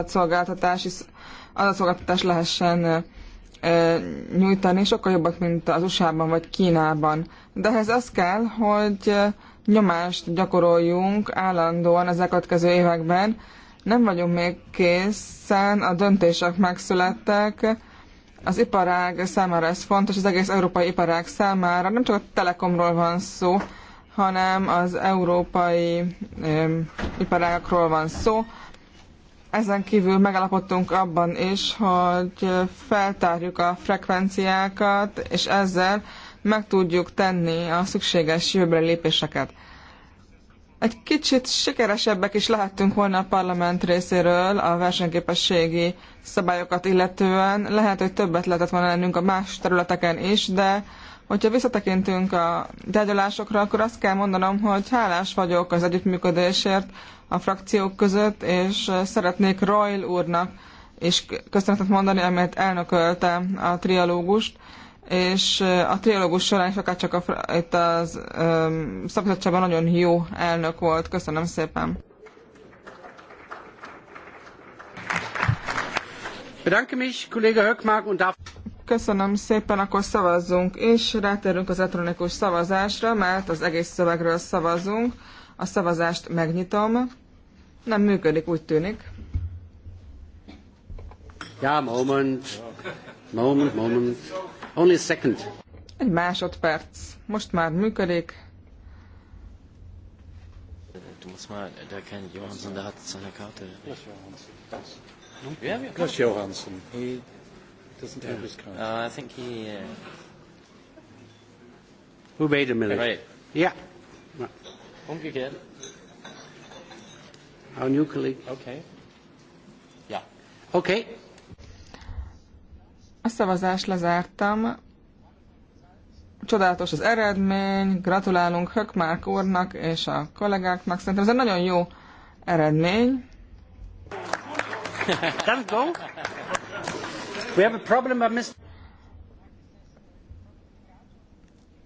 adatszolgáltatás, adatszolgáltatás lehessen nyújtani, sokkal jobbak, mint az USA-ban vagy Kínában. De ehhez az kell, hogy nyomást gyakoroljunk állandóan az elkövetkező években. Nem vagyunk még készen, a döntések megszülettek, az iparág számára ez fontos, az egész európai iparág számára. Nem csak a telekomról van szó, hanem az európai iparágról van szó, ezen kívül megállapodtunk abban is, hogy feltárjuk a frekvenciákat, és ezzel meg tudjuk tenni a szükséges jövőbeli lépéseket. Egy kicsit sikeresebbek is lehettünk volna a parlament részéről a versenyképességi szabályokat illetően. Lehet, hogy többet lehetett volna lennünk a más területeken is, de Hogyha visszatekintünk a tárgyalásokra, akkor azt kell mondanom, hogy hálás vagyok az együttműködésért a frakciók között, és szeretnék Royal úrnak és köszönetet mondani, amelyet elnökölte a trialógust, és eh, a trialógus során is akár csak a, itt az um, szabadságban nagyon jó elnök volt. Köszönöm szépen! Bedanke mich, Kollege Höckmark, und darf... Köszönöm szépen, akkor szavazzunk, és rátérünk az elektronikus szavazásra, mert az egész szövegről szavazunk. A szavazást megnyitom. Nem működik, úgy tűnik. Ja, moment. Moment, moment. Only a second. Egy másodperc. Most már működik. Du musst mal, der kennt Johansson, der hat seine Karte. Klaus hm? Johansson. Klaus Johansson doesn't have his card. Uh, I think he. Uh... Who made a minute? Right. Yeah. Umgekehrt. Our new colleague. Okay. Yeah. Okay. A szavazást lezártam. Csodálatos az eredmény, gratulálunk Hökmárk úrnak és a kollégáknak. Szerintem ez egy nagyon jó eredmény. Let's go. We have a problem, but Mr.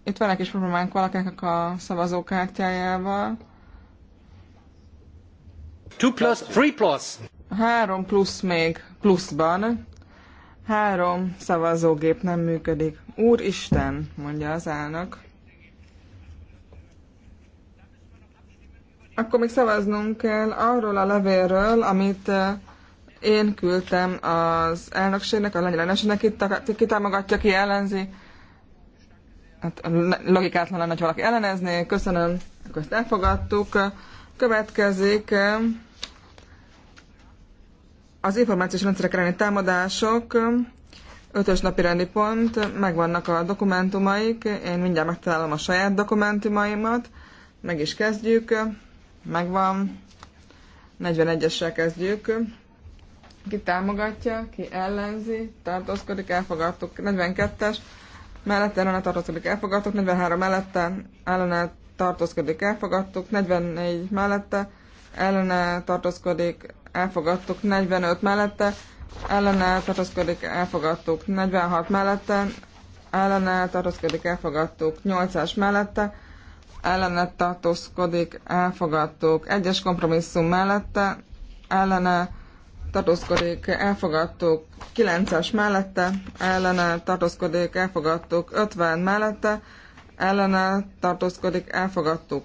Itt van egy kis problémánk valakinek a szavazókártyájával. 2 plus, 3 plus. 3 plusz még pluszban. Három szavazógép nem működik. Úristen, mondja az elnök. Akkor még szavaznunk kell arról a levélről, amit eh, én küldtem az elnökségnek, a lengyel elnökségnek, ki, ki támogatja, ki ellenzi. Hát logikátlan lenne, hogy valaki ellenezné. Köszönöm, akkor ezt elfogadtuk. Következik eh, az információs rendszerek elleni támadások. Ötös napi rendi pont, megvannak a dokumentumaik, én mindjárt megtalálom a saját dokumentumaimat, meg is kezdjük, megvan, 41-essel kezdjük. Ki támogatja, ki ellenzi, tartózkodik, elfogadtuk. 42-es, mellette ellene tartózkodik, elfogadtuk. 43 mellette ellene tartózkodik, elfogadtuk. 44 mellette ellene tartózkodik, elfogadtuk. 45 mellette ellene tartózkodik, elfogadtuk. 46 mellette ellene tartózkodik, elfogadtuk. 8-as mellette ellene tartózkodik, elfogadtuk. es kompromisszum mellette ellene tartózkodik, elfogadtuk 9-es mellette, ellene tartózkodik, elfogadtuk 50 mellette, ellene tartózkodik, elfogadtuk.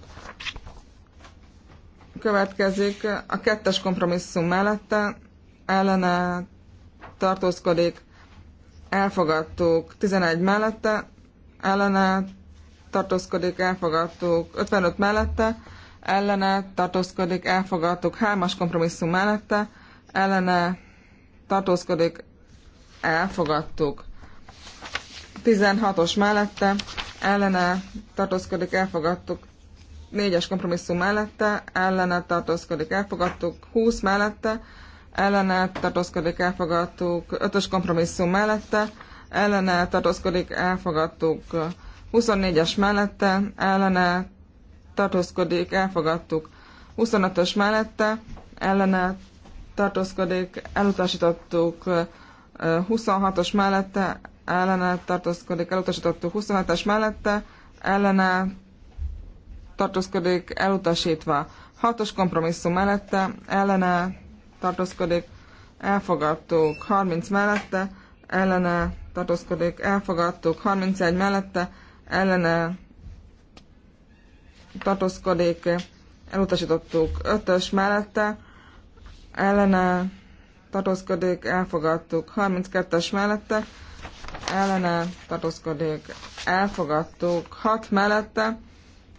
Következik a kettes kompromisszum mellette, ellene tartózkodik, elfogadtuk 11 mellette, ellene tartózkodik, elfogadtuk 55 mellette, ellene tartózkodik, elfogadtuk 3-as kompromisszum mellette, ellene tartózkodik, elfogadtuk. 16-os mellette ellene tartózkodik, elfogadtuk. 4-es kompromisszum mellette ellene tartózkodik, elfogadtuk. 20 mellette ellene tartózkodik, elfogadtuk. 5-ös kompromisszum mellette ellene tartózkodik, elfogadtuk. 24-es mellette ellene tartózkodik, elfogadtuk. 25-ös mellette ellene tartózkodik, elutasítottuk 26-os mellette, ellene tartózkodik, elutasítottuk 27-es mellette, ellene tartózkodik, elutasítva. 6-os kompromisszum mellette, ellene tartózkodik, elfogadtuk 30 mellette, ellene tartózkodik, elfogadtuk 31 mellette, ellene tartózkodik, elutasítottuk 5-ös mellette, ellene tartózkodik, elfogadtuk. 32-es mellette ellene tartózkodik, elfogadtuk. 6 mellette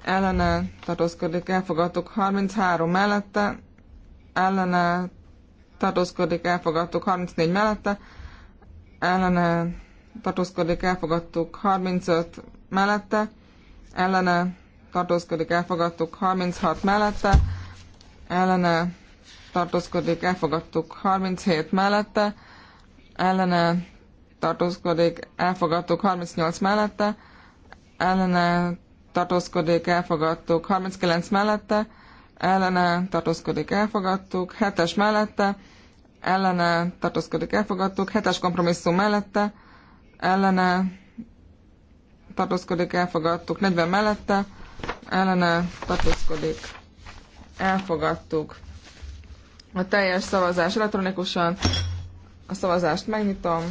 ellene tartózkodik, elfogadtuk. 33 mellette ellene tartózkodik, elfogadtuk. 34 mellette ellene tartózkodik, elfogadtuk. 35 mellette ellene tartózkodik, elfogadtuk. 36 mellette ellene tartózkodik, elfogadtuk 37 mellette, ellene tartózkodik, elfogadtuk 38 mellette, ellene tartózkodik, elfogadtuk 39 mellette, ellene tartózkodik, elfogadtuk 7-es mellette, ellene tartózkodik, elfogadtuk 7-es kompromisszum mellette, ellene tartózkodik, elfogadtuk 40 mellette, ellene tartózkodik, elfogadtuk a teljes szavazás elektronikusan. A szavazást megnyitom.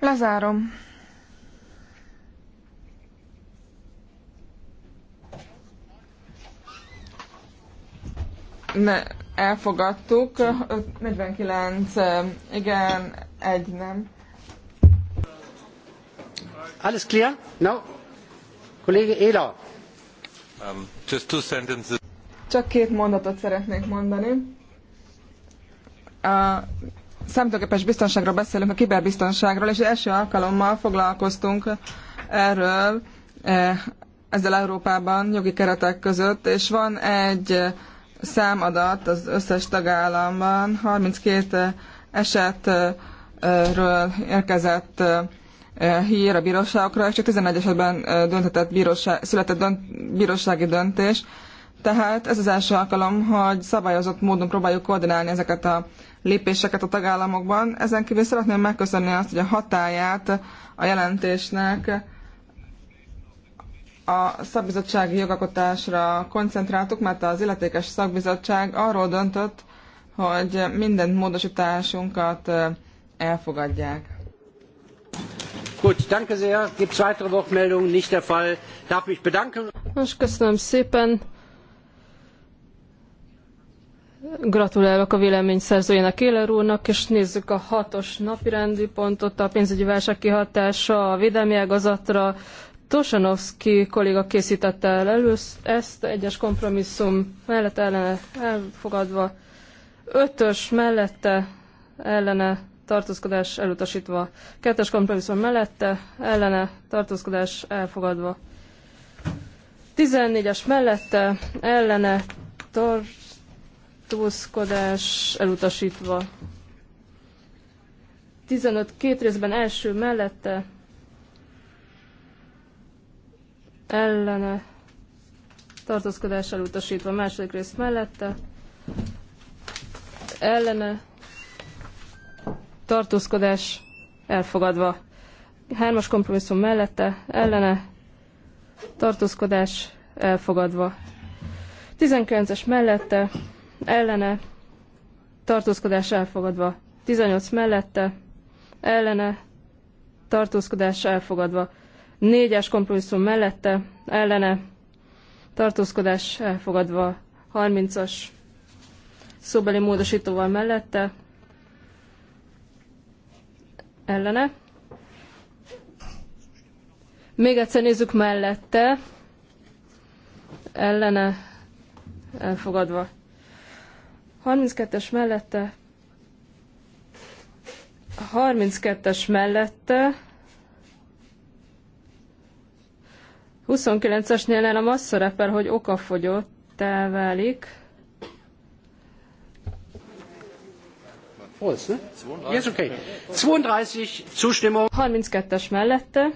Lezárom. Ne, elfogadtuk. 49, igen, egy nem. Alles clear? No? Kollege Ehler. Um, just two sentences. Csak két mondatot szeretnék mondani. A számítógépes biztonságról beszélünk, a kiberbiztonságról, és első alkalommal foglalkoztunk erről eh, ezzel Európában jogi keretek között, és van egy számadat az összes tagállamban, 32 esetről érkezett eh, hír a bíróságokra, és csak 11 esetben döntetett bíróság, született dönt, bírósági döntés. Tehát ez az első alkalom, hogy szabályozott módon próbáljuk koordinálni ezeket a lépéseket a tagállamokban. Ezen kívül szeretném megköszönni azt, hogy a hatáját a jelentésnek a szakbizottsági jogakotásra koncentráltuk, mert az illetékes szakbizottság arról döntött, hogy minden módosításunkat elfogadják. Gut, danke sehr. Gibt es weitere Wortmeldungen? Nicht der Fall. Darf mich bedanken. köszönöm szépen. Gratulálok a vélemény szerzőjének Éler úrnak, és nézzük a hatos napirendi pontot, a pénzügyi válság kihatása a védelmi ágazatra. Tosanovski kolléga készítette el először ezt, egyes kompromisszum mellett ellene elfogadva, ötös mellette ellene tartózkodás elutasítva. Kettes kompromisszum mellette, ellene, tartózkodás elfogadva. 14-es mellette, ellene, tartózkodás elutasítva. 15 két részben első mellette, ellene, tartózkodás elutasítva. Második rész mellette, ellene, tartózkodás elfogadva. Hármas kompromisszum mellette, ellene, tartózkodás elfogadva. 19-es mellette, ellene, tartózkodás elfogadva. 18 mellette, ellene, tartózkodás elfogadva. 4-es kompromisszum mellette, ellene, tartózkodás elfogadva. 30-as szóbeli módosítóval mellette, ellene. Még egyszer nézzük mellette, ellene, elfogadva. 32-es mellette, 32-es mellette, 29-esnél nem az szerepel, hogy okafogyott, válik. Holz, ne? 32. okay. 32 Zustimmung. 32-es mellette.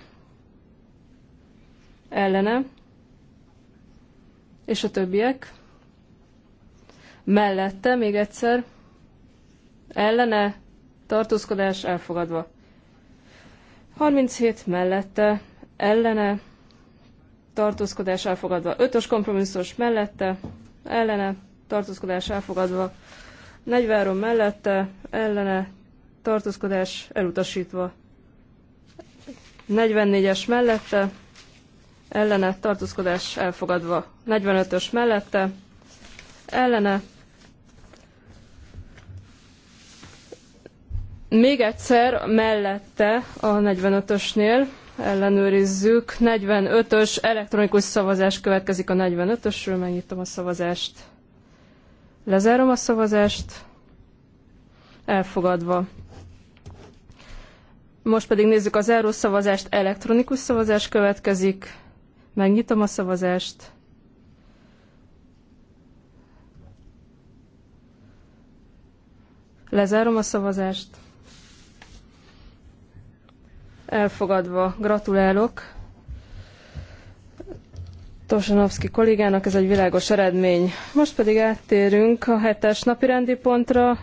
Ellene. És a többiek. Mellette, még egyszer. Ellene. Tartózkodás elfogadva. 37 mellette. Ellene. Tartózkodás elfogadva. 5-ös kompromisszus mellette. Ellene. Tartózkodás elfogadva. 43 mellette ellene tartózkodás elutasítva. 44-es mellette ellene tartózkodás elfogadva. 45-ös mellette ellene Még egyszer mellette a 45-ösnél ellenőrizzük. 45-ös elektronikus szavazás következik a 45-ösről. Megnyitom a szavazást. Lezárom a szavazást. Elfogadva. Most pedig nézzük az záró szavazást. Elektronikus szavazás következik. Megnyitom a szavazást. Lezárom a szavazást. Elfogadva. Gratulálok. Tosanovszki kollégának, ez egy világos eredmény. Most pedig áttérünk a hetes napi rendi pontra.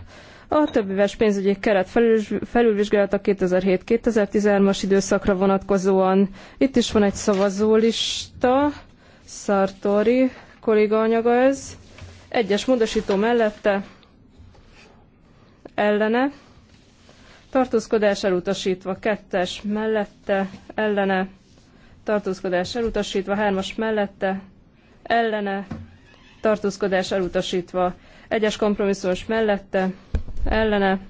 A többéves pénzügyi keret felül, felülvizsgálata 2007-2013-as időszakra vonatkozóan. Itt is van egy szavazólista, Sartori kolléga anyaga ez. Egyes módosító mellette, ellene, tartózkodás elutasítva, kettes mellette, ellene, tartózkodás elutasítva, hármas mellette, ellene, tartózkodás elutasítva, egyes kompromisszumos mellette, ellene,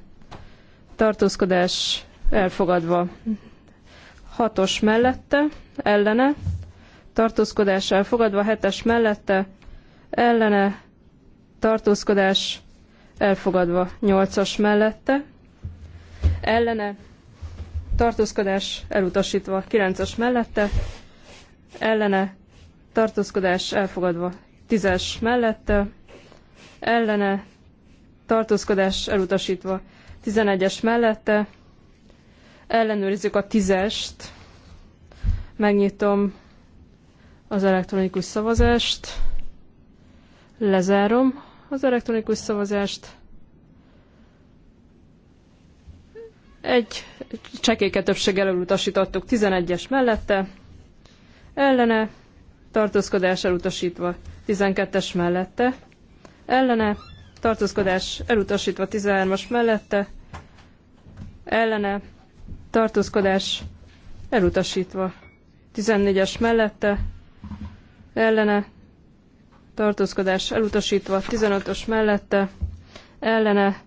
tartózkodás elfogadva, hatos mellette, ellene, tartózkodás elfogadva, hetes mellette, ellene, tartózkodás elfogadva, nyolcas mellette, ellene, tartózkodás elutasítva 9-es mellette, ellene tartózkodás elfogadva 10-es mellette, ellene tartózkodás elutasítva 11-es mellette, ellenőrizzük a 10-est, megnyitom az elektronikus szavazást, lezárom az elektronikus szavazást, Egy csekéket többséggel elutasítottuk 11-es mellette, ellene tartózkodás elutasítva 12-es mellette, ellene tartózkodás elutasítva 13-as mellette, ellene tartózkodás elutasítva 14-es mellette, ellene tartózkodás elutasítva 15-ös mellette, ellene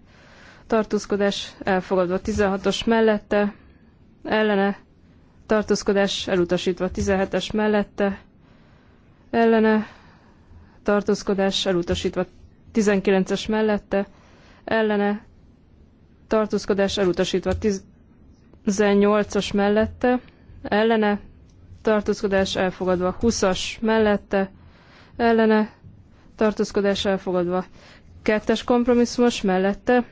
tartózkodás elfogadva 16-os mellette, ellene tartózkodás elutasítva 17-es mellette, ellene tartózkodás elutasítva 19-es mellette, ellene tartózkodás elutasítva 18-as mellette, ellene tartózkodás elfogadva 20-as mellette, ellene tartózkodás elfogadva 2-es kompromisszumos mellette,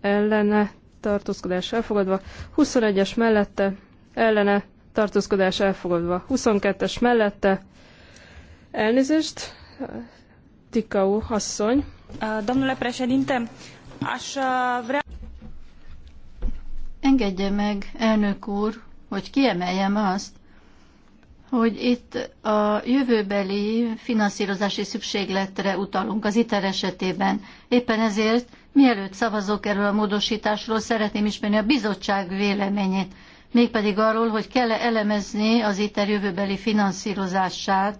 ellene tartózkodás elfogadva, 21-es mellette ellene tartózkodás elfogadva, 22-es mellette elnézést, Tikau asszony. Domnule președinte, aș uh, vrea... Engedje meg, elnök úr, hogy kiemeljem azt, hogy itt a jövőbeli finanszírozási szükségletre utalunk az ITER esetében. Éppen ezért Mielőtt szavazok erről a módosításról, szeretném ismerni a bizottság véleményét, mégpedig arról, hogy kell-e elemezni az ITER jövőbeli finanszírozását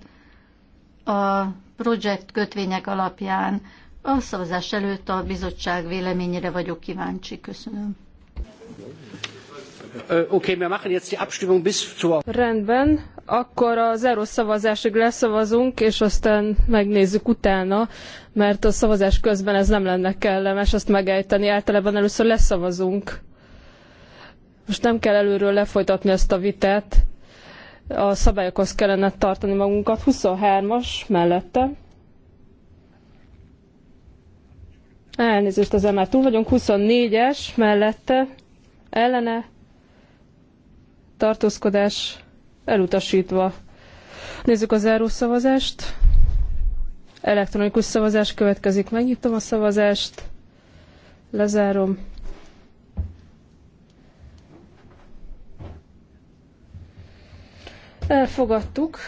a projekt kötvények alapján. A szavazás előtt a bizottság véleményére vagyok kíváncsi. Köszönöm. Okay, wir machen jetzt die Abstimmung bis zur... Rendben, akkor az euró szavazásig leszavazunk, és aztán megnézzük utána, mert a szavazás közben ez nem lenne kellemes, azt megejteni. Általában először leszavazunk. Most nem kell előről lefolytatni ezt a vitát. A szabályokhoz kellene tartani magunkat. 23-as mellette. Elnézést az emel túl vagyunk. 24-es mellette. Ellene. Tartózkodás Elutasítva. Nézzük az szavazást. Elektronikus szavazás következik. Megnyitom a szavazást. Lezárom. Elfogadtuk.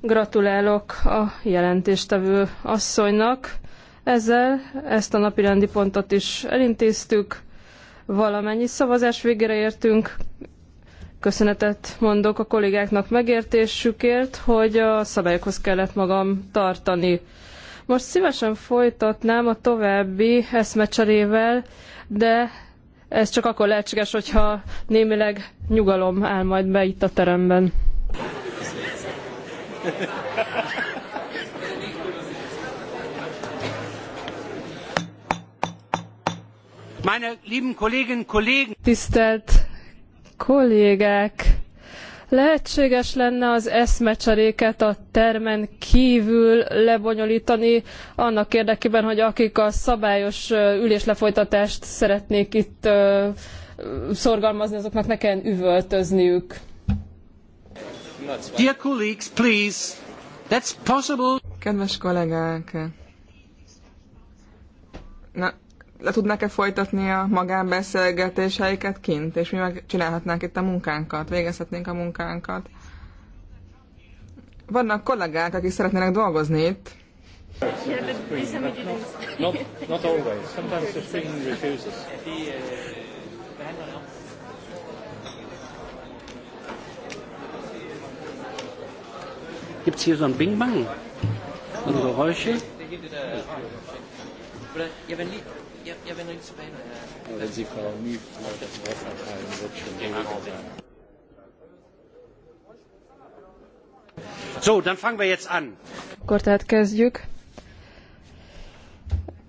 Gratulálok a jelentéstevő asszonynak. Ezzel ezt a rendi pontot is elintéztük. Valamennyi szavazás végére értünk. Köszönetet mondok a kollégáknak megértésükért, hogy a szabályokhoz kellett magam tartani. Most szívesen folytatnám a további eszmecserével, de ez csak akkor lehetséges, hogyha némileg nyugalom áll majd be itt a teremben. Meine lieben Kolleginnen und Kollegen! Tisztelt kollégák! Lehetséges lenne az eszmecseréket a termen kívül lebonyolítani, annak érdekében, hogy akik a szabályos üléslefolytatást szeretnék itt szorgalmazni, azoknak ne kelljen üvöltözniük. Dear colleagues, please, that's possible. Kedves kollégák, na, le tudnák-e folytatni a magánbeszélgetéseiket kint, és mi csinálhatnánk itt a munkánkat, végezhetnénk a munkánkat. Vannak kollégák, akik szeretnének dolgozni itt. Gibt es hier so ein Bing-Bang? So Geräusche? Ja, wenn So, dann fangen wir jetzt an. Akkor tehát kezdjük.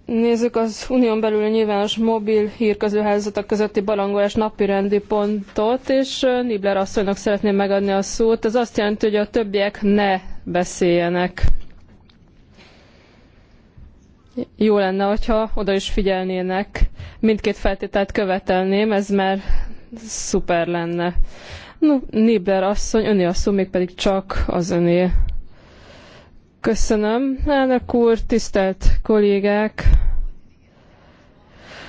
Nézzük az unión belül nyilvános mobil hírközőhálózatok közötti balangolás napirendi pontot, és Nibler asszonynak szeretném megadni a szót. Ez azt jelenti, hogy a többiek ne beszéljenek jó lenne, hogyha oda is figyelnének, mindkét feltételt követelném, ez már szuper lenne. No, asszony, öné a szó, mégpedig csak az öné. Köszönöm, elnök úr, tisztelt kollégák!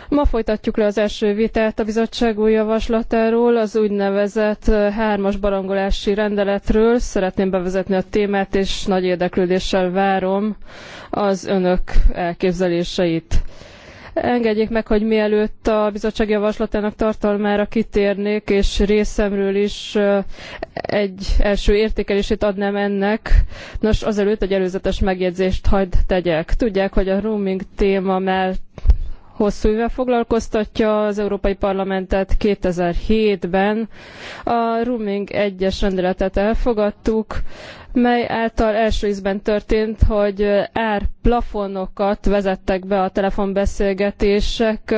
Ma folytatjuk le az első vitát a bizottság új javaslatáról, az úgynevezett hármas barangolási rendeletről. Szeretném bevezetni a témát, és nagy érdeklődéssel várom az önök elképzeléseit. Engedjék meg, hogy mielőtt a bizottság javaslatának tartalmára kitérnék, és részemről is egy első értékelését adnám ennek. Nos, azelőtt egy előzetes megjegyzést hagyd tegyek. Tudják, hogy a roaming téma már hosszú éve foglalkoztatja az Európai Parlamentet 2007-ben. A rooming egyes rendeletet elfogadtuk, mely által első ízben történt, hogy árplafonokat vezettek be a telefonbeszélgetések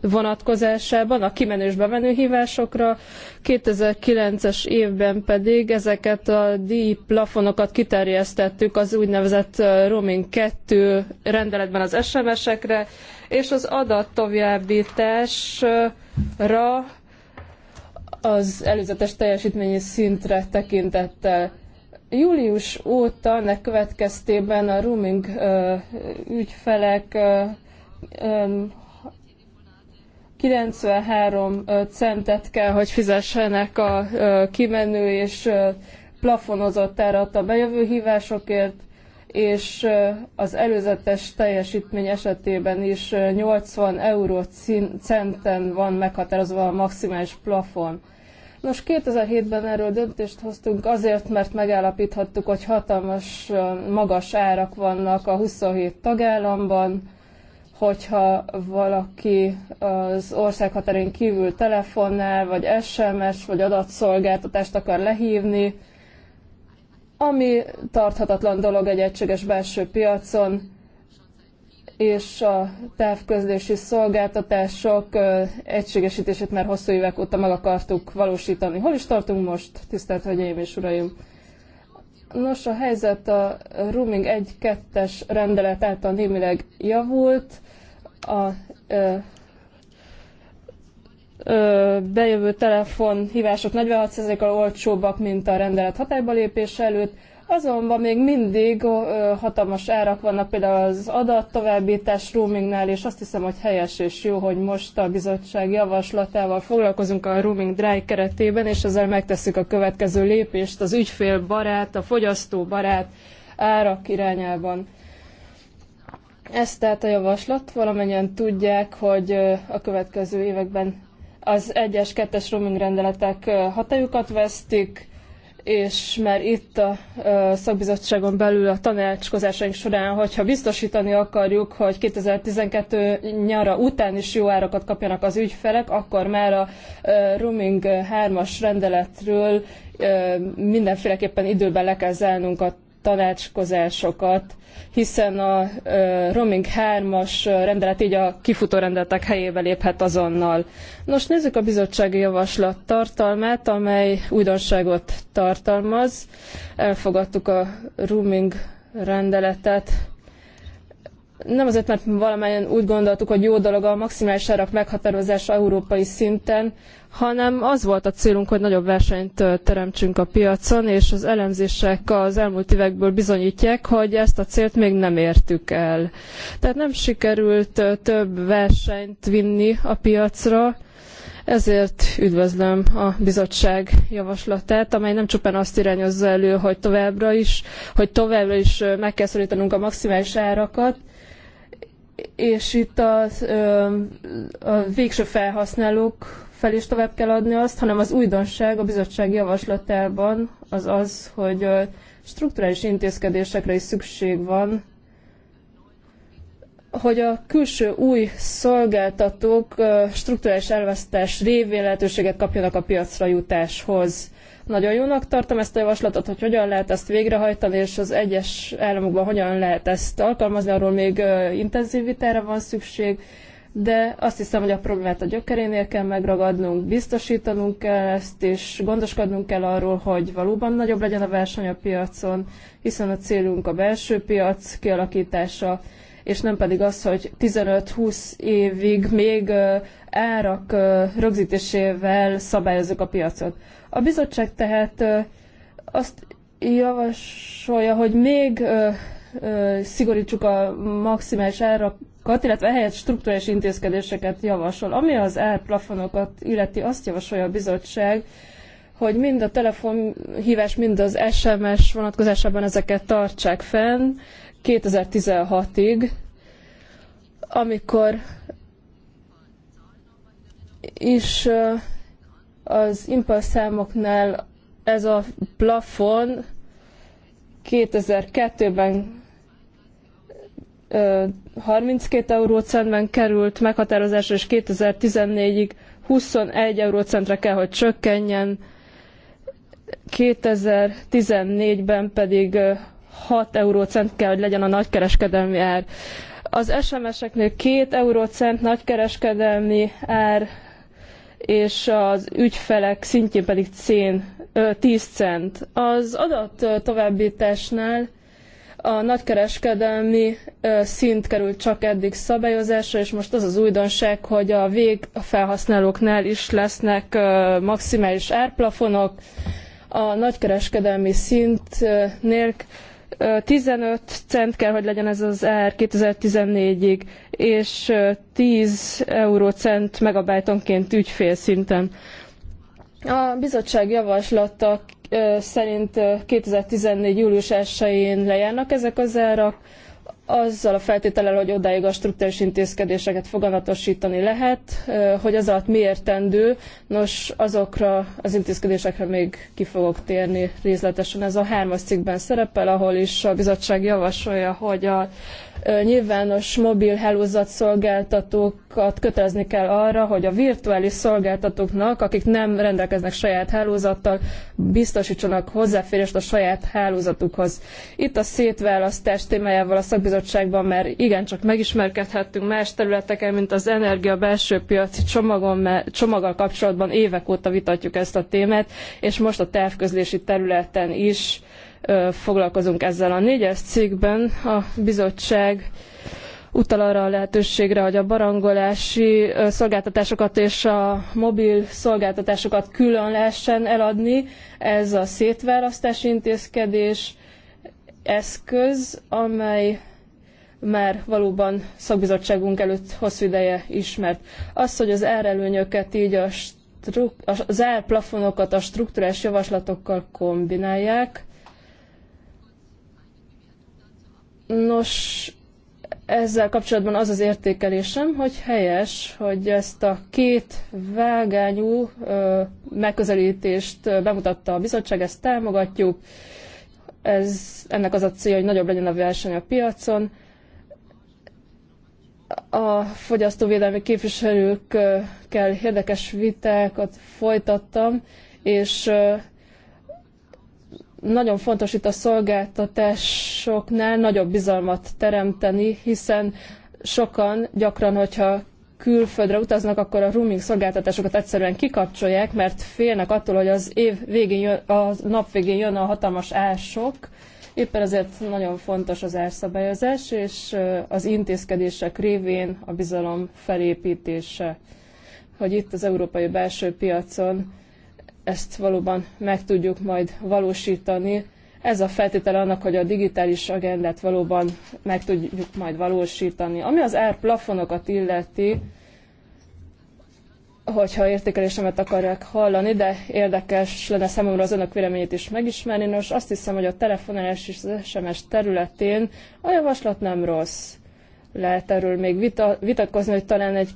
vonatkozásában, a kimenő és bemenő hívásokra, 2009-es évben pedig ezeket a D-plafonokat kiterjesztettük az úgynevezett roaming 2 rendeletben az SMS-ekre, és az adattovábbításra az előzetes teljesítményi szintre tekintettel. Július óta ennek következtében a roaming ügyfelek 93 centet kell, hogy fizessenek a kimenő és plafonozott árat a bejövő hívásokért, és az előzetes teljesítmény esetében is 80 euró centen van meghatározva a maximális plafon. Nos, 2007-ben erről döntést hoztunk azért, mert megállapíthattuk, hogy hatalmas magas árak vannak a 27 tagállamban, hogyha valaki az országhatárén kívül telefonnál, vagy SMS, vagy adatszolgáltatást akar lehívni, ami tarthatatlan dolog egy egységes belső piacon, és a távközlési szolgáltatások egységesítését már hosszú évek óta meg akartuk valósítani. Hol is tartunk most, tisztelt Hölgyeim és Uraim? Nos, a helyzet a Rooming 1-2-es rendelet által némileg javult. A ö, ö, bejövő telefonhívások 46%-kal olcsóbbak, mint a rendelet hatályba lépése előtt Azonban még mindig hatalmas árak vannak például az adattovábbítás roamingnál, és azt hiszem, hogy helyes és jó, hogy most a bizottság javaslatával foglalkozunk a roaming drive keretében, és ezzel megtesszük a következő lépést az ügyfélbarát, a fogyasztóbarát árak irányában. Ez tehát a javaslat. Valamennyien tudják, hogy a következő években az egyes, kettes roaming rendeletek hatályukat vesztik, és már itt a szakbizottságon belül a tanácskozásaink során, hogyha biztosítani akarjuk, hogy 2012 nyara után is jó árakat kapjanak az ügyfelek, akkor már a roaming 3-as rendeletről mindenféleképpen időben le kell zárnunk a tanácskozásokat, hiszen a roaming 3-as rendelet így a kifutó rendeletek helyébe léphet azonnal. Nos, nézzük a bizottsági javaslat tartalmát, amely újdonságot tartalmaz. Elfogadtuk a roaming rendeletet nem azért, mert valamelyen úgy gondoltuk, hogy jó dolog a maximális árak meghatározása európai szinten, hanem az volt a célunk, hogy nagyobb versenyt teremtsünk a piacon, és az elemzések az elmúlt évekből bizonyítják, hogy ezt a célt még nem értük el. Tehát nem sikerült több versenyt vinni a piacra, ezért üdvözlöm a bizottság javaslatát, amely nem csupán azt irányozza elő, hogy továbbra is, hogy továbbra is meg kell szorítanunk a maximális árakat, és itt a, a végső felhasználók fel is tovább kell adni azt, hanem az újdonság a bizottság javaslatában az az, hogy strukturális intézkedésekre is szükség van, hogy a külső új szolgáltatók strukturális elvesztés révén lehetőséget kapjanak a piacra jutáshoz. Nagyon jónak tartom ezt a javaslatot, hogy hogyan lehet ezt végrehajtani, és az egyes államokban hogyan lehet ezt alkalmazni, arról még intenzív vitára van szükség, de azt hiszem, hogy a problémát a gyökerénél kell megragadnunk, biztosítanunk kell ezt, és gondoskodnunk kell arról, hogy valóban nagyobb legyen a verseny a piacon, hiszen a célunk a belső piac kialakítása, és nem pedig az, hogy 15-20 évig még árak rögzítésével szabályozzuk a piacot. A bizottság tehát azt javasolja, hogy még szigorítsuk a maximális árak plafonokat, illetve helyett struktúrális intézkedéseket javasol. Ami az elplafonokat illeti, azt javasolja a bizottság, hogy mind a telefonhívás, mind az SMS vonatkozásában ezeket tartsák fenn 2016-ig, amikor is az számoknál ez a plafon 2002-ben 32 eurócentben került meghatározásra, és 2014-ig 21 eurócentre kell, hogy csökkenjen, 2014-ben pedig 6 eurócent kell, hogy legyen a nagykereskedelmi ár. Az SMS-eknél 2 eurócent nagykereskedelmi ár, és az ügyfelek szintjén pedig 10 cent. Az adat továbbításnál a nagykereskedelmi szint került csak eddig szabályozásra, és most az az újdonság, hogy a végfelhasználóknál is lesznek maximális árplafonok. A nagykereskedelmi szintnél 15 cent kell, hogy legyen ez az ár 2014-ig, és 10 eurocent megabájtonként ügyfélszinten. szinten. A bizottság javaslata szerint 2014. július 1-én lejárnak ezek az árak, azzal a feltétellel, hogy odáig a struktúrális intézkedéseket foganatosítani lehet, hogy az alatt mi értendő, nos azokra az intézkedésekre még ki fogok térni részletesen. Ez a hármas cikkben szerepel, ahol is a bizottság javasolja, hogy a nyilvános mobil hálózatszolgáltatókat kötelezni kell arra, hogy a virtuális szolgáltatóknak, akik nem rendelkeznek saját hálózattal, biztosítsanak hozzáférést a saját hálózatukhoz. Itt a szétválasztás témájával a szakbizottságban már igencsak megismerkedhettünk más területeken, mint az energia belső piaci csomagon, csomaggal kapcsolatban évek óta vitatjuk ezt a témát, és most a távközlési területen is foglalkozunk ezzel. A négyes cikkben a bizottság utal arra a lehetőségre, hogy a barangolási szolgáltatásokat és a mobil szolgáltatásokat külön lehessen eladni. Ez a szétválasztási intézkedés eszköz, amely már valóban szakbizottságunk előtt hosszú ideje ismert. Az, hogy az árelőnyöket így a az árplafonokat a strukturális javaslatokkal kombinálják, Nos, ezzel kapcsolatban az az értékelésem, hogy helyes, hogy ezt a két vágányú megközelítést bemutatta a bizottság, ezt támogatjuk. Ez, ennek az a célja, hogy nagyobb legyen a verseny a piacon. A fogyasztóvédelmi képviselőkkel érdekes vitákat folytattam, és nagyon fontos itt a szolgáltatásoknál nagyobb bizalmat teremteni, hiszen sokan gyakran, hogyha külföldre utaznak, akkor a roaming szolgáltatásokat egyszerűen kikapcsolják, mert félnek attól, hogy az év végén, jön, a nap végén jön a hatalmas ársok. Éppen ezért nagyon fontos az árszabályozás, és az intézkedések révén a bizalom felépítése, hogy itt az európai belső piacon ezt valóban meg tudjuk majd valósítani. Ez a feltétele annak, hogy a digitális agendát valóban meg tudjuk majd valósítani. Ami az árplafonokat illeti, hogyha értékelésemet akarják hallani, de érdekes lenne számomra az önök véleményét is megismerni. Nos, azt hiszem, hogy a telefonálás és az SMS területén a javaslat nem rossz. Lehet erről még vita, vitatkozni, hogy talán egy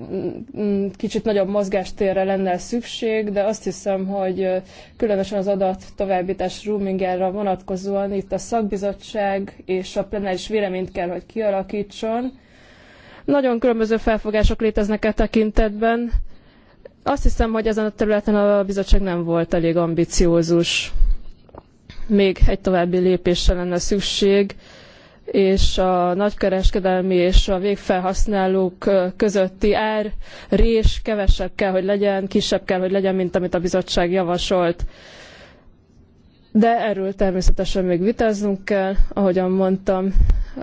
Mm, mm, kicsit nagyobb mozgástérre lenne szükség, de azt hiszem, hogy különösen az adat továbbítás roomingára vonatkozóan itt a szakbizottság és a plenáris véleményt kell, hogy kialakítson. Nagyon különböző felfogások léteznek e tekintetben. Azt hiszem, hogy ezen a területen a bizottság nem volt elég ambiciózus. Még egy további lépésre lenne szükség és a nagykereskedelmi és a végfelhasználók közötti ár rés kevesebb kell, hogy legyen, kisebb kell, hogy legyen, mint amit a bizottság javasolt. De erről természetesen még vitáznunk kell, ahogyan mondtam,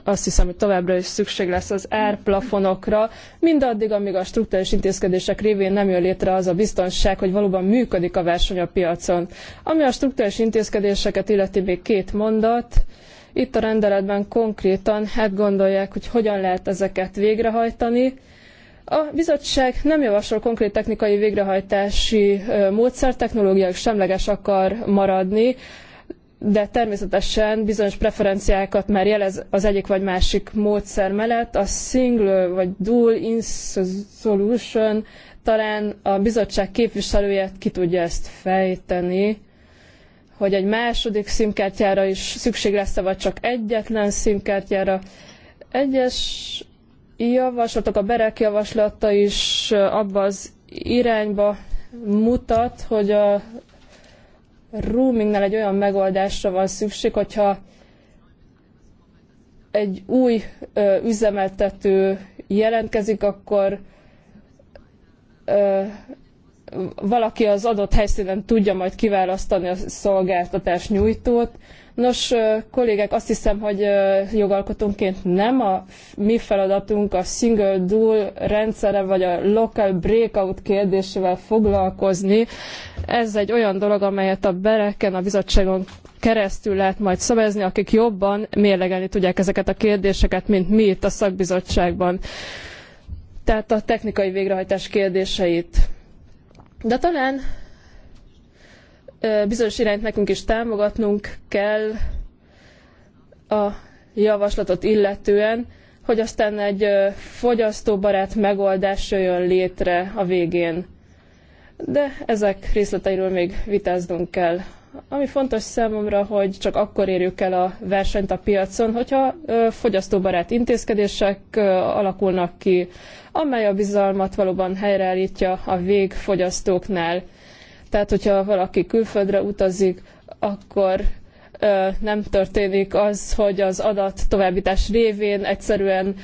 azt hiszem, hogy továbbra is szükség lesz az árplafonokra, mindaddig, amíg a struktúrális intézkedések révén nem jön létre az a biztonság, hogy valóban működik a verseny a piacon. Ami a struktúrális intézkedéseket illeti még két mondat, itt a rendeletben konkrétan hát gondolják, hogy hogyan lehet ezeket végrehajtani. A bizottság nem javasol konkrét technikai végrehajtási módszer, technológiák semleges akar maradni, de természetesen bizonyos preferenciákat már jelez az egyik vagy másik módszer mellett. A single vagy dual solution talán a bizottság képviselője ki tudja ezt fejteni hogy egy második szimkártyára is szükség lesz, vagy csak egyetlen szimkártyára. Egyes javaslatok, a berek javaslata is abba az irányba mutat, hogy a roamingnál egy olyan megoldásra van szükség, hogyha egy új ö, üzemeltető jelentkezik, akkor ö, valaki az adott helyszínen tudja majd kiválasztani a szolgáltatás nyújtót. Nos, kollégák, azt hiszem, hogy jogalkotónként nem a mi feladatunk a single dual rendszere vagy a local breakout kérdésével foglalkozni. Ez egy olyan dolog, amelyet a bereken, a bizottságon keresztül lehet majd szabezni, akik jobban mérlegelni tudják ezeket a kérdéseket, mint mi itt a szakbizottságban. Tehát a technikai végrehajtás kérdéseit. De talán bizonyos irányt nekünk is támogatnunk kell a javaslatot illetően, hogy aztán egy fogyasztóbarát megoldás jöjjön létre a végén. De ezek részleteiről még vitáznunk kell. Ami fontos számomra, hogy csak akkor érjük el a versenyt a piacon, hogyha fogyasztóbarát intézkedések alakulnak ki, amely a bizalmat valóban helyreállítja a végfogyasztóknál. Tehát, hogyha valaki külföldre utazik, akkor nem történik az, hogy az adat továbbítás révén egyszerűen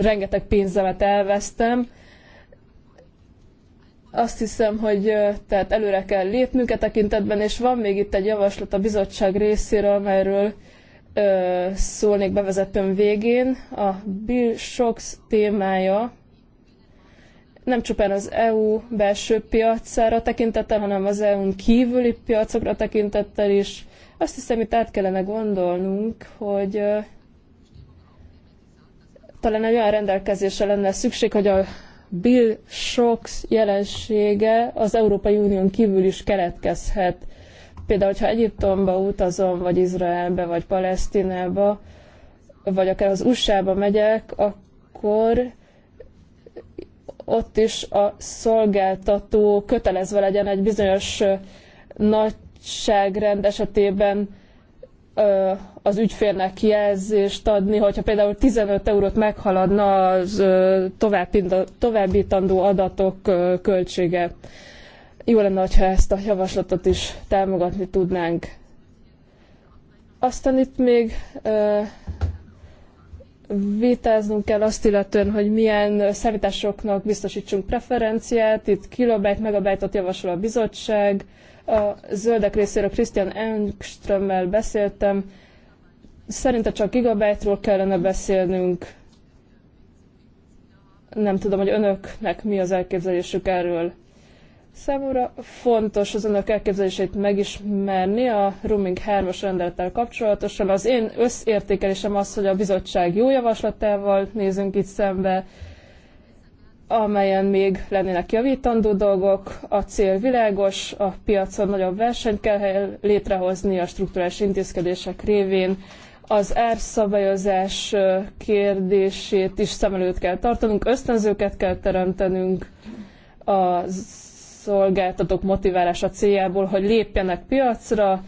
rengeteg pénzemet elvesztem, azt hiszem, hogy tehát előre kell lépnünk e tekintetben, és van még itt egy javaslat a bizottság részéről, amelyről ö, szólnék bevezetőm végén. A Bill Shocks témája nem csupán az EU belső piacára tekintettel, hanem az EU-n kívüli piacokra tekintettel is. Azt hiszem, itt át kellene gondolnunk, hogy ö, talán egy olyan rendelkezésre lenne szükség, hogy a Bill Shocks jelensége az Európai Unión kívül is keletkezhet. Például, ha Egyiptomba utazom, vagy Izraelbe, vagy Palesztinába, vagy akár az USA-ba megyek, akkor ott is a szolgáltató kötelezve legyen egy bizonyos nagyságrend esetében az ügyfélnek jelzést adni, hogyha például 15 eurót meghaladna az továbbítandó adatok költsége. Jó lenne, ha ezt a javaslatot is támogatni tudnánk. Aztán itt még vitáznunk kell azt illetően, hogy milyen szállításoknak biztosítsunk preferenciát. Itt kilobájt, megabájtot javasol a bizottság. A zöldek részéről Christian Engströmmel beszéltem Szerinte csak gigabájtról kellene beszélnünk. Nem tudom, hogy önöknek mi az elképzelésük erről. Számomra fontos az önök elképzelését megismerni a Rooming 3-as rendelettel kapcsolatosan. Az én összértékelésem az, hogy a bizottság jó javaslatával nézünk itt szembe, amelyen még lennének javítandó dolgok, a cél világos, a piacon nagyobb versenyt kell létrehozni a strukturális intézkedések révén, az árszabályozás kérdését is szem előtt kell tartanunk, ösztönzőket kell teremtenünk a szolgáltatók motiválása céljából, hogy lépjenek piacra.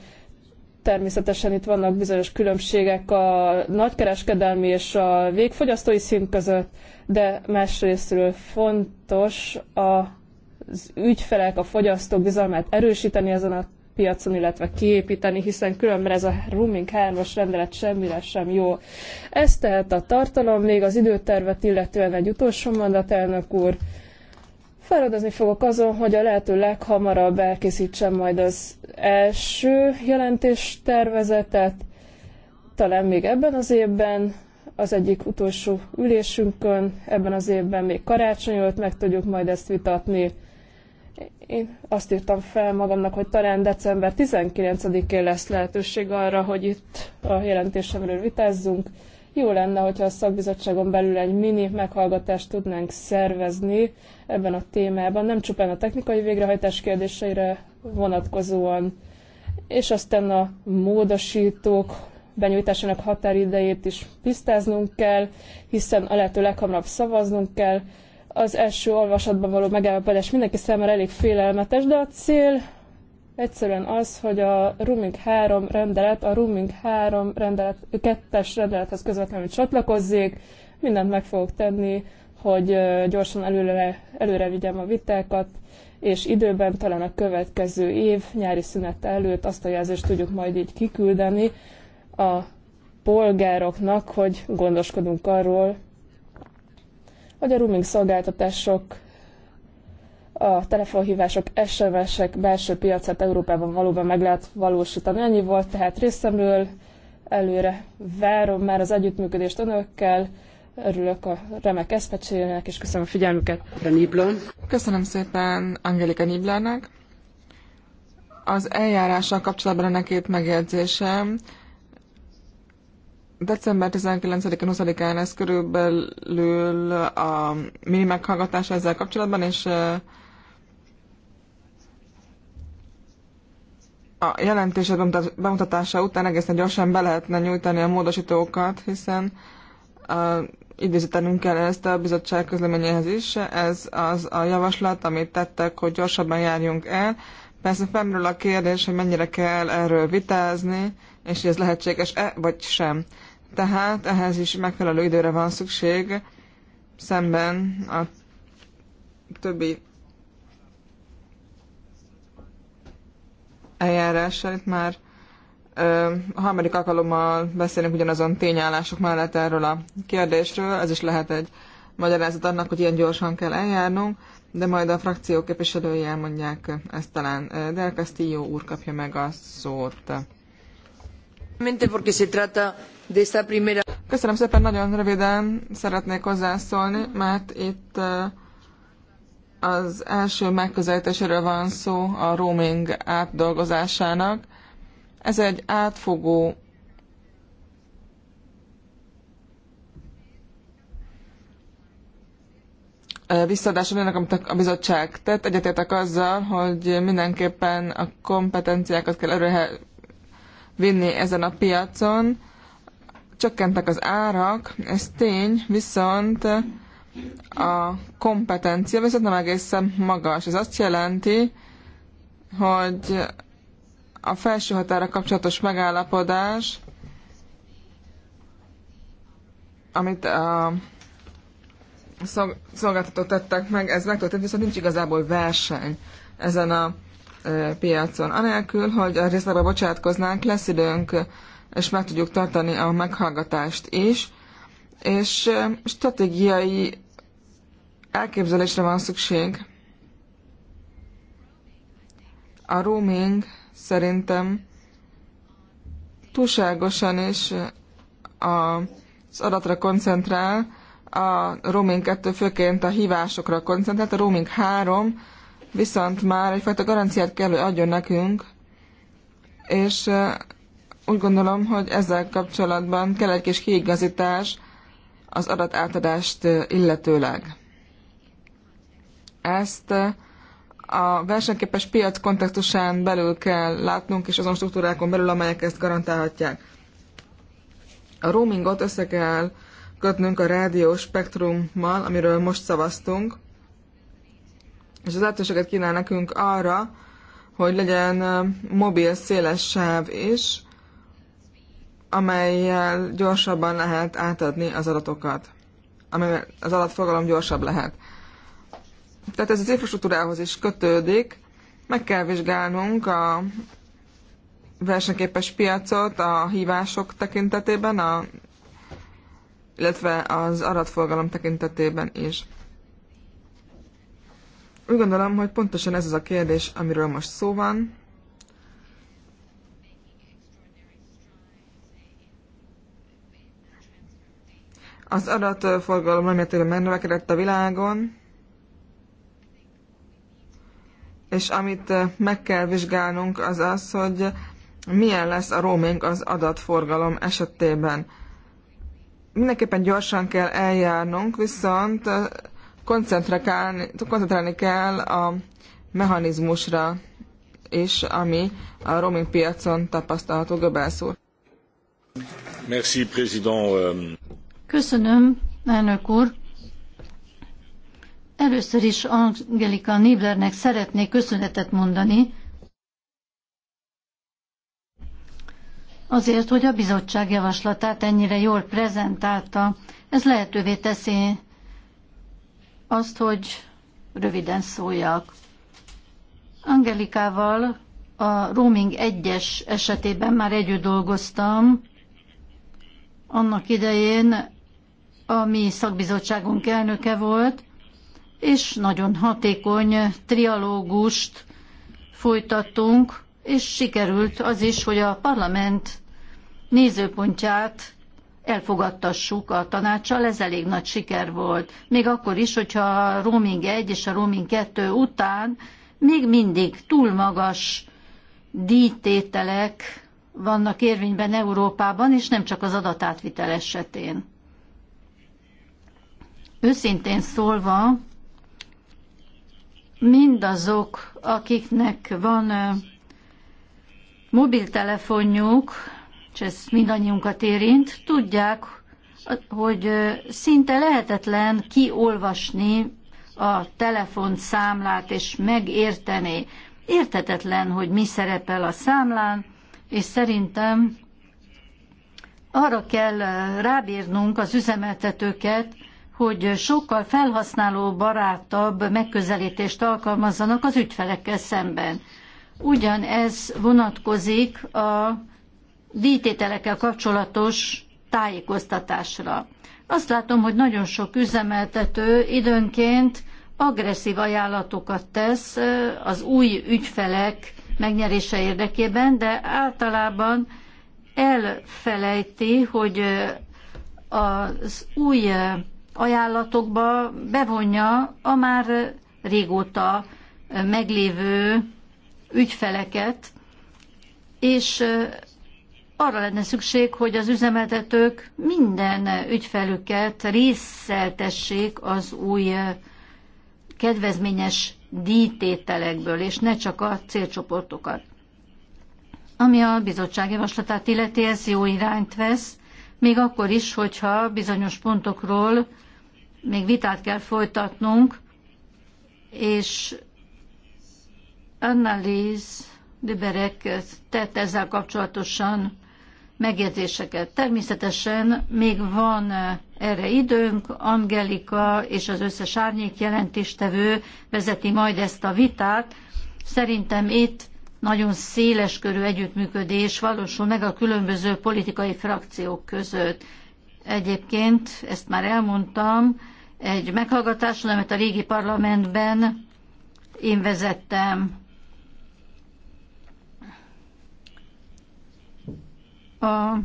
Természetesen itt vannak bizonyos különbségek a nagykereskedelmi és a végfogyasztói szint között, de másrésztről fontos a az ügyfelek, a fogyasztók bizalmát erősíteni ezen a piacon, illetve kiépíteni, hiszen különben ez a rooming 3-as rendelet semmire sem jó. Ez tehát a tartalom, még az időtervet illetően egy utolsó mondat, elnök úr. Feladozni fogok azon, hogy a lehető leghamarabb elkészítsem majd az első jelentés tervezetet, talán még ebben az évben, az egyik utolsó ülésünkön, ebben az évben még karácsony előtt meg tudjuk majd ezt vitatni. Én azt írtam fel magamnak, hogy talán december 19-én lesz lehetőség arra, hogy itt a jelentésemről vitázzunk. Jó lenne, hogyha a szakbizottságon belül egy mini meghallgatást tudnánk szervezni ebben a témában, nem csupán a technikai végrehajtás kérdéseire vonatkozóan, és aztán a módosítók benyújtásának határidejét is tisztáznunk kell, hiszen a lehető leghamarabb szavaznunk kell, az első olvasatban való megállapodás mindenki számára elég félelmetes, de a cél egyszerűen az, hogy a Rooming 3 rendelet, a Rooming 3 rendelet, kettes rendelethez közvetlenül csatlakozzék, mindent meg fogok tenni, hogy gyorsan előre, előre vigyem a vitákat, és időben talán a következő év nyári szünet előtt azt a jelzést tudjuk majd így kiküldeni a polgároknak, hogy gondoskodunk arról, hogy a roaming szolgáltatások, a telefonhívások, SMS-ek belső piacát Európában valóban meg lehet valósítani. Ennyi volt tehát részemről, előre várom már az együttműködést önökkel, örülök a remek eszmecsérének, és köszönöm a figyelmüket. Köszönöm szépen Angelika Niblernek. Az eljárással kapcsolatban a nekét megjegyzésem. December 19-én, 20-án ez körülbelül a mini meghallgatás ezzel kapcsolatban, és a jelentése bemutatása után egészen gyorsan be lehetne nyújtani a módosítókat, hiszen idézítenünk kell ezt a bizottság közleményéhez is. Ez az a javaslat, amit tettek, hogy gyorsabban járjunk el. Persze felmerül a kérdés, hogy mennyire kell erről vitázni, és hogy ez lehetséges-e, vagy sem tehát ehhez is megfelelő időre van szükség, szemben a többi eljárással. Itt már ö, a harmadik alkalommal beszélünk ugyanazon tényállások mellett erről a kérdésről. Ez is lehet egy magyarázat annak, hogy ilyen gyorsan kell eljárnunk, de majd a frakció képviselői elmondják ezt talán. Del Castillo úr kapja meg a szót. Mente porque se trata Köszönöm szépen, nagyon röviden szeretnék hozzászólni, mert itt az első megközelítéséről van szó a roaming átdolgozásának. Ez egy átfogó visszaadása mindennek, amit a bizottság tett. Egyetértek azzal, hogy mindenképpen a kompetenciákat kell erőre vinni ezen a piacon, csökkentek az árak, ez tény, viszont a kompetencia viszont nem egészen magas. Ez azt jelenti, hogy a felső határa kapcsolatos megállapodás, amit a szolgáltatók tettek meg, ez megtörtént, viszont nincs igazából verseny ezen a piacon. Anélkül, hogy a részletbe bocsátkoznánk, lesz időnk és meg tudjuk tartani a meghallgatást is, és stratégiai elképzelésre van szükség. A roaming szerintem túlságosan is az adatra koncentrál, a roaming 2 főként a hívásokra koncentrál, a roaming 3 viszont már egyfajta garanciát kell, hogy adjon nekünk, és úgy gondolom, hogy ezzel kapcsolatban kell egy kis kiigazítás az adatátadást illetőleg. Ezt a versenyképes piac kontextusán belül kell látnunk, és azon struktúrákon belül, amelyek ezt garantálhatják. A roamingot össze kell kötnünk a rádió spektrummal, amiről most szavaztunk, és az lehetőséget kínál nekünk arra, hogy legyen mobil széles sáv is, amelyel gyorsabban lehet átadni az adatokat, amelyel az adatfogalom gyorsabb lehet. Tehát ez az infrastruktúrához is kötődik, meg kell vizsgálnunk a versenyképes piacot a hívások tekintetében, a, illetve az adatforgalom tekintetében is. Úgy gondolom, hogy pontosan ez az a kérdés, amiről most szó van. Az adatforgalom remélhetőleg megnövekedett a világon, és amit eh, meg kell vizsgálnunk az az, hogy milyen lesz a roaming az adatforgalom esetében. Mindenképpen gyorsan kell eljárnunk, viszont eh, koncentrálni, koncentrálni kell a mechanizmusra és ami a roaming piacon tapasztalható Göbelsz úr. Merci, président. Euh, Köszönöm, elnök úr. Először is Angelika Niblernek szeretnék köszönetet mondani, azért, hogy a bizottság javaslatát ennyire jól prezentálta. Ez lehetővé teszi azt, hogy röviden szóljak. Angelikával a roaming 1-es esetében már együtt dolgoztam. Annak idején a mi szakbizottságunk elnöke volt, és nagyon hatékony trialógust folytattunk, és sikerült az is, hogy a parlament nézőpontját elfogadtassuk a tanácssal, ez elég nagy siker volt. Még akkor is, hogyha a roaming 1 és a roaming 2 után még mindig túl magas díjtételek vannak érvényben Európában, és nem csak az adatátvitel esetén. Őszintén szólva, mindazok, akiknek van mobiltelefonjuk, és ez mindannyiunkat érint, tudják, hogy szinte lehetetlen kiolvasni a telefonszámlát és megérteni. Értetetlen, hogy mi szerepel a számlán, és szerintem arra kell rábírnunk az üzemeltetőket, hogy sokkal felhasználó barátabb megközelítést alkalmazzanak az ügyfelekkel szemben. Ugyanez vonatkozik a díjtételekkel kapcsolatos tájékoztatásra. Azt látom, hogy nagyon sok üzemeltető időnként agresszív ajánlatokat tesz az új ügyfelek megnyerése érdekében, de általában elfelejti, hogy az új ajánlatokba bevonja a már régóta meglévő ügyfeleket, és arra lenne szükség, hogy az üzemeltetők minden ügyfelüket részeltessék az új kedvezményes díjtételekből, és ne csak a célcsoportokat. Ami a bizottság javaslatát illeti, ez jó irányt vesz, még akkor is, hogyha bizonyos pontokról még vitát kell folytatnunk, és Annalise Liberek tett ezzel kapcsolatosan megjegyzéseket. Természetesen még van eh, erre időnk, Angelika és az összes árnyék jelentéstevő vezeti majd ezt a vitát. Szerintem itt nagyon széles körű együttműködés valósul meg a különböző politikai frakciók között. Egyébként, ezt már elmondtam, egy meghallgatáson, amit a régi parlamentben én vezettem. A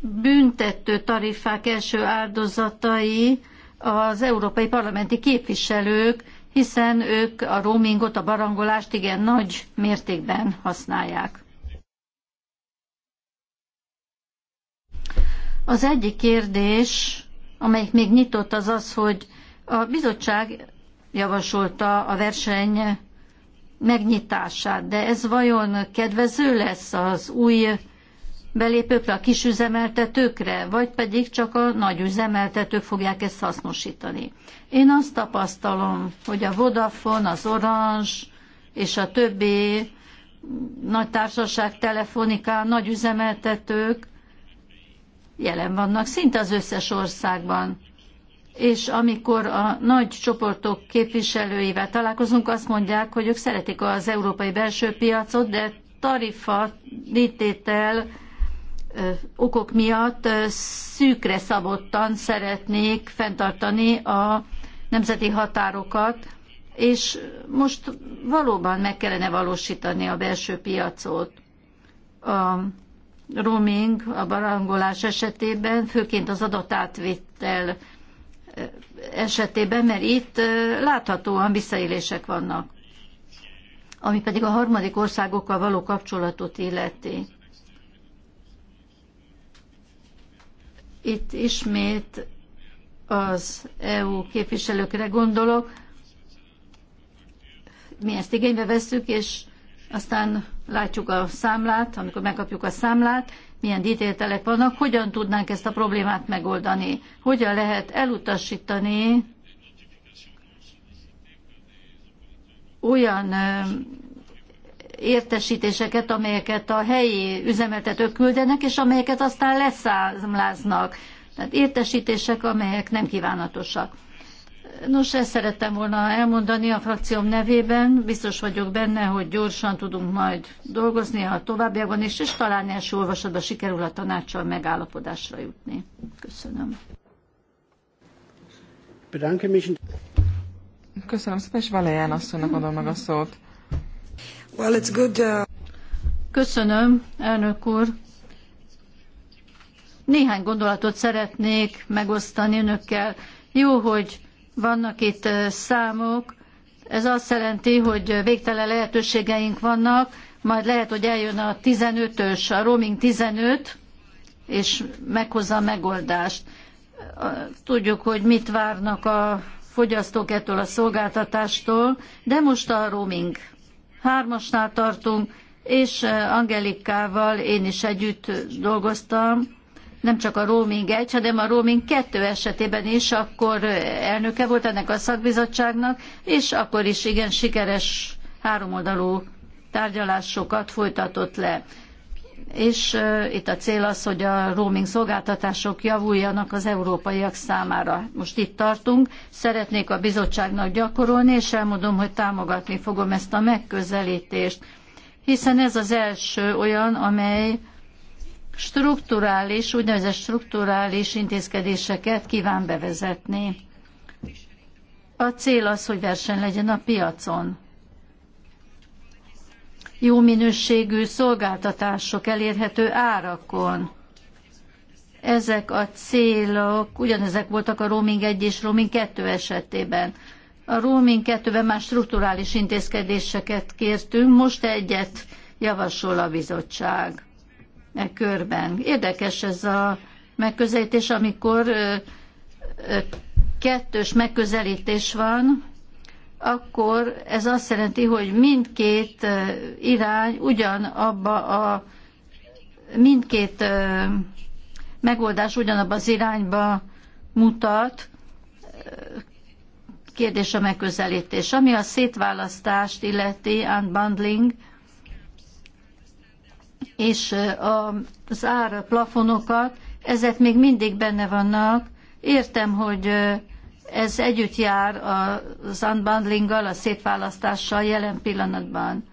büntető tarifák első áldozatai az európai parlamenti képviselők, hiszen ők a roamingot, a barangolást igen nagy mértékben használják. Az egyik kérdés, amelyik még nyitott, az az, hogy a bizottság javasolta a verseny megnyitását, de ez vajon kedvező lesz az új belépőkre, a kisüzemeltetőkre, vagy pedig csak a nagyüzemeltetők fogják ezt hasznosítani. Én azt tapasztalom, hogy a Vodafone, az Orange és a többi nagy társaság telefonikán nagy üzemeltetők jelen vannak szinte az összes országban. És amikor a nagy csoportok képviselőivel találkozunk, azt mondják, hogy ők szeretik az európai belső piacot, de tarifa dítétel okok miatt szűkre szabottan szeretnék fenntartani a nemzeti határokat, és most valóban meg kellene valósítani a belső piacot. A roaming, a barangolás esetében, főként az adatátvétel esetében, mert itt láthatóan visszaélések vannak, ami pedig a harmadik országokkal való kapcsolatot illeti. Itt ismét az EU képviselőkre gondolok, mi ezt igénybe veszük, és aztán látjuk a számlát, amikor megkapjuk a számlát, milyen díjtételek vannak, hogyan tudnánk ezt a problémát megoldani, hogyan lehet elutasítani olyan értesítéseket, amelyeket a helyi üzemeltetők küldenek, és amelyeket aztán leszámláznak. Tehát értesítések, amelyek nem kívánatosak. Nos, ezt szerettem volna elmondani a frakcióm nevében. Biztos vagyok benne, hogy gyorsan tudunk majd dolgozni a továbbiakban is, és talán első olvasatban sikerül a tanácssal megállapodásra jutni. Köszönöm. Köszönöm szépen, és Valéján asszonynak adom meg a szót. Well, it's good, uh... Köszönöm, elnök úr. Néhány gondolatot szeretnék megosztani önökkel. Jó, hogy vannak itt számok, ez azt jelenti, hogy végtelen lehetőségeink vannak, majd lehet, hogy eljön a 15-ös, a roaming 15, és meghozza a megoldást. Tudjuk, hogy mit várnak a fogyasztók ettől a szolgáltatástól, de most a roaming hármasnál tartunk, és Angelikával én is együtt dolgoztam, nem csak a roaming egy, hanem a roaming kettő esetében is, akkor elnöke volt ennek a szakbizottságnak, és akkor is igen sikeres háromoldalú tárgyalásokat folytatott le. És itt a cél az, hogy a roaming szolgáltatások javuljanak az európaiak számára. Most itt tartunk, szeretnék a bizottságnak gyakorolni, és elmondom, hogy támogatni fogom ezt a megközelítést, hiszen ez az első olyan, amely strukturális, úgynevezett strukturális intézkedéseket kíván bevezetni. A cél az, hogy verseny legyen a piacon. Jó minőségű szolgáltatások elérhető árakon. Ezek a célok, ugyanezek voltak a roaming 1 és roaming 2 esetében. A roaming 2-ben már strukturális intézkedéseket kértünk, most egyet javasol a bizottság e körben. Érdekes ez a megközelítés, amikor kettős megközelítés van, akkor ez azt jelenti, hogy mindkét irány ugyanabba a mindkét megoldás ugyanabba az irányba mutat. Kérdés a megközelítés. Ami a szétválasztást illeti, unbundling, és az ár plafonokat, ezek még mindig benne vannak. Értem, hogy ez együtt jár az unbundlinggal, a szétválasztással jelen pillanatban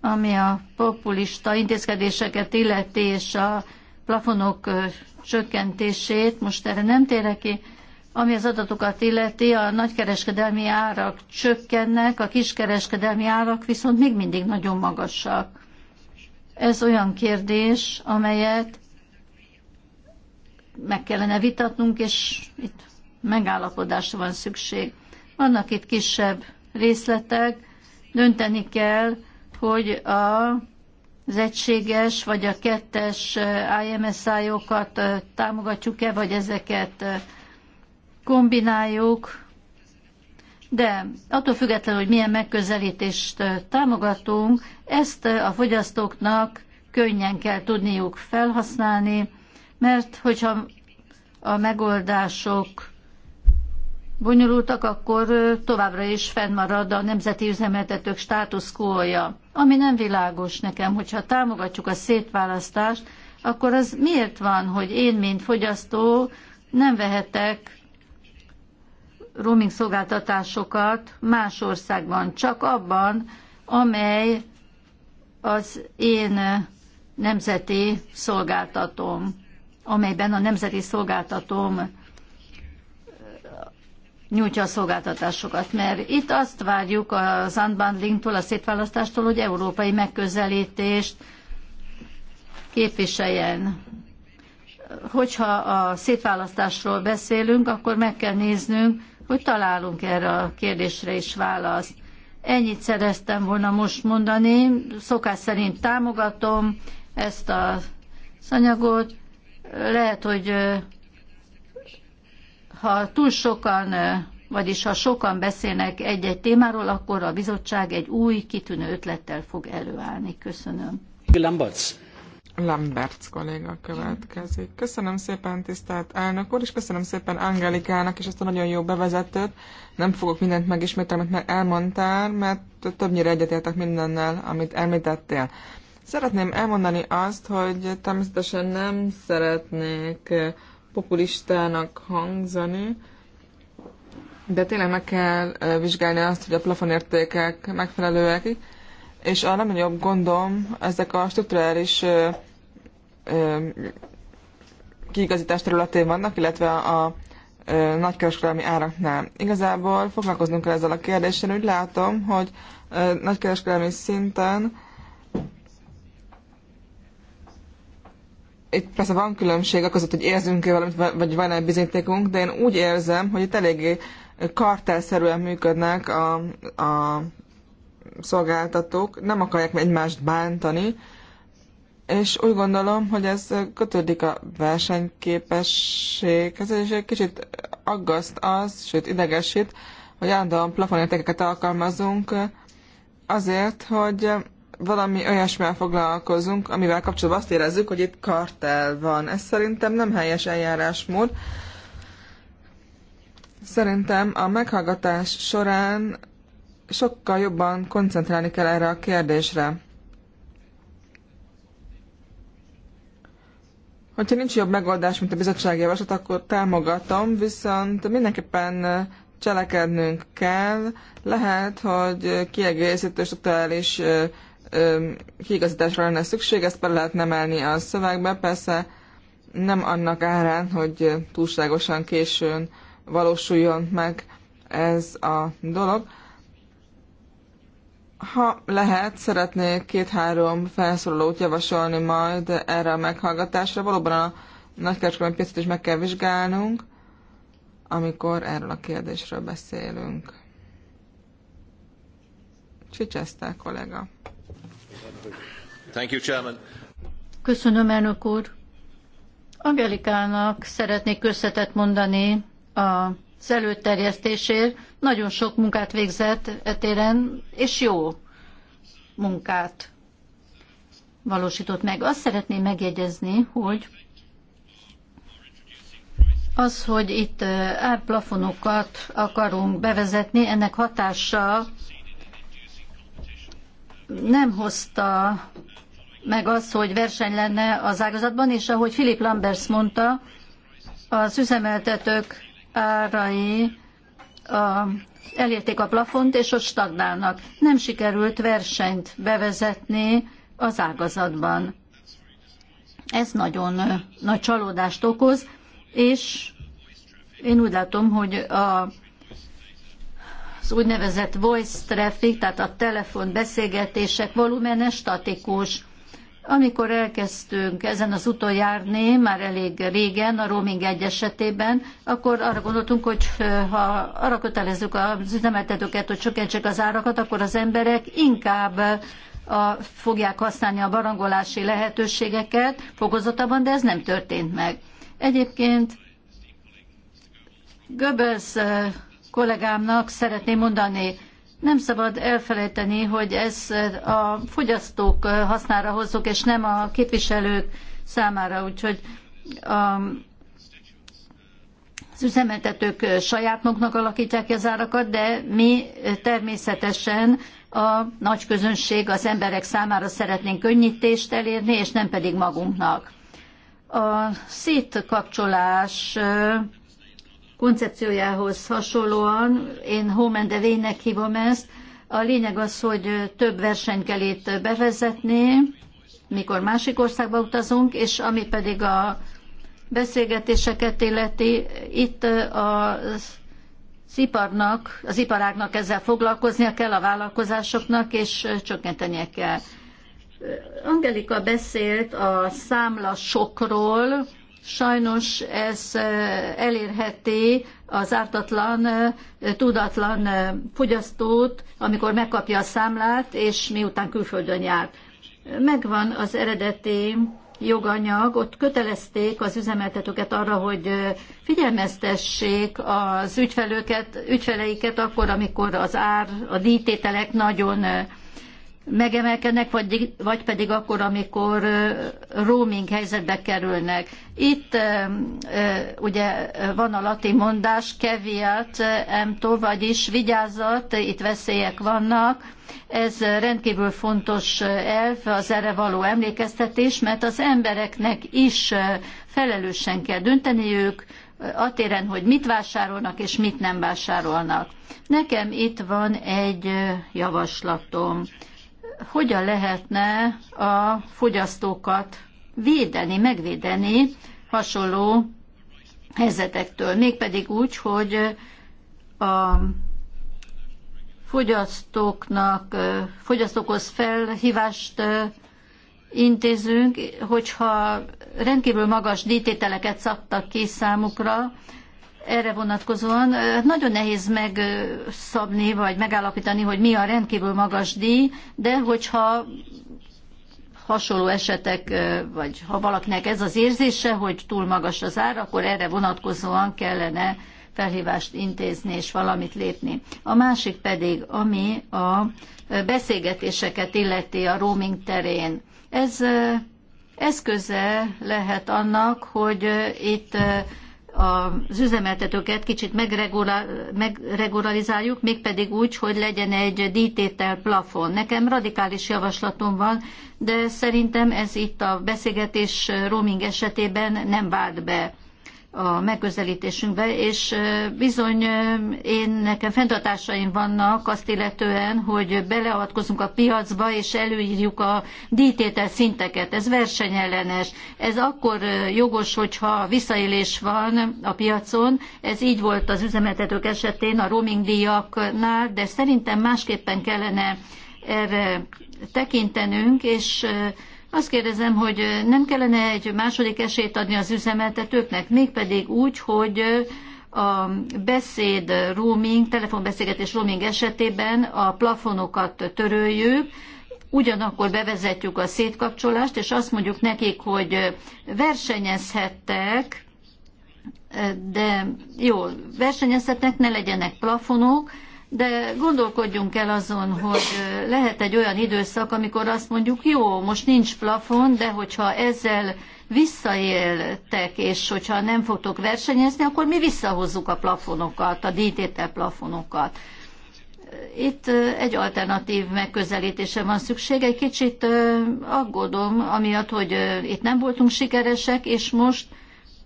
ami a populista intézkedéseket illeti és a plafonok csökkentését, most erre nem térek ki, ami az adatokat illeti, a nagykereskedelmi árak csökkennek, a kiskereskedelmi árak viszont még mindig nagyon magasak. Ez olyan kérdés, amelyet meg kellene vitatnunk, és itt megállapodásra van szükség. Vannak itt kisebb részletek, dönteni kell, hogy a, az egységes vagy a kettes eh, IMSI-okat eh, támogatjuk-e, vagy ezeket eh, kombináljuk, de attól függetlenül, hogy milyen megközelítést támogatunk, ezt a fogyasztóknak könnyen kell tudniuk felhasználni, mert hogyha a megoldások bonyolultak, akkor továbbra is fennmarad a nemzeti üzemeltetők státuszkója. Ami nem világos nekem, hogyha támogatjuk a szétválasztást, akkor az miért van, hogy én, mint fogyasztó, nem vehetek roaming szolgáltatásokat más országban, csak abban, amely az én nemzeti szolgáltatom, amelyben a nemzeti szolgáltatom nyújtja a szolgáltatásokat, mert itt azt várjuk az unbundlingtól, a szétválasztástól, hogy európai megközelítést képviseljen. Hogyha a szétválasztásról beszélünk, akkor meg kell néznünk, hogy találunk erre a kérdésre is választ. Ennyit szereztem volna most mondani. Szokás szerint támogatom ezt a szanyagot. Lehet, hogy ha túl sokan, vagyis ha sokan beszélnek egy-egy témáról, akkor a bizottság egy új, kitűnő ötlettel fog előállni. Köszönöm. Lamberts. Lamberts kolléga következik. Köszönöm szépen, tisztelt elnök úr, és köszönöm szépen Angelikának és ezt a nagyon jó bevezetőt. Nem fogok mindent megismételni, amit már elmondtál, mert többnyire egyetértek mindennel, amit említettél. Szeretném elmondani azt, hogy természetesen nem szeretnék populistának hangzani, de tényleg meg kell vizsgálni azt, hogy a plafonértékek megfelelőek, és a nagyobb gondom ezek a strukturális kiigazítás területén vannak, illetve a nagykereskedelmi áraknál. Igazából foglalkoznunk kell ezzel a kérdéssel, úgy látom, hogy nagykereskedelmi szinten itt persze van különbség a között, hogy érzünk-e valamit, vagy van-e bizonyítékunk, de én úgy érzem, hogy itt eléggé kartelszerűen működnek a, a szolgáltatók, nem akarják egymást bántani, és úgy gondolom, hogy ez kötődik a versenyképességhez, és egy kicsit aggaszt az, sőt idegesít, hogy állandóan plafonértékeket alkalmazunk azért, hogy valami olyasmivel foglalkozunk, amivel kapcsolatban azt érezzük, hogy itt kartel van. Ez szerintem nem helyes eljárásmód. Szerintem a meghallgatás során sokkal jobban koncentrálni kell erre a kérdésre. Hogyha nincs jobb megoldás, mint a bizottsági javaslat, akkor támogatom, viszont mindenképpen cselekednünk kell. Lehet, hogy kiegészítő totális kiigazításra lenne szükség, ezt be lehet emelni a szövegbe, persze nem annak árán, hogy túlságosan későn valósuljon meg ez a dolog. Ha lehet, szeretnék két-három felszólalót javasolni majd erre a meghallgatásra. Valóban a nagykereskedelmi piacot is meg kell vizsgálnunk, amikor erről a kérdésről beszélünk. Csicsesztel kollega. Thank you, Chairman. Köszönöm, elnök úr. Angelikának szeretnék összetett mondani az előterjesztésért, nagyon sok munkát végzett e téren és jó munkát valósított meg. Azt szeretném megjegyezni, hogy az, hogy itt e, árplafonokat akarunk bevezetni, ennek hatása nem hozta meg az, hogy verseny lenne az ágazatban, és ahogy Philip Lambers mondta, az üzemeltetők árai a, elérték a plafont, és ott stagnálnak. Nem sikerült versenyt bevezetni az ágazatban. Ez nagyon nagy csalódást okoz, és én úgy látom, hogy a, az úgynevezett voice traffic, tehát a telefon beszélgetések volumene statikus. Amikor elkezdtünk ezen az úton járni, már elég régen, a roaming egy esetében, akkor arra gondoltunk, hogy ha arra kötelezzük az üzemeltetőket, hogy csökkentsék az árakat, akkor az emberek inkább a, fogják használni a barangolási lehetőségeket fokozottabban, de ez nem történt meg. Egyébként Göbels kollégámnak szeretném mondani, nem szabad elfelejteni, hogy ez a fogyasztók hasznára hozzuk, és nem a képviselők számára, úgyhogy a, az üzemeltetők saját maguknak alakítják az árakat, de mi természetesen a nagy közönség, az emberek számára szeretnénk könnyítést elérni, és nem pedig magunknak. A szétkapcsolás koncepciójához hasonlóan, én Homen hívom ezt, a lényeg az, hogy több versenyt kell itt bevezetni, mikor másik országba utazunk, és ami pedig a beszélgetéseket illeti, itt a az iparnak, az iparágnak ezzel foglalkoznia kell, a vállalkozásoknak, és csökkentenie kell. Angelika beszélt a számla sokról, Sajnos ez elérheti az ártatlan, tudatlan fogyasztót, amikor megkapja a számlát, és miután külföldön jár. Megvan az eredeti joganyag, ott kötelezték az üzemeltetőket arra, hogy figyelmeztessék az ügyfelőket, ügyfeleiket akkor, amikor az ár, a díjtételek nagyon megemelkednek, vagy, vagy pedig akkor, amikor roaming helyzetbe kerülnek. Itt ugye van a latin mondás, keviat emto, vagyis vigyázat, itt veszélyek vannak. Ez rendkívül fontos elv, az erre való emlékeztetés, mert az embereknek is felelősen kell dönteniük, atéren, hogy mit vásárolnak és mit nem vásárolnak. Nekem itt van egy javaslatom hogyan lehetne a fogyasztókat védeni, megvédeni hasonló helyzetektől. Mégpedig úgy, hogy a fogyasztóknak, fogyasztókhoz felhívást intézünk, hogyha rendkívül magas dítételeket szabtak ki számukra, erre vonatkozóan nagyon nehéz megszabni, vagy megállapítani, hogy mi a rendkívül magas díj, de hogyha hasonló esetek, vagy ha valakinek ez az érzése, hogy túl magas az ár, akkor erre vonatkozóan kellene felhívást intézni és valamit lépni. A másik pedig, ami a beszélgetéseket illeti a roaming terén. Ez eszköze lehet annak, hogy itt az üzemeltetőket kicsit megregularizáljuk, mégpedig úgy, hogy legyen egy díjtétel plafon. Nekem radikális javaslatom van, de szerintem ez itt a beszélgetés roaming esetében nem vált be a megközelítésünkbe, és bizony én nekem fenntartásaim vannak azt illetően, hogy beleavatkozunk a piacba, és előírjuk a díjtétel szinteket. Ez versenyellenes. Ez akkor jogos, hogyha visszaélés van a piacon. Ez így volt az üzemeltetők esetén a roaming díjaknál, de szerintem másképpen kellene erre tekintenünk, és azt kérdezem, hogy nem kellene egy második esélyt adni az üzemeltetőknek, mégpedig úgy, hogy a beszéd roaming, telefonbeszélgetés roaming esetében a plafonokat töröljük, ugyanakkor bevezetjük a szétkapcsolást, és azt mondjuk nekik, hogy versenyezhettek, de jó, versenyezhetnek, ne legyenek plafonok, de gondolkodjunk el azon, hogy lehet egy olyan időszak, amikor azt mondjuk, jó, most nincs plafon, de hogyha ezzel visszaéltek, és hogyha nem fogtok versenyezni, akkor mi visszahozzuk a plafonokat, a díjtétel plafonokat. Itt egy alternatív megközelítése van szükség. Egy kicsit aggódom, amiatt, hogy itt nem voltunk sikeresek, és most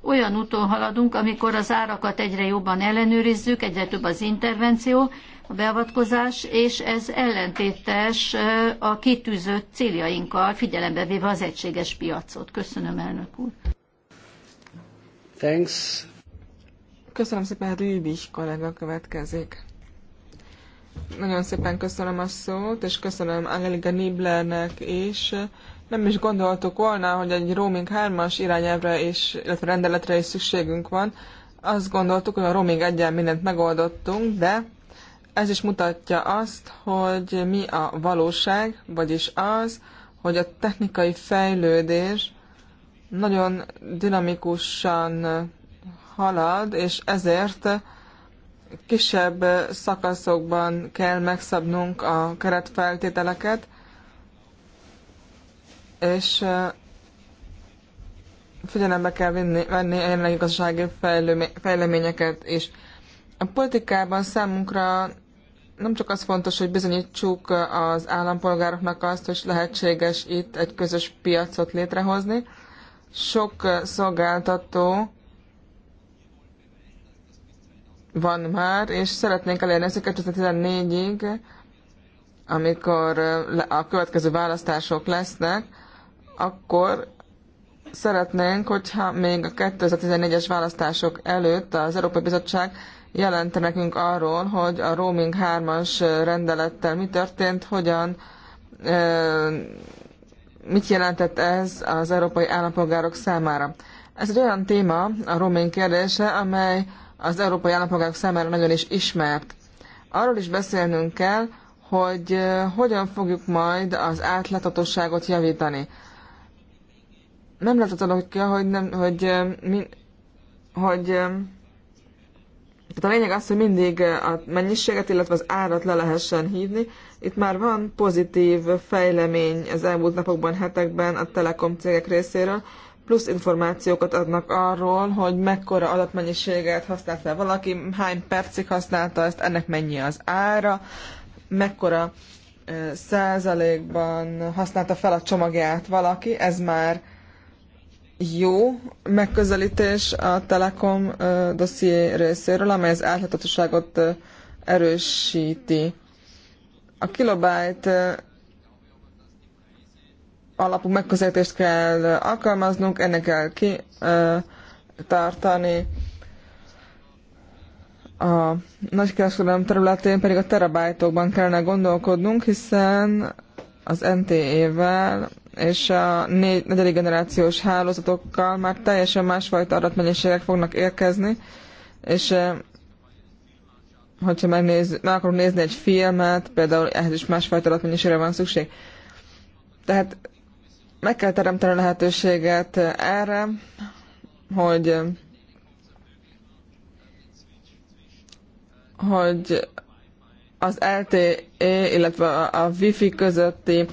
olyan úton haladunk, amikor az árakat egyre jobban ellenőrizzük, egyre több az intervenció, a beavatkozás, és ez ellentétes a kitűzött céljainkkal, figyelembe véve az egységes piacot. Köszönöm, elnök úr. Thanks. Köszönöm szépen, hát Rübis kollega következik. Nagyon szépen köszönöm a szót, és köszönöm Angelika Niblernek is nem is gondoltuk volna, hogy egy roaming 3-as irányelvre és, illetve rendeletre is szükségünk van. Azt gondoltuk, hogy a roaming egyen mindent megoldottunk, de ez is mutatja azt, hogy mi a valóság, vagyis az, hogy a technikai fejlődés nagyon dinamikusan halad, és ezért kisebb szakaszokban kell megszabnunk a keretfeltételeket, és figyelembe kell vinni, venni a jelenlegi gazdasági fejleményeket is. A politikában számunkra nem csak az fontos, hogy bizonyítsuk az állampolgároknak azt, hogy lehetséges itt egy közös piacot létrehozni. Sok szolgáltató van már, és szeretnénk elérni ezt 2014-ig, amikor a következő választások lesznek, akkor szeretnénk, hogyha még a 2014-es választások előtt az Európai Bizottság jelente nekünk arról, hogy a roaming 3-as rendelettel mi történt, hogyan, mit jelentett ez az európai állampolgárok számára. Ez egy olyan téma, a roaming kérdése, amely az európai állampolgárok számára nagyon is ismert. Arról is beszélnünk kell, hogy hogyan fogjuk majd az átláthatóságot javítani nem lehet az alapja, hogy, nem, hogy, hogy, hogy tehát a lényeg az, hogy mindig a mennyiséget, illetve az árat le lehessen hívni. Itt már van pozitív fejlemény az elmúlt napokban, hetekben a telekom cégek részéről, plusz információkat adnak arról, hogy mekkora adatmennyiséget használt fel valaki, hány percig használta ezt, ennek mennyi az ára, mekkora százalékban használta fel a csomagját valaki, ez már jó megközelítés a Telekom dosszié részéről, amely az átláthatóságot erősíti. A kilobájt alapú megközelítést kell alkalmaznunk, ennek kell kitartani. tartani. A nagykereskedelem területén pedig a terabájtokban kellene gondolkodnunk, hiszen az NTE-vel és a négy, negyedik generációs hálózatokkal már teljesen másfajta adatmennyiségek fognak érkezni, és eh, hogyha megnéz, meg akarunk nézni egy filmet, például ehhez is másfajta adatmennyiségre van szükség. Tehát meg kell teremteni a lehetőséget eh, erre, hogy eh, hogy az LTE, illetve a Wi-Fi közötti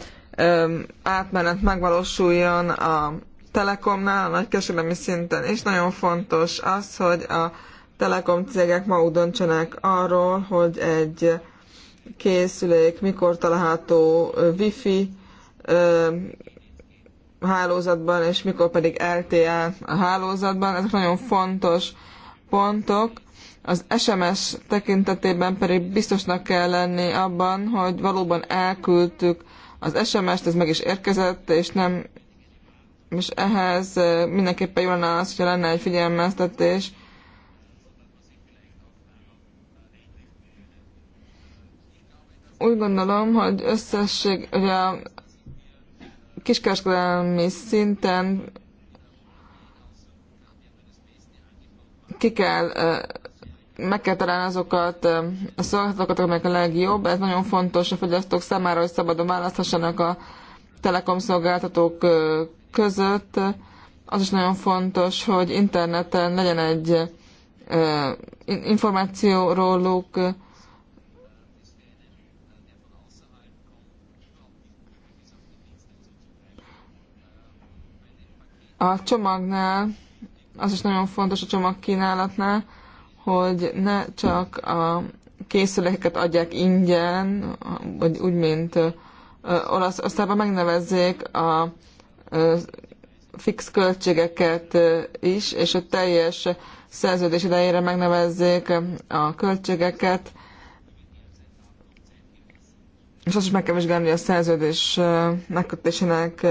átmenet megvalósuljon a Telekomnál, a nagykereskedelmi szinten, és nagyon fontos az, hogy a Telekom cégek maguk döntsenek arról, hogy egy készülék mikor található wifi hálózatban, és mikor pedig LTE a hálózatban. Ezek nagyon fontos pontok. Az SMS tekintetében pedig biztosnak kell lenni abban, hogy valóban elküldtük az SMS-t, ez meg is érkezett, és nem és ehhez mindenképpen jó lenne az, hogyha lenne egy figyelmeztetés, úgy gondolom, hogy összesség, hogy a kiskereskedelmi szinten ki kell meg kell találni azokat a szolgáltatókat, amelyek a legjobb. Ez nagyon fontos a fogyasztók számára, hogy szabadon választhassanak a telekom szolgáltatók között. Az is nagyon fontos, hogy interneten legyen egy információ róluk, A csomagnál, az is nagyon fontos a csomagkínálatnál, hogy ne csak a készüléket adják ingyen, vagy úgy, mint olasz, aztán megnevezzék a fix költségeket is, és a teljes szerződés idejére megnevezzék a költségeket, és azt is meg kell vizsgálni, hogy a szerződés megkötésének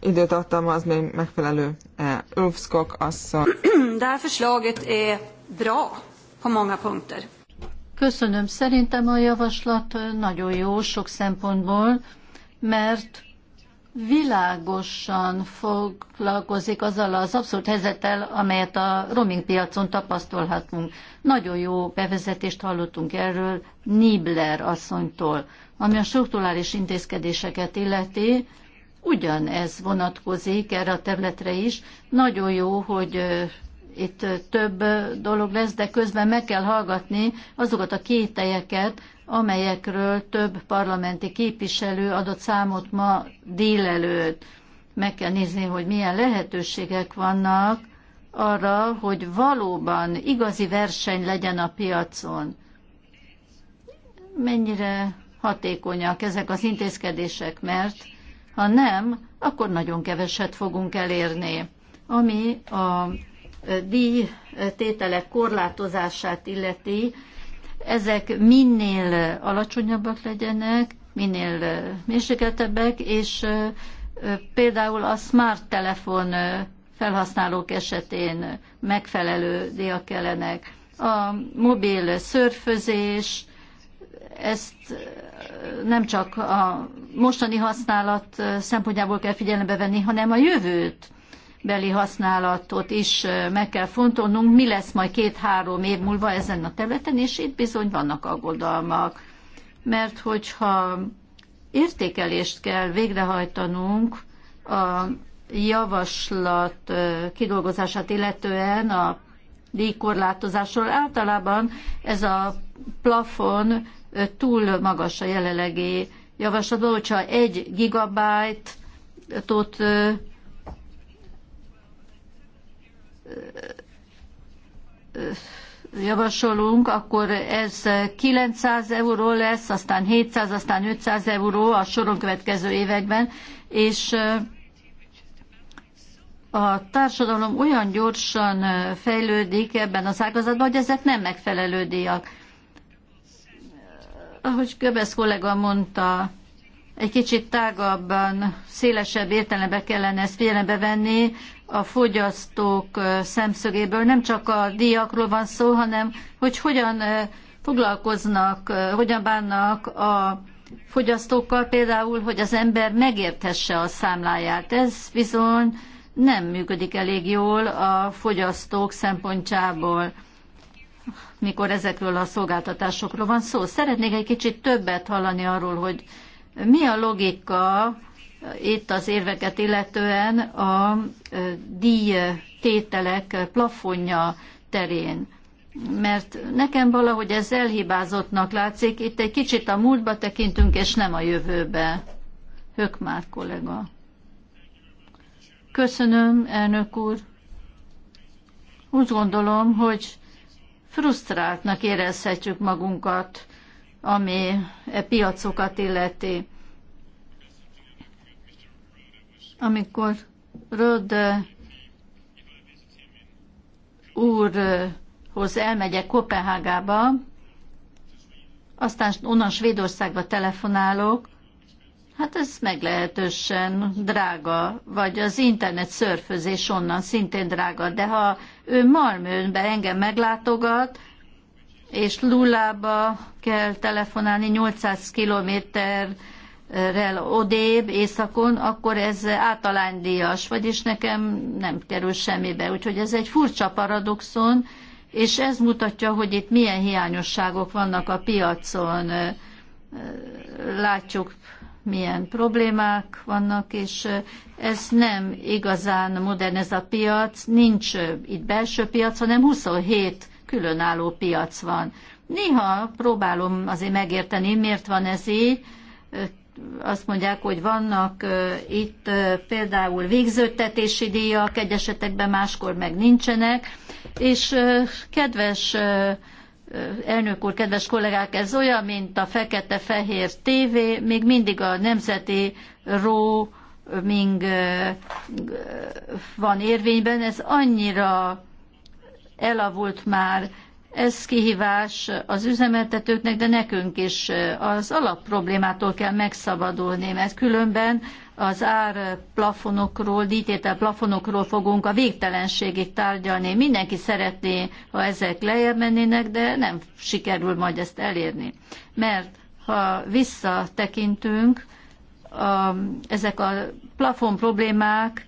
időtartalma az még megfelelő-e. Ulfskog asszony. Det här förslaget är bra på många punkter. Köszönöm. Szerintem a javaslat nagyon jó sok szempontból, mert világosan foglalkozik azzal az abszolút helyzettel, amelyet a roaming piacon tapasztalhatunk. Nagyon jó bevezetést hallottunk erről Nibler asszonytól, ami a struktúrális intézkedéseket illeti, ugyanez vonatkozik erre a területre is. Nagyon jó, hogy itt több dolog lesz, de közben meg kell hallgatni azokat a kételyeket, amelyekről több parlamenti képviselő adott számot ma délelőtt. Meg kell nézni, hogy milyen lehetőségek vannak arra, hogy valóban igazi verseny legyen a piacon. Mennyire hatékonyak ezek az intézkedések, mert ha nem, akkor nagyon keveset fogunk elérni. Ami a díjtételek korlátozását illeti, ezek minél alacsonyabbak legyenek, minél mérsékeltebbek, és például a smart telefon felhasználók esetén megfelelő díjak kellenek. A mobil szörfözés, ezt nem csak a mostani használat szempontjából kell figyelembe venni, hanem a jövőt beli használatot is meg kell fontolnunk, mi lesz majd két-három év múlva ezen a területen, és itt bizony vannak aggodalmak. Mert hogyha értékelést kell végrehajtanunk a javaslat kidolgozását illetően a díjkorlátozásról, általában ez a plafon túl magas a jelenlegi javaslatban, hogyha egy gigabájtot javasolunk, akkor ez 900 euró lesz, aztán 700, aztán 500 euró a soron következő években, és a társadalom olyan gyorsan fejlődik ebben az ágazatban, hogy ezek nem megfelelő díjak. Ahogy Göbesz kollega mondta, egy kicsit tágabban, szélesebb értelemben kellene ezt figyelembe venni, a fogyasztók szemszögéből. Nem csak a díjakról van szó, hanem hogy hogyan foglalkoznak, hogyan bánnak a fogyasztókkal, például, hogy az ember megérthesse a számláját. Ez bizony nem működik elég jól a fogyasztók szempontjából, mikor ezekről a szolgáltatásokról van szó. Szeretnék egy kicsit többet hallani arról, hogy mi a logika itt az érveket illetően a díj tételek plafonja terén. Mert nekem valahogy ez elhibázottnak látszik, itt egy kicsit a múltba tekintünk, és nem a jövőbe. Hökmár kollega. Köszönöm, elnök úr. Úgy gondolom, hogy frusztráltnak érezhetjük magunkat, ami e piacokat illeti amikor Rod úrhoz elmegyek Kopenhágába, aztán onnan Svédországba telefonálok, hát ez meglehetősen drága, vagy az internet szörfözés onnan szintén drága, de ha ő Malmönbe engem meglátogat, és Lulába kell telefonálni 800 kilométer rel odébb északon, akkor ez általánydíjas, vagyis nekem nem kerül semmibe. Úgyhogy ez egy furcsa paradoxon, és ez mutatja, hogy itt milyen hiányosságok vannak a piacon. Látjuk, milyen problémák vannak, és ez nem igazán modern ez a piac, nincs itt belső piac, hanem 27 különálló piac van. Néha próbálom azért megérteni, miért van ez így, azt mondják, hogy vannak itt például végződtetési díjak, egy esetekben máskor meg nincsenek, és kedves elnök úr, kedves kollégák, ez olyan, mint a fekete-fehér tévé, még mindig a nemzeti roaming van érvényben, ez annyira elavult már, ez kihívás az üzemeltetőknek, de nekünk is az alapproblémától kell megszabadulni, mert különben az árplafonokról, díjtétel plafonokról fogunk a végtelenségig tárgyalni. Mindenki szeretné, ha ezek lejjebb mennének, de nem sikerül majd ezt elérni. Mert ha visszatekintünk, a, ezek a plafon problémák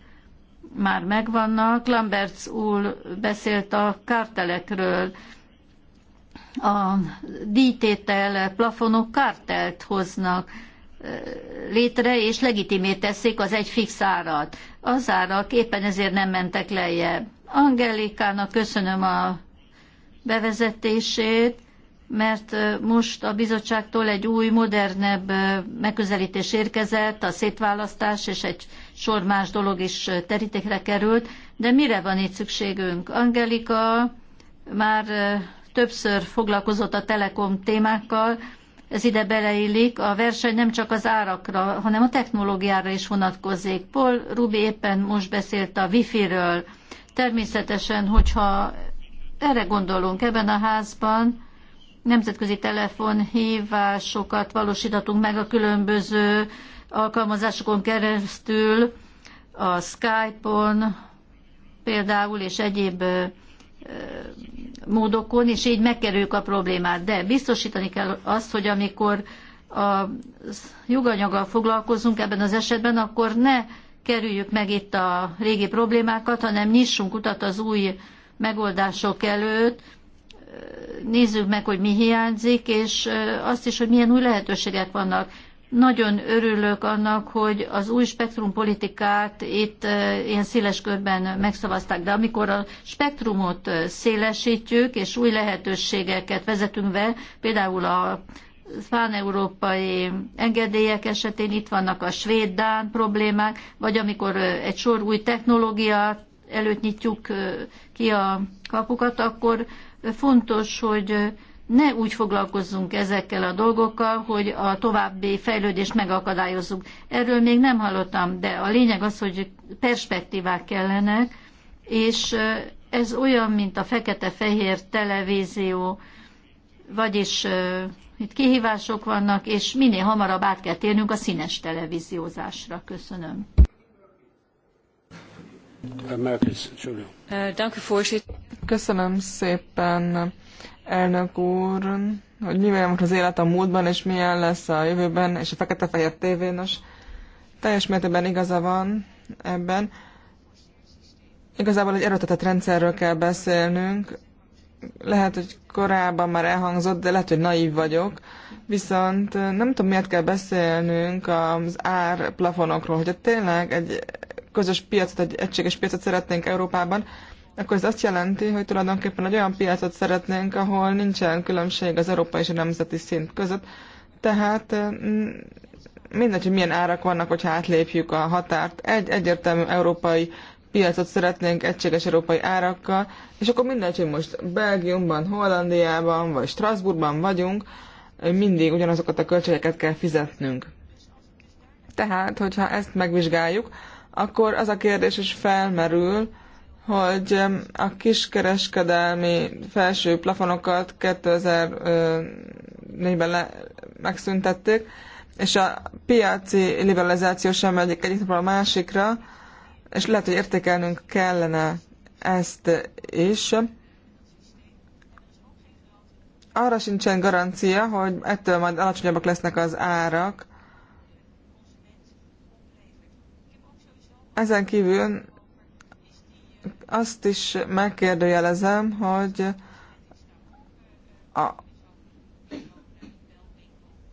már megvannak. Lamberts úr beszélt a kártelekről, a díjtétel plafonok kártelt hoznak létre, és legitimé teszik az egy fix árat. Az árak éppen ezért nem mentek lejjebb. Angelikának köszönöm a bevezetését, mert most a bizottságtól egy új, modernebb megközelítés érkezett, a szétválasztás és egy sor más dolog is terítékre került, de mire van itt szükségünk? Angelika már többször foglalkozott a telekom témákkal, ez ide beleillik, a verseny nem csak az árakra, hanem a technológiára is vonatkozik. Paul Rubi éppen most beszélt a wifi-ről. Természetesen, hogyha erre gondolunk ebben a házban, nemzetközi telefonhívásokat valósítatunk meg a különböző alkalmazásokon keresztül, a Skype-on például és egyéb módokon, és így megkerüljük a problémát. De biztosítani kell azt, hogy amikor a joganyaggal foglalkozunk ebben az esetben, akkor ne kerüljük meg itt a régi problémákat, hanem nyissunk utat az új megoldások előtt, nézzük meg, hogy mi hiányzik, és azt is, hogy milyen új lehetőségek vannak. Nagyon örülök annak, hogy az új spektrumpolitikát itt ilyen széles körben megszavazták, de amikor a spektrumot szélesítjük, és új lehetőségeket vezetünk be, például a pán-európai engedélyek esetén itt vannak a svéd-dán problémák, vagy amikor egy sor új technológia előtt nyitjuk ki a kapukat, akkor fontos, hogy ne úgy foglalkozzunk ezekkel a dolgokkal, hogy a további fejlődést megakadályozzuk. Erről még nem hallottam, de a lényeg az, hogy perspektívák kellenek, és ez olyan, mint a fekete-fehér televízió, vagyis itt kihívások vannak, és minél hamarabb át kell térnünk a színes televíziózásra. Köszönöm. Köszönöm szépen elnök úr, hogy milyen volt az élet a múltban, és milyen lesz a jövőben, és a fekete-fehér tévén, és teljes mértékben igaza van ebben. Igazából egy erőtetett rendszerről kell beszélnünk. Lehet, hogy korábban már elhangzott, de lehet, hogy naív vagyok. Viszont nem tudom, miért kell beszélnünk az árplafonokról. Hogyha tényleg egy közös piacot, egy egységes piacot szeretnénk Európában, akkor ez azt jelenti, hogy tulajdonképpen egy olyan piacot szeretnénk, ahol nincsen különbség az európai és a nemzeti szint között. Tehát eh, mindegy, hogy milyen árak vannak, hogyha átlépjük a határt. Egy egyértelmű európai piacot szeretnénk egységes európai árakkal, és akkor mindegy, hogy most Belgiumban, Hollandiában vagy Strasbourgban vagyunk, eh, mindig ugyanazokat a költségeket kell fizetnünk. Tehát, hogyha ezt megvizsgáljuk, akkor az a kérdés is felmerül, hogy a kiskereskedelmi felső plafonokat 2004-ben le, megszüntették, és a piaci liberalizáció sem megy egyik a másikra, és lehet, hogy értékelnünk kellene ezt is. Arra sincsen garancia, hogy ettől majd alacsonyabbak lesznek az árak. Ezen kívül azt is megkérdőjelezem, hogy a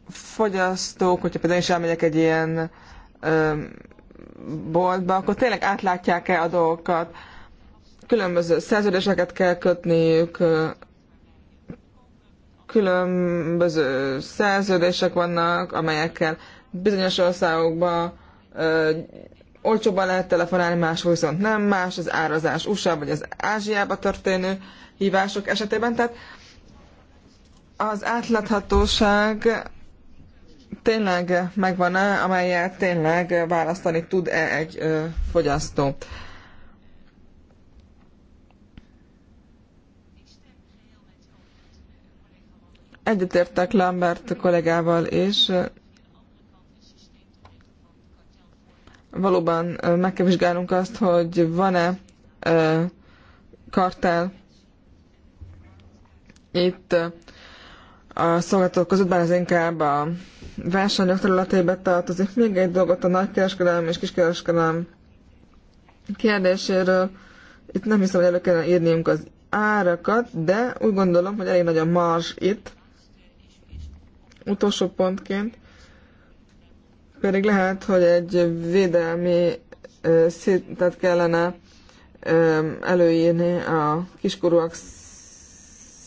fogyasztók, hogyha például is elmegyek egy ilyen ö, boltba, akkor tényleg átlátják-e a dolgokat. Különböző szerződéseket kell kötniük, különböző szerződések vannak, amelyekkel bizonyos országokban olcsóban lehet telefonálni, máshol viszont nem, más az árazás USA vagy az Ázsiába történő hívások esetében. Tehát az átláthatóság tényleg megvan-e, amelyet tényleg választani tud-e egy ö, fogyasztó. Egyetértek Lambert kollégával, és valóban meg kell vizsgálnunk azt, hogy van-e kartel itt a szolgáltatók között, bár ez inkább a versenyok területébe tartozik. Még egy dolgot a nagykereskedelem és kiskereskedelem kérdéséről. Itt nem hiszem, hogy elő kellene írniunk az árakat, de úgy gondolom, hogy elég nagy a marzs itt. Utolsó pontként pedig lehet, hogy egy védelmi szintet kellene előírni a kiskorúak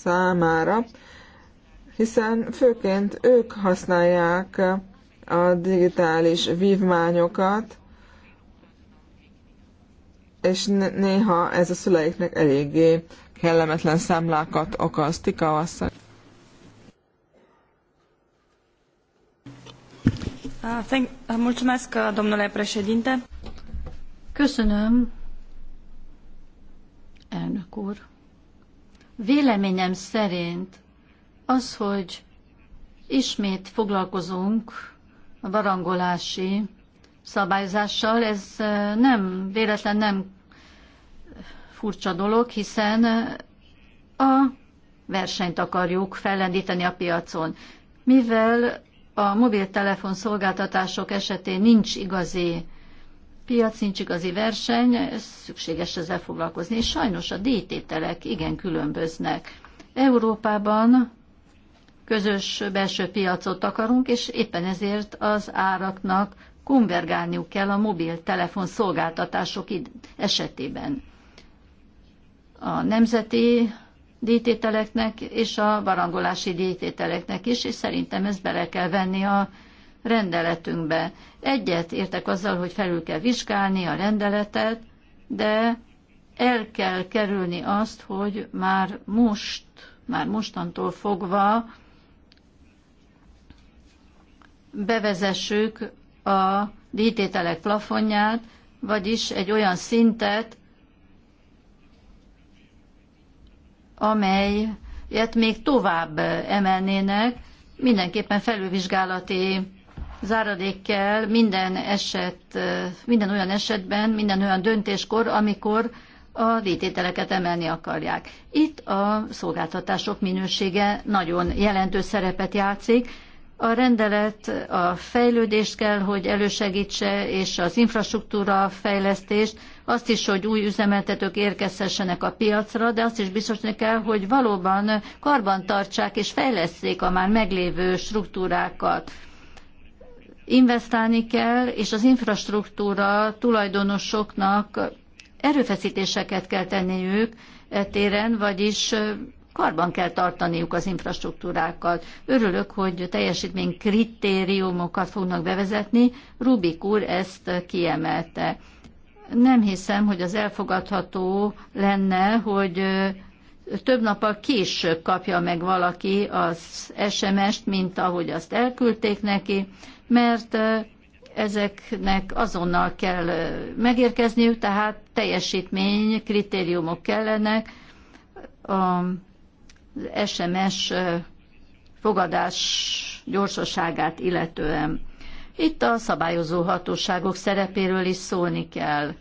számára, hiszen főként ők használják a digitális vívmányokat, és néha ez a szüleiknek eléggé kellemetlen számlákat okoz. Tika Ah, ah, ah, Köszönöm, elnök úr. Véleményem szerint az, hogy ismét foglalkozunk a barangolási szabályzással, ez eh, nem, véletlen nem furcsa dolog, hiszen a versenyt akarjuk fellendíteni a piacon. Mivel a mobiltelefon szolgáltatások esetén nincs igazi piac, nincs igazi verseny, ez szükséges ezzel foglalkozni. És sajnos a díjtételek igen különböznek. Európában közös belső piacot akarunk, és éppen ezért az áraknak konvergálniuk kell a mobiltelefon szolgáltatások esetében. A nemzeti díjtételeknek és a barangolási díjtételeknek is, és szerintem ezt bele kell venni a rendeletünkbe. Egyet értek azzal, hogy felül kell vizsgálni a rendeletet, de el kell kerülni azt, hogy már most, már mostantól fogva bevezessük a díjtételek plafonját, vagyis egy olyan szintet, amelyet még tovább emelnének, mindenképpen felülvizsgálati záradékkel minden eset, minden olyan esetben, minden olyan döntéskor, amikor a vétételeket emelni akarják. Itt a szolgáltatások minősége nagyon jelentős szerepet játszik. A rendelet a fejlődést kell, hogy elősegítse, és az infrastruktúra fejlesztést, azt is, hogy új üzemeltetők érkezhessenek a piacra, de azt is biztosni kell, hogy valóban karban tartsák és fejleszték a már meglévő struktúrákat. Investálni kell, és az infrastruktúra tulajdonosoknak erőfeszítéseket kell tenniük e téren, vagyis karban kell tartaniuk az infrastruktúrákat. Örülök, hogy teljesítmény kritériumokat fognak bevezetni. Rubik úr ezt kiemelte nem hiszem, hogy az elfogadható lenne, hogy több nappal később kapja meg valaki az SMS-t, mint ahogy azt elküldték neki, mert ezeknek azonnal kell megérkezniük, tehát teljesítmény, kritériumok kellenek az SMS fogadás gyorsaságát illetően. Itt a szabályozó hatóságok szerepéről is szólni kell.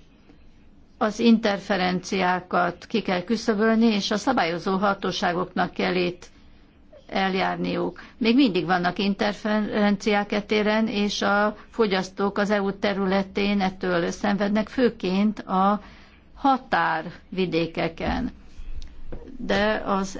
Az interferenciákat ki kell küszöbölni, és a szabályozó hatóságoknak kell itt eljárniuk. Még mindig vannak interferenciák etéren, és a fogyasztók az EU területén ettől szenvednek, főként a határvidékeken, de az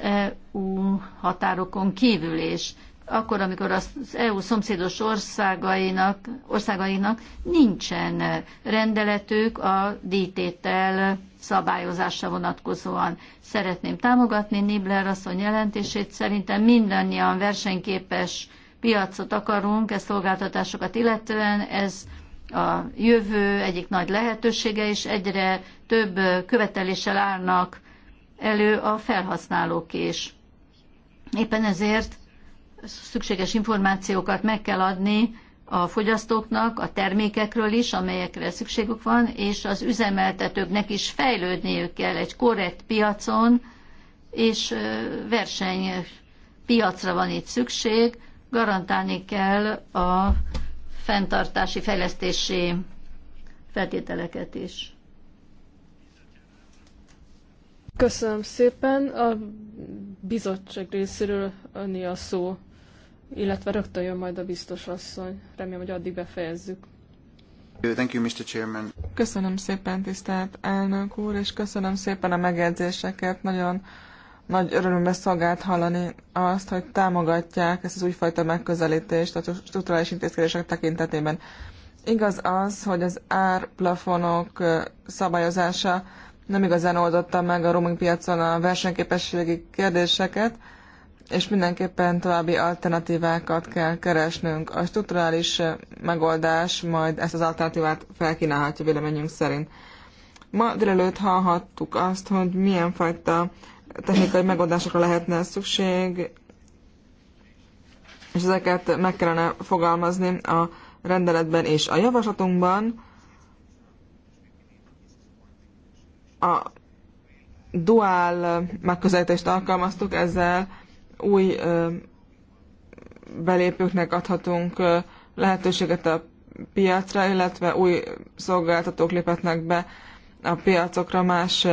EU határokon kívül is akkor, amikor az EU szomszédos országainak, országainak nincsen rendeletük a díjtétel szabályozásra vonatkozóan. Szeretném támogatni Nibler asszony jelentését. Szerintem mindannyian versenyképes piacot akarunk, ezt szolgáltatásokat illetően, ez a jövő egyik nagy lehetősége, és egyre több követeléssel állnak elő a felhasználók is. Éppen ezért szükséges információkat meg kell adni a fogyasztóknak, a termékekről is, amelyekre szükségük van, és az üzemeltetőknek is fejlődniük kell egy korrekt piacon, és verseny piacra van itt szükség, garantálni kell a fenntartási, fejlesztési feltételeket is. Köszönöm szépen. A bizottság részéről önni a szó illetve rögtön jön majd a biztos asszony. Remélem, hogy addig befejezzük. Thank you, Mr. Chairman. Köszönöm szépen, tisztelt elnök úr, és köszönöm szépen a megjegyzéseket. Nagyon nagy örömbe szolgált hallani azt, hogy támogatják ezt az újfajta megközelítést a strukturális intézkedések tekintetében. Igaz az, hogy az árplafonok szabályozása nem igazán oldotta meg a roaming piacon a versenyképességi kérdéseket, és mindenképpen további alternatívákat kell keresnünk. A strukturális eh, megoldás majd ezt az alternatívát felkínálhatja véleményünk szerint. Ma délelőtt hallhattuk azt, hogy milyen fajta technikai megoldásokra lehetne szükség, és ezeket meg kellene fogalmazni a rendeletben és a javaslatunkban. A duál megközelítést alkalmaztuk, ezzel új belépőknek adhatunk lehetőséget a piacra, illetve új szolgáltatók léphetnek be a piacokra más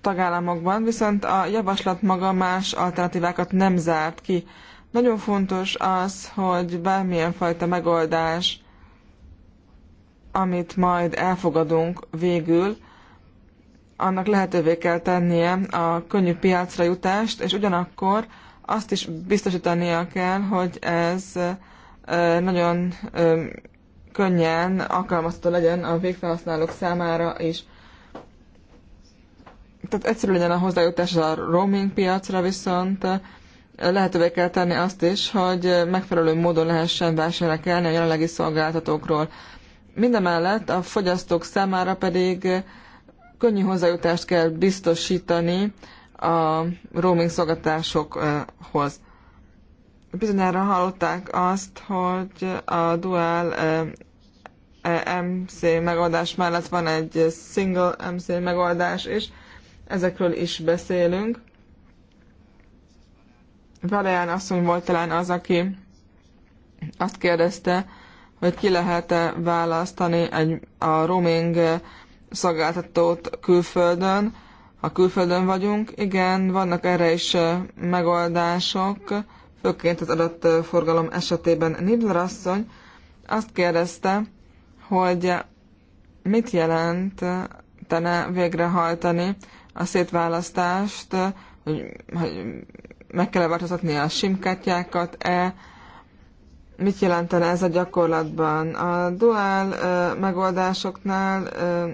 tagállamokban, viszont a javaslat maga más alternatívákat nem zárt ki. Nagyon fontos az, hogy bármilyen fajta megoldás, amit majd elfogadunk végül, annak lehetővé kell tennie a könnyű piacra jutást, és ugyanakkor azt is biztosítania kell, hogy ez nagyon könnyen alkalmazható legyen a végfelhasználók számára is. Tehát egyszerű legyen a hozzájutás a roaming piacra, viszont lehetővé kell tenni azt is, hogy megfelelő módon lehessen vásárolni a jelenlegi szolgáltatókról. Mindemellett a fogyasztók számára pedig könnyű hozzájutást kell biztosítani a roaming szolgatásokhoz. Bizonyára hallották azt, hogy a dual eh, eh, MC megoldás mellett van egy single MC megoldás is, ezekről is beszélünk. Valeján asszony volt talán az, aki azt kérdezte, hogy ki lehet-e választani egy, a roaming eh, szolgáltatót külföldön, ha külföldön vagyunk. Igen, vannak erre is megoldások, főként az forgalom esetében Nidler asszony azt kérdezte, hogy mit jelent tene végrehajtani a szétválasztást, hogy, hogy meg kell -e változtatni a simkátyákat e mit jelentene ez a gyakorlatban. A dual ö, megoldásoknál ö,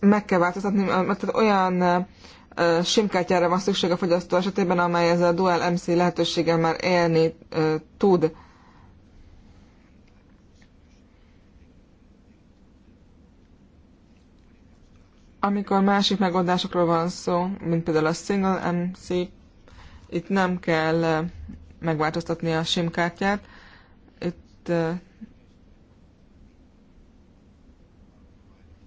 meg kell változtatni, mert olyan simkártyára van szükség a fogyasztó esetében, amely ez a Dual MC lehetőséggel már élni tud. Amikor másik megoldásokról van szó, mint például a Single MC, itt nem kell megváltoztatni a simkártyát, itt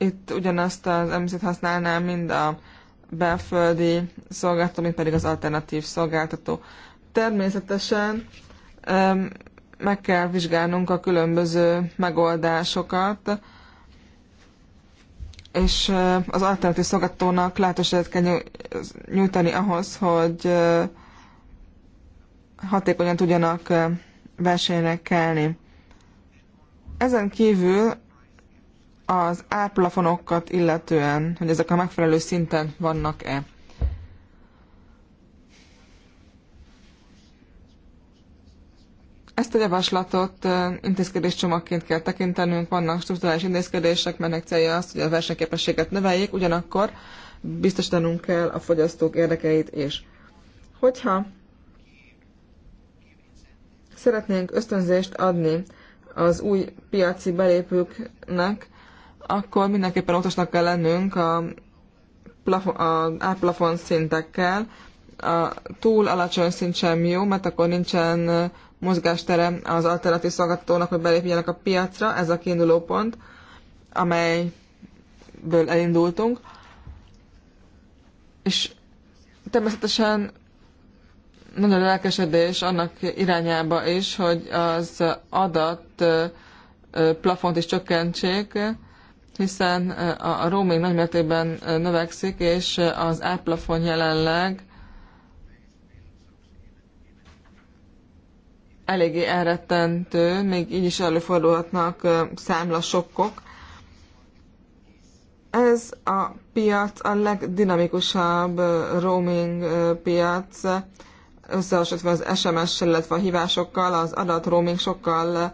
Itt ugyanazt az említőt használná mind a belföldi szolgáltató, mint pedig az alternatív szolgáltató. Természetesen meg kell vizsgálnunk a különböző megoldásokat, és az alternatív szolgáltatónak lehetőséget kell nyújtani ahhoz, hogy hatékonyan tudjanak versenyre kelni. Ezen kívül az árplafonokat illetően, hogy ezek a megfelelő szinten vannak-e. Ezt a javaslatot intézkedéscsomagként kell tekintenünk, vannak struktúrális intézkedések, melynek célja az, hogy a versenyképességet növeljék, ugyanakkor biztosítanunk kell a fogyasztók érdekeit is. Hogyha szeretnénk ösztönzést adni az új piaci belépőknek, akkor mindenképpen óvatosnak kell lennünk a, plafon, a szintekkel. A túl alacsony szint sem jó, mert akkor nincsen mozgástere az alternatív szolgáltatónak, hogy belépjenek a piacra, ez a kiinduló pont, amelyből elindultunk. És természetesen nagyon lelkesedés annak irányába is, hogy az adat plafont is csökkentsék, hiszen a roaming nagymértékben növekszik, és az árplafon jelenleg eléggé elrettentő, még így is előfordulhatnak számlasokkok. Ez a piac a legdinamikusabb roaming piac, összehasonlítva az SMS-sel, illetve a hívásokkal, az adat roaming sokkal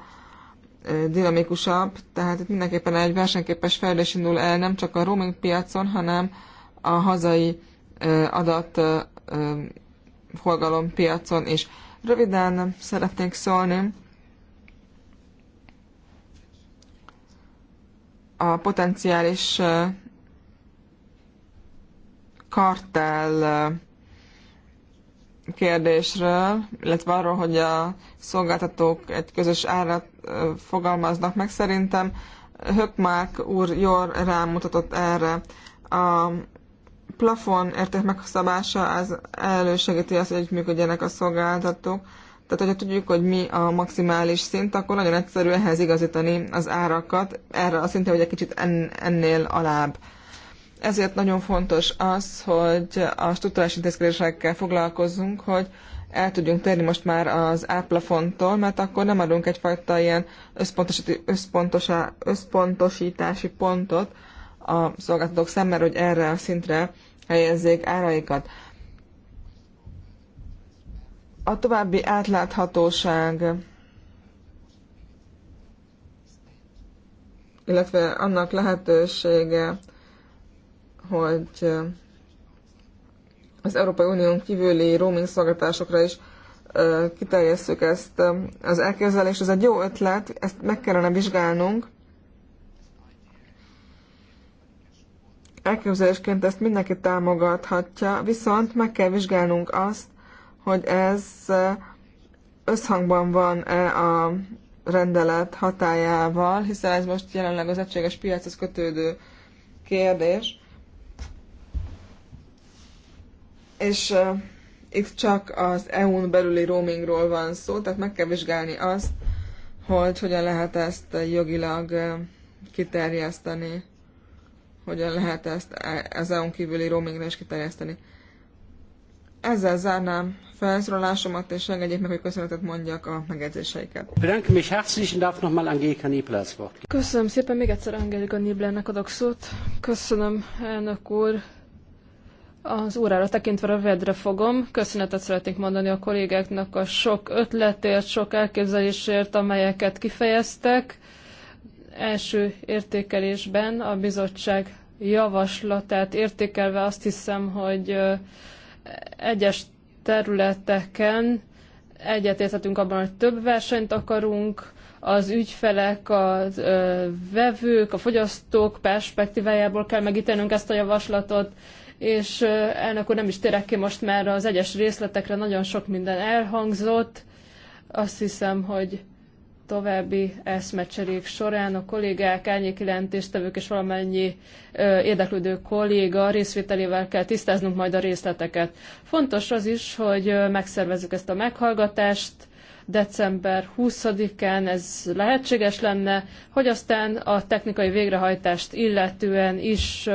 dinamikusabb, tehát itt mindenképpen egy versenyképes fejlődés indul el, nem csak a roaming piacon, hanem a hazai adat forgalom piacon is. Röviden szeretnék szólni a potenciális kartel kérdésről, illetve arról, hogy a szolgáltatók egy közös árat fogalmaznak meg. Szerintem Hökmák úr jól rámutatott erre. A plafon érték megszabása az elősegíti azt, hogy működjenek a szolgáltatók. Tehát, hogyha tudjuk, hogy mi a maximális szint, akkor nagyon egyszerű ehhez igazítani az árakat, erre a szinten, hogy egy kicsit en, ennél alább. Ezért nagyon fontos az, hogy a struktúrás intézkedésekkel foglalkozzunk, hogy el tudjunk térni most már az áplafontól, mert akkor nem adunk egyfajta ilyen összpontosítási pontot a szolgáltatók szemmel, hogy erre a szintre helyezzék áraikat. A további átláthatóság, illetve annak lehetősége, hogy az Európai Unión kívüli roaming szolgáltatásokra is kiterjesszük ezt az elképzelést. Ez egy jó ötlet, ezt meg kellene vizsgálnunk. Elképzelésként ezt mindenki támogathatja, viszont meg kell vizsgálnunk azt, hogy ez összhangban van-e a rendelet hatájával, hiszen ez most jelenleg az egységes piachoz kötődő kérdés. És uh, itt csak az EU-n belüli roamingról van szó, tehát meg kell vizsgálni azt, hogy hogyan lehet ezt jogilag kiterjeszteni, hogyan lehet ezt e, az EU-n kívüli roamingra is kiterjeszteni. Ezzel zárnám felszólalásomat, és engedjék meg, hogy köszönetet mondjak a megjegyzéseiket. Köszönöm szépen, még egyszer Angelika Niblernek adok szót. Köszönöm, elnök úr. Az órára tekintve vedre fogom. Köszönetet szeretnék mondani a kollégáknak a sok ötletért, sok elképzelésért, amelyeket kifejeztek. Első értékelésben a bizottság javaslatát értékelve azt hiszem, hogy egyes területeken egyetérthetünk abban, hogy több versenyt akarunk, az ügyfelek, a vevők, a fogyasztók perspektívájából kell megítenünk ezt a javaslatot, és elnök úr, nem is térek ki most már az egyes részletekre, nagyon sok minden elhangzott. Azt hiszem, hogy további eszmecserék során a kollégák, jelentéstevők és valamennyi érdeklődő kolléga részvételével kell tisztáznunk majd a részleteket. Fontos az is, hogy megszervezzük ezt a meghallgatást, december 20-án ez lehetséges lenne, hogy aztán a technikai végrehajtást illetően is,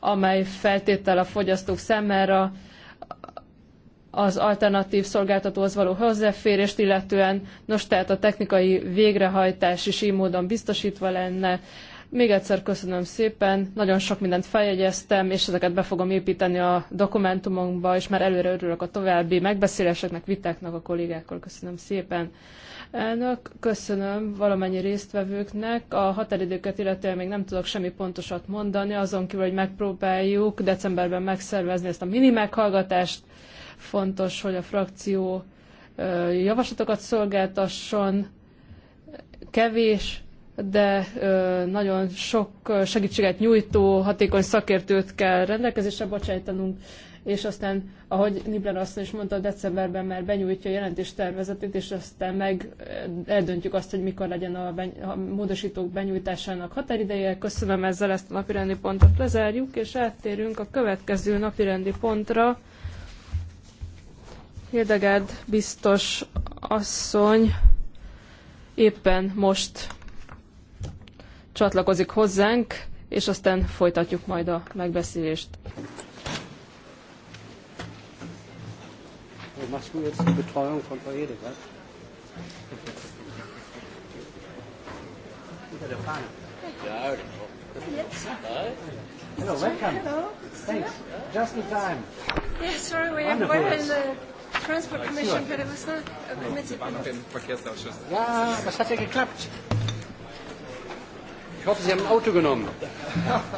amely feltétel a fogyasztók számára az alternatív szolgáltatóhoz való hozzáférést illetően, nos tehát a technikai végrehajtás is így módon biztosítva lenne, még egyszer köszönöm szépen, nagyon sok mindent feljegyeztem, és ezeket be fogom építeni a dokumentumokba, és már előre örülök a további megbeszéléseknek, vitáknak a kollégákkal. Köszönöm szépen. Elnök, köszönöm valamennyi résztvevőknek. A határidőket illetően még nem tudok semmi pontosat mondani, azon kívül, hogy megpróbáljuk decemberben megszervezni ezt a mini meghallgatást. Fontos, hogy a frakció javaslatokat szolgáltasson, kevés de nagyon sok segítséget nyújtó, hatékony szakértőt kell rendelkezésre bocsájtanunk, és aztán, ahogy Nibler azt is mondta, decemberben már benyújtja a jelentéstervezetét, és aztán meg eldöntjük azt, hogy mikor legyen a, beny- a módosítók benyújtásának határideje. Köszönöm ezzel ezt a napirendi pontot lezárjuk, és áttérünk a következő napirendi pontra. Hildegard biztos asszony éppen most csatlakozik hozzánk, és aztán folytatjuk majd a megbeszélést. Hello, welcome. Hello. Thanks. Just in time. Yeah, sorry, we the Transport Commission, but it was not a Yeah, but that's hat ja geklappt? Ich hoffe, Sie haben ein Auto genommen.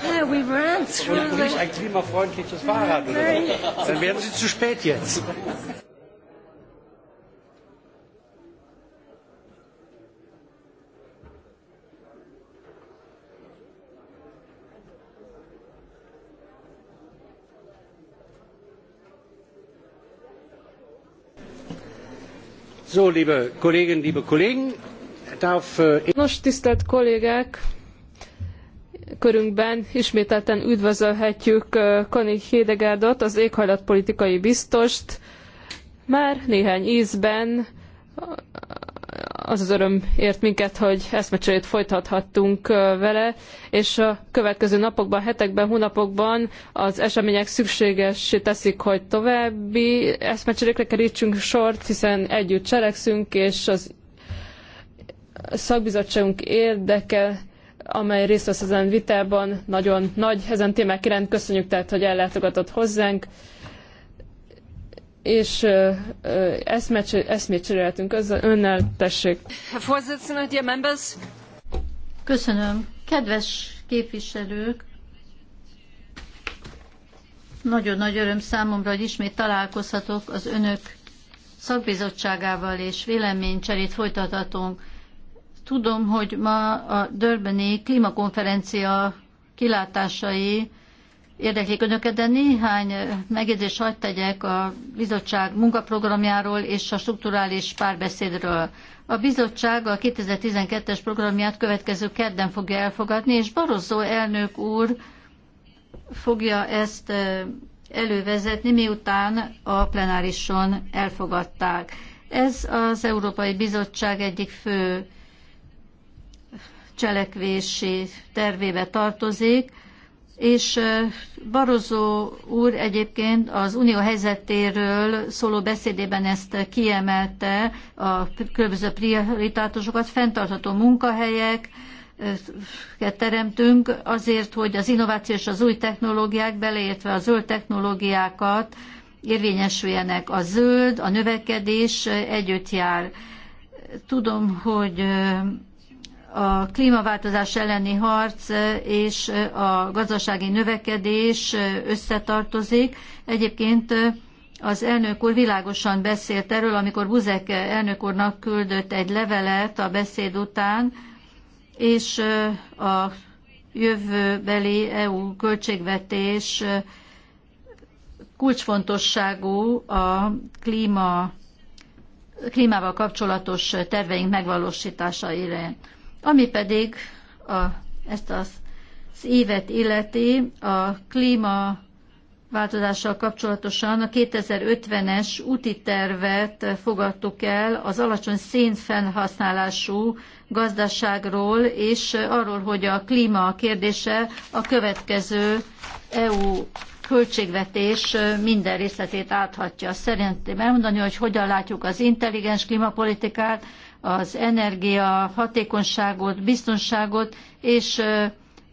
Yeah, we ran through Und nicht ein klimafreundliches Fahrrad oder so. Dann werden Sie zu spät jetzt. So, liebe Kolleginnen, liebe Kollegen, darf... Äh, Nos, tisztelt kollégák, körünkben ismételten üdvözölhetjük Kani Hédegárdot, az éghajlatpolitikai biztost. Már néhány ízben az az öröm ért minket, hogy eszmecserét folytathattunk vele, és a következő napokban, hetekben, hónapokban az események szükségessé teszik, hogy további eszmecserékre kerítsünk sort, hiszen együtt cselekszünk, és az szakbizottságunk érdeke amely részt vesz ezen vitában, nagyon nagy ezen témák iránt. Köszönjük tehát, hogy ellátogatott hozzánk, és eszmét, cseréltünk önnel, önnel, tessék. Köszönöm. Kedves képviselők, nagyon nagy öröm számomra, hogy ismét találkozhatok az önök szakbizottságával, és véleménycserét folytathatunk. Tudom, hogy ma a Dörbeni klímakonferencia kilátásai érdeklik önöket, de néhány megjegyzést hagyd tegyek a bizottság munkaprogramjáról és a strukturális párbeszédről. A bizottság a 2012-es programját következő kedden fogja elfogadni, és Barozó elnök úr fogja ezt elővezetni, miután a plenárison elfogadták. Ez az Európai Bizottság egyik fő cselekvési tervébe tartozik, és Barozó úr egyébként az unió helyzetéről szóló beszédében ezt kiemelte, a különböző prioritátusokat, fenntartható munkahelyek, teremtünk azért, hogy az innováció és az új technológiák, beleértve a zöld technológiákat érvényesüljenek. A zöld, a növekedés együtt jár. Tudom, hogy a klímaváltozás elleni harc és a gazdasági növekedés összetartozik. Egyébként az elnök úr világosan beszélt erről, amikor Buzek elnök úrnak küldött egy levelet a beszéd után, és a jövőbeli EU költségvetés kulcsfontosságú a klíma, klímával kapcsolatos terveink megvalósítása iránt. Ami pedig a, ezt az évet illeti, a klíma változással kapcsolatosan a 2050-es úti tervet fogadtuk el az alacsony szénfelhasználású gazdaságról, és arról, hogy a klíma kérdése a következő EU költségvetés minden részletét áthatja. Szerintem elmondani, hogy hogyan látjuk az intelligens klímapolitikát, az energia hatékonyságot, biztonságot, és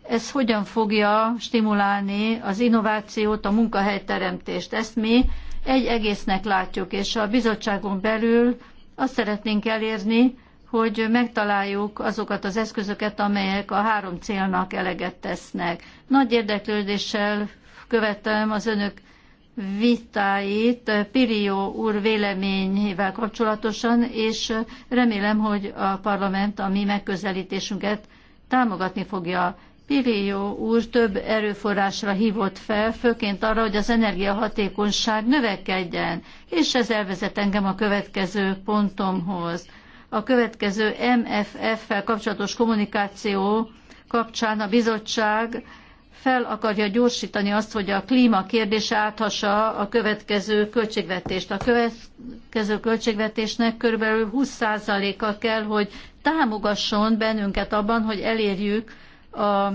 ez hogyan fogja stimulálni az innovációt, a munkahelyteremtést. Ezt mi egy egésznek látjuk, és a bizottságon belül azt szeretnénk elérni, hogy megtaláljuk azokat az eszközöket, amelyek a három célnak eleget tesznek. Nagy érdeklődéssel követem az önök vitáit Pirió úr véleményével kapcsolatosan, és remélem, hogy a parlament a mi megközelítésünket támogatni fogja. Pirió úr több erőforrásra hívott fel, főként arra, hogy az energiahatékonyság növekedjen, és ez elvezet engem a következő pontomhoz. A következő MFF-fel kapcsolatos kommunikáció kapcsán a bizottság fel akarja gyorsítani azt, hogy a klíma kérdése áthassa a következő költségvetést. A következő költségvetésnek körülbelül 20%-a kell, hogy támogasson bennünket abban, hogy elérjük a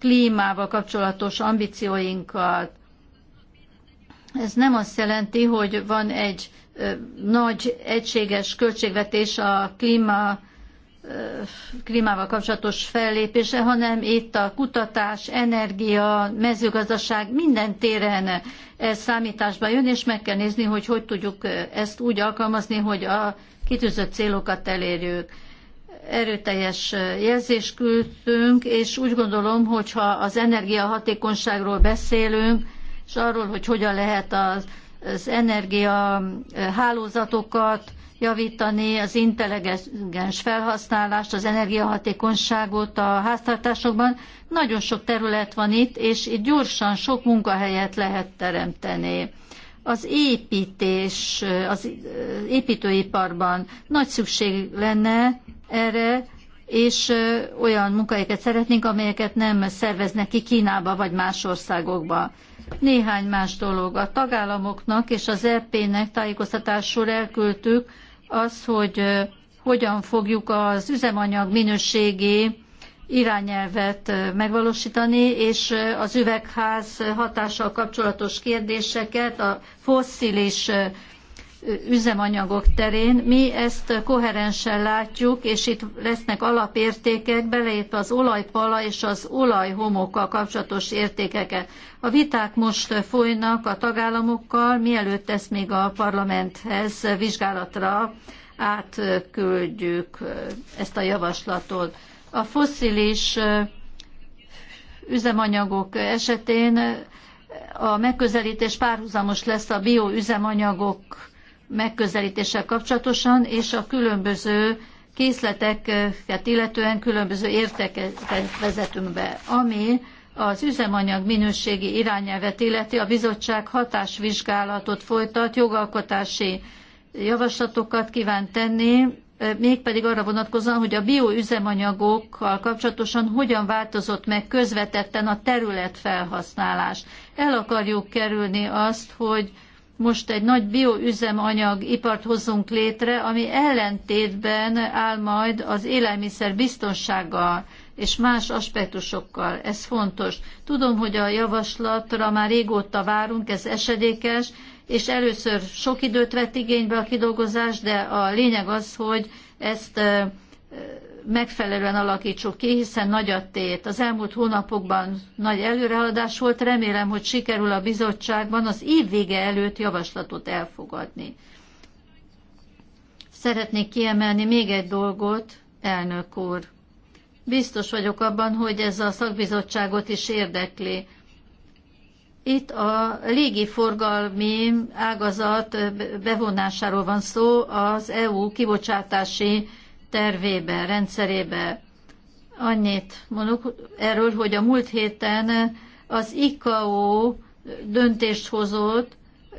klímával kapcsolatos ambícióinkat. Ez nem azt jelenti, hogy van egy nagy egységes költségvetés a klíma klímával kapcsolatos fellépése, hanem itt a kutatás, energia, mezőgazdaság minden téren ez számításba jön, és meg kell nézni, hogy hogy tudjuk ezt úgy alkalmazni, hogy a kitűzött célokat elérjük. Erőteljes jelzést küldtünk, és úgy gondolom, hogy ha az energiahatékonyságról beszélünk, és arról, hogy hogyan lehet az, az energiahálózatokat, javítani az intelligens felhasználást, az energiahatékonyságot a háztartásokban. Nagyon sok terület van itt, és itt gyorsan sok munkahelyet lehet teremteni. Az építés, az építőiparban nagy szükség lenne erre, és olyan munkahelyeket szeretnénk, amelyeket nem szerveznek ki Kínába vagy más országokba. Néhány más dolog. A tagállamoknak és az EP-nek tájékoztatásul elküldtük az, hogy hogyan fogjuk az üzemanyag minőségi irányelvet megvalósítani, és az üvegház hatással kapcsolatos kérdéseket, a fosszilis üzemanyagok terén. Mi ezt koherensen látjuk, és itt lesznek alapértékek, beleértve az olajpala és az olajhomokkal kapcsolatos értékeket. A viták most folynak a tagállamokkal, mielőtt ezt még a parlamenthez vizsgálatra átküldjük ezt a javaslatot. A fosszilis üzemanyagok esetén a megközelítés párhuzamos lesz a bioüzemanyagokkal, megközelítéssel kapcsolatosan, és a különböző készleteket illetően különböző értékeket vezetünk be, ami az üzemanyag minőségi irányelvet illeti a bizottság hatásvizsgálatot folytat, jogalkotási javaslatokat kíván tenni, mégpedig arra vonatkozóan, hogy a bioüzemanyagokkal kapcsolatosan hogyan változott meg közvetetten a területfelhasználás. El akarjuk kerülni azt, hogy most egy nagy bioüzemanyag ipart hozzunk létre, ami ellentétben áll majd az élelmiszer biztonsággal és más aspektusokkal. Ez fontos. Tudom, hogy a javaslatra már régóta várunk, ez esedékes, és először sok időt vett igénybe a kidolgozás, de a lényeg az, hogy ezt megfelelően alakítsuk ki, hiszen nagy a tét. Az elmúlt hónapokban nagy előrehaladás volt, remélem, hogy sikerül a bizottságban az év vége előtt javaslatot elfogadni. Szeretnék kiemelni még egy dolgot, elnök úr. Biztos vagyok abban, hogy ez a szakbizottságot is érdekli. Itt a légiforgalmi ágazat bevonásáról van szó az EU kibocsátási tervébe, rendszerébe. Annyit mondok erről, hogy a múlt héten az ICAO döntést hozott,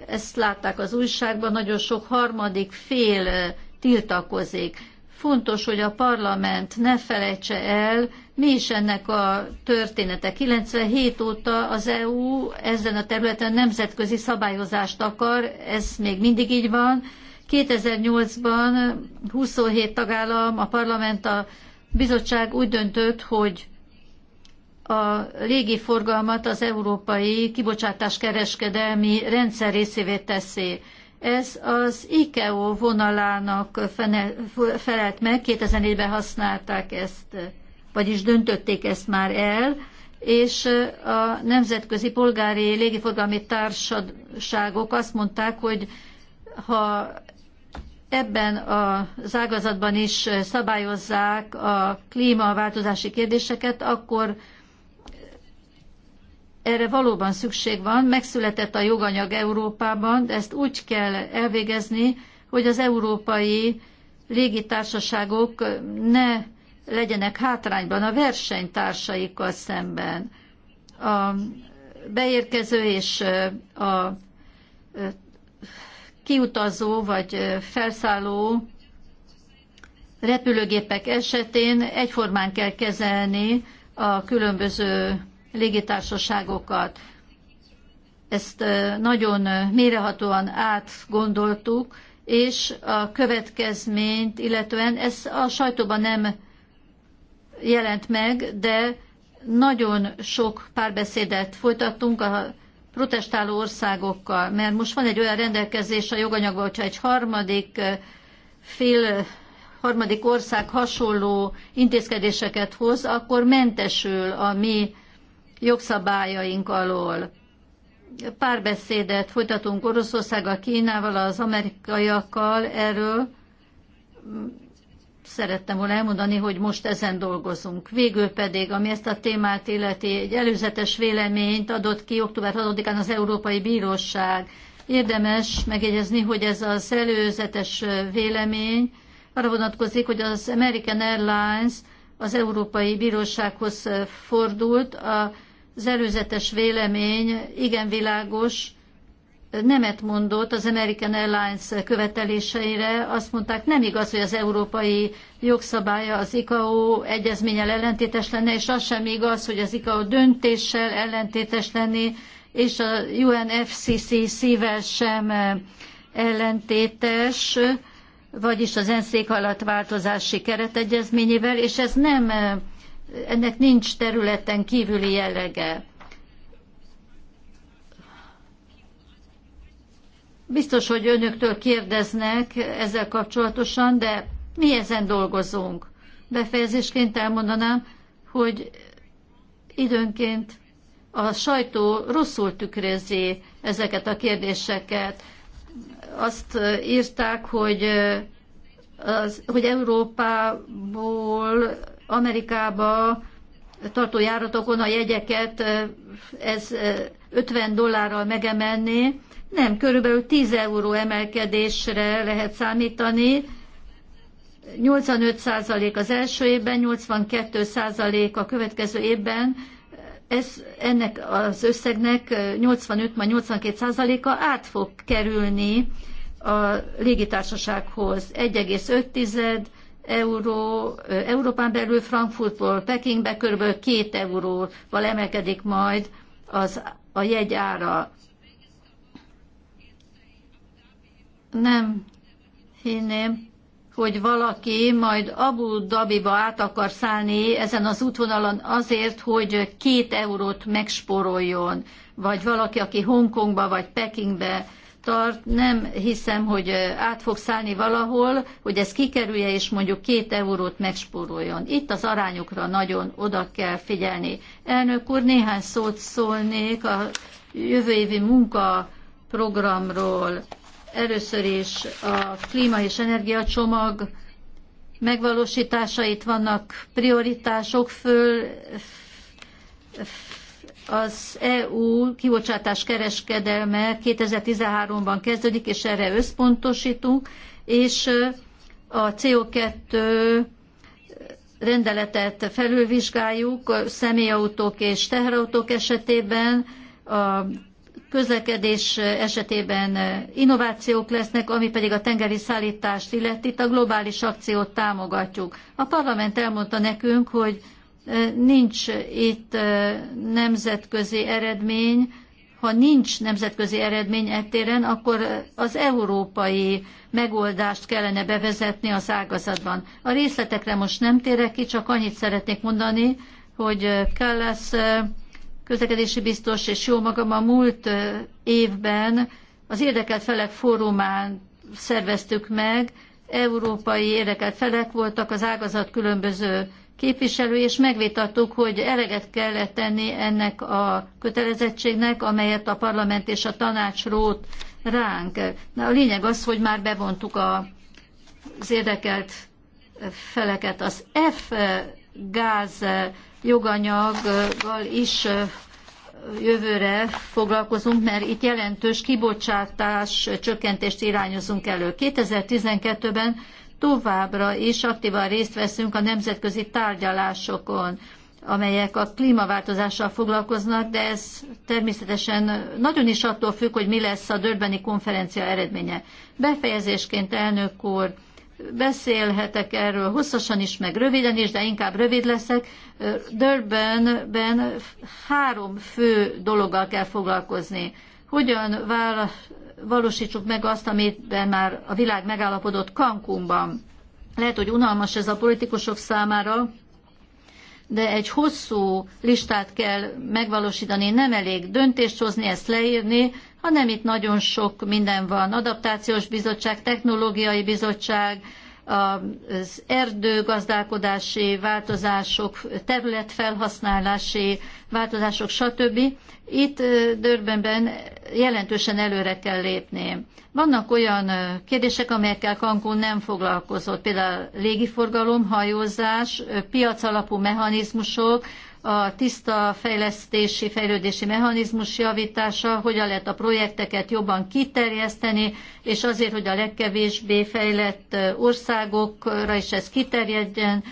ezt látták az újságban, nagyon sok harmadik fél tiltakozik. Fontos, hogy a parlament ne felejtse el, mi is ennek a története. 97 óta az EU ezen a területen nemzetközi szabályozást akar, ez még mindig így van, 2008-ban 27 tagállam, a parlament, a bizottság úgy döntött, hogy a légiforgalmat forgalmat az európai kibocsátás kereskedelmi rendszer részévé teszi. Ez az ICAO e vonalának felelt meg, 2004-ben használták ezt, vagyis döntötték ezt már el, és a nemzetközi polgári légiforgalmi társaságok azt mondták, hogy ha ebben az ágazatban is szabályozzák a klímaváltozási kérdéseket, akkor erre valóban szükség van. Megszületett a joganyag Európában, de ezt úgy kell elvégezni, hogy az európai légitársaságok ne legyenek hátrányban a versenytársaikkal szemben. A beérkező és a kiutazó vagy felszálló repülőgépek esetén egyformán kell kezelni a különböző légitársaságokat. Ezt nagyon mérehatóan átgondoltuk, és a következményt, illetően ez a sajtóban nem jelent meg, de nagyon sok párbeszédet folytattunk a protestáló országokkal, mert most van egy olyan rendelkezés a joganyagban, hogyha egy harmadik fél harmadik ország hasonló intézkedéseket hoz, akkor mentesül a mi jogszabályaink alól. Párbeszédet folytatunk Oroszországgal, Kínával, az amerikaiakkal erről, szerettem volna elmondani, hogy most ezen dolgozunk. Végül pedig, ami ezt a témát illeti, egy előzetes véleményt adott ki október 6-án az Európai Bíróság. Érdemes megjegyezni, hogy ez az előzetes vélemény arra vonatkozik, hogy az American Airlines az Európai Bírósághoz fordult. Az előzetes vélemény igen világos, nemet mondott az American Airlines követeléseire, azt mondták, nem igaz, hogy az európai jogszabálya az ICAO egyezménnyel ellentétes lenne, és az sem igaz, hogy az ICAO döntéssel ellentétes lenni, és a UNFCCC-vel sem ellentétes, vagyis az enszék alatt változási keretegyezményével, és ez nem, ennek nincs területen kívüli jellege. Biztos, hogy önöktől kérdeznek ezzel kapcsolatosan, de mi ezen dolgozunk. Befejezésként elmondanám, hogy időnként a sajtó rosszul tükrözi ezeket a kérdéseket. Azt írták, hogy, az, hogy Európából Amerikába tartó járatokon a jegyeket ez 50 dollárral megemelni, nem, körülbelül 10 euró emelkedésre lehet számítani. 85% az első évben, 82% a következő évben. Ez, ennek az összegnek 85-82%-a át fog kerülni a légitársasághoz. 1,5 euró Európán belül Frankfurtból Pekingbe kb. 2 euróval emelkedik majd az, a jegy ára. nem hinném, hogy valaki majd Abu Dhabiba át akar szállni ezen az útvonalon azért, hogy két eurót megsporoljon, vagy valaki, aki Hongkongba vagy Pekingbe tart, nem hiszem, hogy át fog szállni valahol, hogy ez kikerülje, és mondjuk két eurót megspóroljon. Itt az arányokra nagyon oda kell figyelni. Elnök úr, néhány szót szólnék a jövő évi munkaprogramról. Először is a klíma és energiacsomag megvalósításait vannak prioritások föl, az EU kibocsátás kereskedelme 2013-ban kezdődik, és erre összpontosítunk, és a CO2 rendeletet felülvizsgáljuk személyautók és teherautók esetében, a közlekedés esetében eh, innovációk lesznek, ami pedig a tengeri szállítást illeti, itt a globális akciót támogatjuk. A parlament elmondta nekünk, hogy eh, nincs itt eh, nemzetközi eredmény, ha nincs nemzetközi eredmény ettéren, akkor az európai megoldást kellene bevezetni az ágazatban. A részletekre most nem térek ki, csak annyit szeretnék mondani, hogy Kallas közlekedési biztos és jó magam a múlt évben az érdekelt felek fórumán szerveztük meg, európai érdekelt felek voltak az ágazat különböző képviselői, és megvitattuk, hogy eleget kellett tenni ennek a kötelezettségnek, amelyet a parlament és a tanács rót ránk. Na, a lényeg az, hogy már bevontuk a, az érdekelt feleket. Az F gáz joganyaggal is jövőre foglalkozunk, mert itt jelentős kibocsátás csökkentést irányozunk elő. 2012-ben továbbra is aktívan részt veszünk a nemzetközi tárgyalásokon, amelyek a klímaváltozással foglalkoznak, de ez természetesen nagyon is attól függ, hogy mi lesz a Dörbeni konferencia eredménye. Befejezésként, elnök úr, beszélhetek erről hosszasan is, meg röviden is, de inkább rövid leszek. Durbanben három fő dologgal kell foglalkozni. Hogyan vál, valósítsuk meg azt, amit már a világ megállapodott Cancúnban. Lehet, hogy unalmas ez a politikusok számára, de egy hosszú listát kell megvalósítani, nem elég döntést hozni, ezt leírni, hanem itt nagyon sok minden van. Adaptációs bizottság, technológiai bizottság, az erdőgazdálkodási változások, területfelhasználási változások, stb. Itt Dörbenben jelentősen előre kell lépni. Vannak olyan kérdések, amelyekkel Cancún nem foglalkozott, például légiforgalom, hajózás, piacalapú mechanizmusok, a tiszta fejlesztési, fejlődési mechanizmus javítása, hogyan lehet a projekteket jobban kiterjeszteni, és azért, hogy a legkevésbé fejlett országokra is ez kiterjedjen,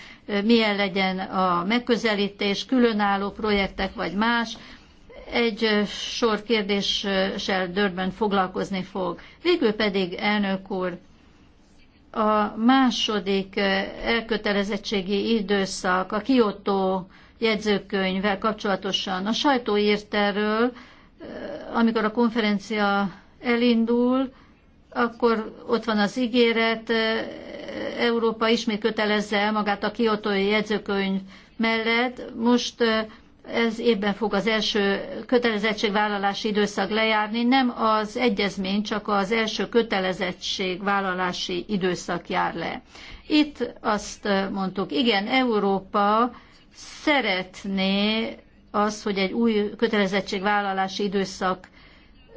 milyen legyen a megközelítés, különálló projektek vagy más, egy sor kérdéssel Dörben foglalkozni fog. Végül pedig, elnök úr, a második elkötelezettségi időszak, a Kyoto jegyzőkönyvvel kapcsolatosan. A sajtó írt erről, eh, amikor a konferencia elindul, akkor ott van az ígéret, eh, Európa ismét kötelezze el magát a kiotói jegyzőkönyv mellett. Most eh, ez évben fog az első kötelezettségvállalási időszak lejárni, nem az egyezmény, csak az első kötelezettségvállalási időszak jár le. Itt azt mondtuk, igen, Európa szeretné az, hogy egy új kötelezettségvállalási időszak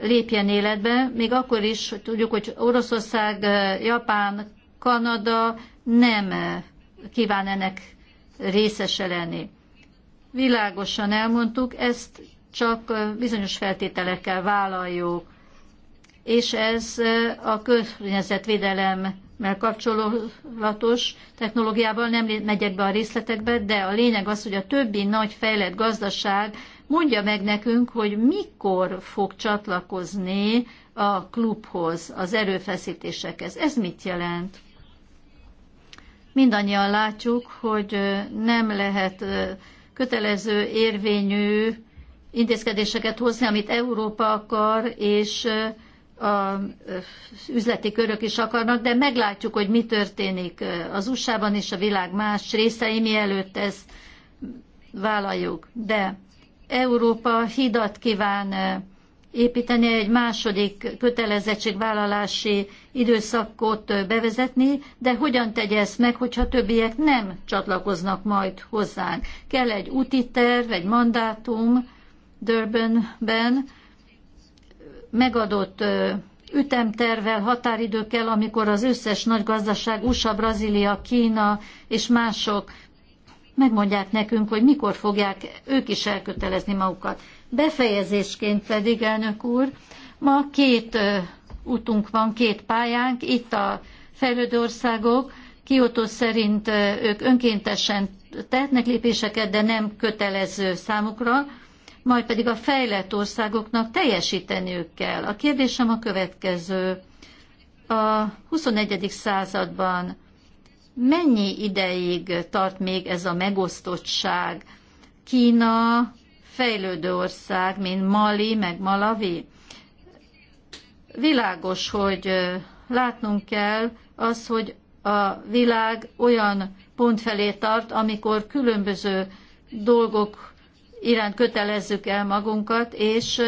lépjen életbe, még akkor is hogy tudjuk, hogy Oroszország, eh, Japán, Kanada nem eh, kíván ennek részese lenni. Világosan elmondtuk, ezt csak eh, bizonyos feltételekkel vállaljuk, és ez a környezetvédelem mert kapcsolatos technológiával nem megyek be a részletekbe, de a lényeg az, hogy a többi nagy fejlett gazdaság mondja meg nekünk, hogy mikor fog csatlakozni a klubhoz, az erőfeszítésekhez. Ez mit jelent? Mindannyian látjuk, hogy nem lehet kötelező érvényű intézkedéseket hozni, amit Európa akar, és a üzleti körök is akarnak, de meglátjuk, hogy mi történik az USA-ban és a világ más részei, mielőtt ezt vállaljuk. De Európa hidat kíván építeni, egy második kötelezettségvállalási időszakot bevezetni, de hogyan tegye ezt meg, hogyha többiek nem csatlakoznak majd hozzánk? Kell egy úti terv, egy mandátum Durbanben, megadott ütemtervel, határidőkkel, amikor az összes nagy gazdaság, USA, Brazília, Kína és mások megmondják nekünk, hogy mikor fogják ők is elkötelezni magukat. Befejezésként pedig, elnök úr, ma két útunk van, két pályánk, itt a fejlődő országok, Kyoto szerint ők önkéntesen tehetnek lépéseket, de nem kötelező számukra majd pedig a fejlett országoknak teljesíteniük kell. A kérdésem a következő. A 21. században mennyi ideig tart még ez a megosztottság? Kína fejlődő ország, mint Mali, meg Malawi? Világos, hogy látnunk kell az, hogy a világ olyan pont felé tart, amikor különböző dolgok iránt kötelezzük el magunkat, és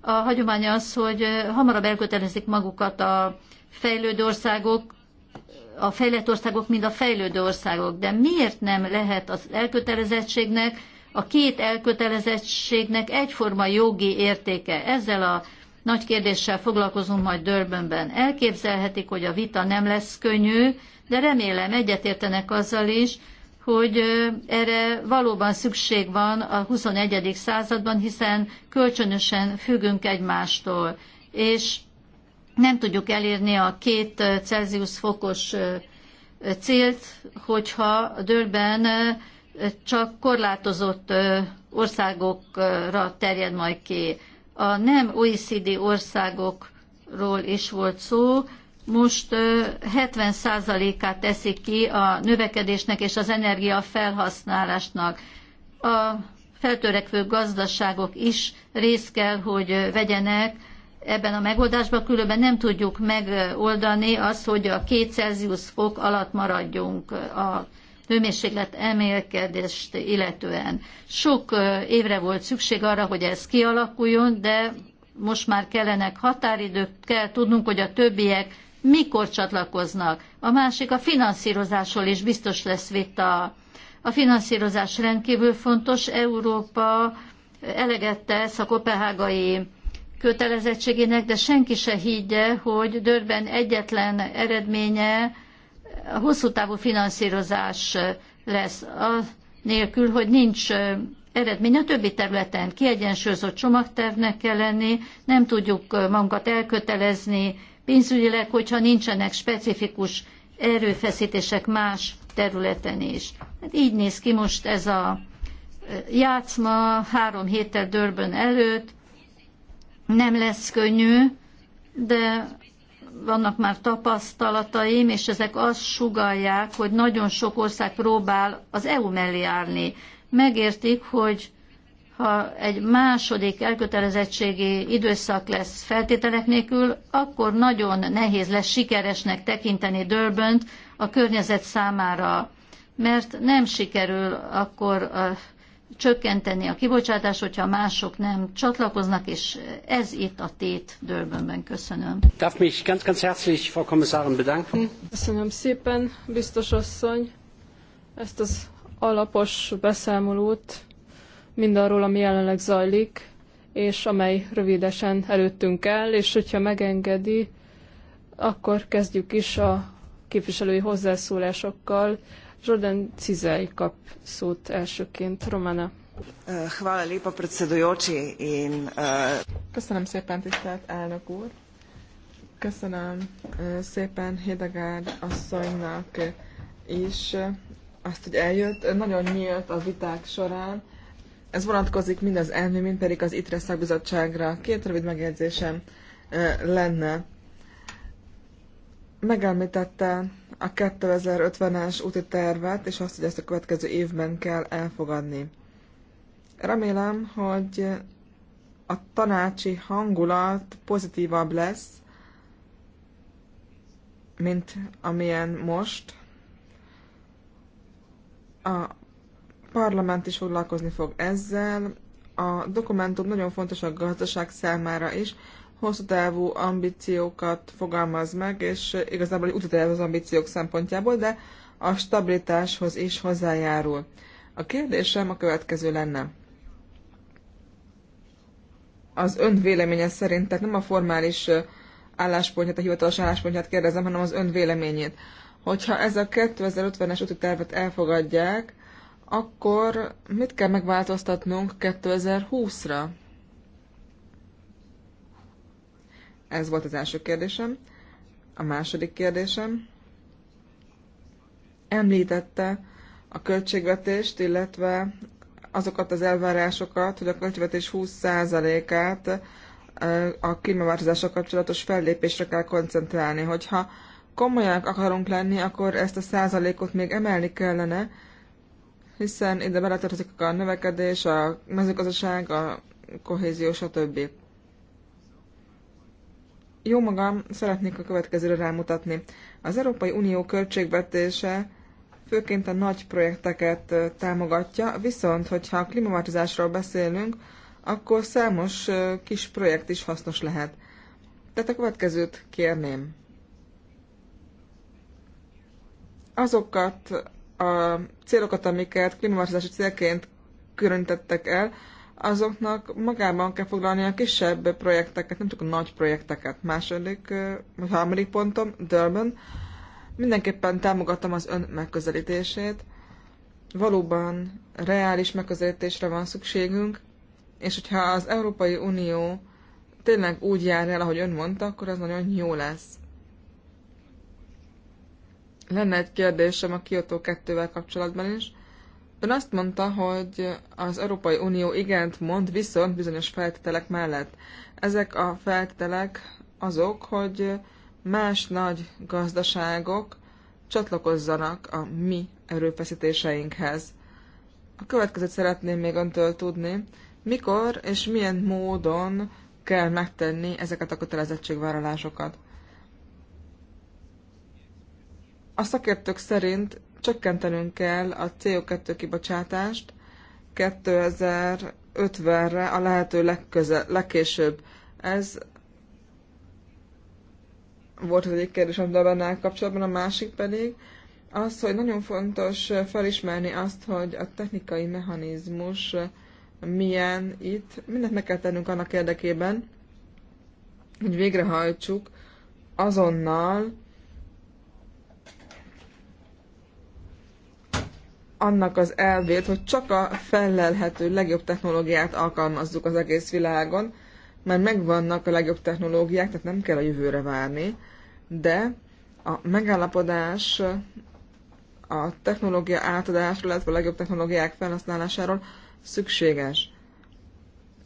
a hagyomány az, hogy hamarabb elkötelezik magukat a fejlődő országok, a fejlett országok, mint a fejlődő országok. De miért nem lehet az elkötelezettségnek, a két elkötelezettségnek egyforma jogi értéke? Ezzel a nagy kérdéssel foglalkozunk majd Dörbönben. Elképzelhetik, hogy a vita nem lesz könnyű, de remélem egyetértenek azzal is, hogy erre valóban szükség van a 21. században, hiszen kölcsönösen függünk egymástól, és nem tudjuk elérni a két Celsius fokos célt, hogyha dőlben csak korlátozott országokra terjed majd ki. A nem OECD országokról is volt szó, most 70%-át teszik ki a növekedésnek és az energiafelhasználásnak. A feltörekvő gazdaságok is részt kell, hogy vegyenek ebben a megoldásban, különben nem tudjuk megoldani azt, hogy a 2 Celsius fok alatt maradjunk a hőmérséklet emelkedést illetően. Sok évre volt szükség arra, hogy ez kialakuljon, de most már kellenek határidők, kell tudnunk, hogy a többiek mikor csatlakoznak. A másik a finanszírozásról is biztos lesz vita. A finanszírozás rendkívül fontos. Európa eleget tesz a kopehágai kötelezettségének, de senki se higgye, hogy Dörben egyetlen eredménye a hosszú távú finanszírozás lesz, a nélkül, hogy nincs eredmény a többi területen. Kiegyensúlyozott csomagtervnek kell lenni, nem tudjuk magunkat elkötelezni pénzügyileg, hogyha nincsenek specifikus erőfeszítések más területen is. Hát így néz ki most ez a játszma három héttel Dörbön előtt. Nem lesz könnyű, de vannak már tapasztalataim, és ezek azt sugalják, hogy nagyon sok ország próbál az EU mellé állni. Megértik, hogy ha egy második elkötelezettségi időszak lesz feltételek nélkül, akkor nagyon nehéz lesz sikeresnek tekinteni Dörbönt a környezet számára, mert nem sikerül akkor a, csökkenteni a kibocsátás, hogyha mások nem csatlakoznak, és ez itt a tét Dörbönben. Köszönöm. Darf mich ganz, ganz herzlich, Frau Kommissarin, bedanken. Köszönöm szépen, biztos asszony, ezt az alapos beszámolót mindarról, ami jelenleg zajlik, és amely rövidesen előttünk el, és hogyha megengedi, akkor kezdjük is a képviselői hozzászólásokkal. Jordan Cizely kap szót elsőként. Romana. Hvala lepa predsedujoči eh, Köszönöm szépen, tisztelt elnök úr. Köszönöm eh, szépen Hidegárd asszonynak is eh, azt, hogy eljött. Nagyon nyílt a viták során, ez vonatkozik mind az elmi, mind pedig az ITRE szakbizottságra. Két rövid megjegyzésem lenne. Megelmítette a 2050-es úti tervet, és azt, hogy ezt a következő évben kell elfogadni. Remélem, hogy a tanácsi hangulat pozitívabb lesz, mint amilyen most. A parlament is foglalkozni fog ezzel. A dokumentum nagyon fontos a gazdaság számára is, hosszú távú ambíciókat fogalmaz meg, és igazából egy utat az ambíciók szempontjából, de a stabilitáshoz is hozzájárul. A kérdésem a következő lenne. Az ön véleménye szerint, tehát nem a formális álláspontját, a hivatalos álláspontját kérdezem, hanem az ön véleményét. Hogyha ez a 2050-es úti tervet elfogadják, akkor mit kell megváltoztatnunk 2020-ra? Ez volt az első kérdésem. A második kérdésem. Említette a költségvetést, illetve azokat az elvárásokat, hogy a költségvetés 20%-át a klímaváltozással kapcsolatos fellépésre kell koncentrálni. Hogyha komolyan akarunk lenni, akkor ezt a százalékot még emelni kellene, hiszen ide beletartozik a növekedés, a mezőgazdaság, a kohézió, stb. Jó magam, szeretnék a következőre rámutatni. Az Európai Unió költségvetése főként a nagy projekteket támogatja, viszont hogyha a klímaváltozásról beszélünk, akkor számos kis projekt is hasznos lehet. Tehát a következőt kérném. Azokat a célokat, amiket klímaváltozási célként különítettek el, azoknak magában kell foglalni a kisebb projekteket, nem csak a nagy projekteket. Második, vagy harmadik pontom, Durban. Mindenképpen támogatom az ön megközelítését. Valóban reális megközelítésre van szükségünk, és hogyha az Európai Unió tényleg úgy jár el, ahogy ön mondta, akkor az nagyon jó lesz. Lenne egy kérdésem a Kyoto 2-vel kapcsolatban is. Ön azt mondta, hogy az Európai Unió igent mond, viszont bizonyos feltételek mellett. Ezek a feltételek azok, hogy más nagy gazdaságok csatlakozzanak a mi erőfeszítéseinkhez. A következőt szeretném még öntől tudni. Mikor és milyen módon kell megtenni ezeket a kötelezettségvállalásokat? A szakértők szerint csökkentenünk kell a CO2 kibocsátást 2050-re a lehető legköze, legkésőbb. Ez volt az egyik kérdésem benne kapcsolatban, a másik pedig az, hogy nagyon fontos felismerni azt, hogy a technikai mechanizmus milyen itt. Mindent meg kell tennünk annak érdekében, hogy végrehajtsuk azonnal annak az elvét, hogy csak a fellelhető legjobb technológiát alkalmazzuk az egész világon, mert megvannak a legjobb technológiák, tehát nem kell a jövőre várni, de a megállapodás a technológia átadásról, illetve a legjobb technológiák felhasználásáról szükséges.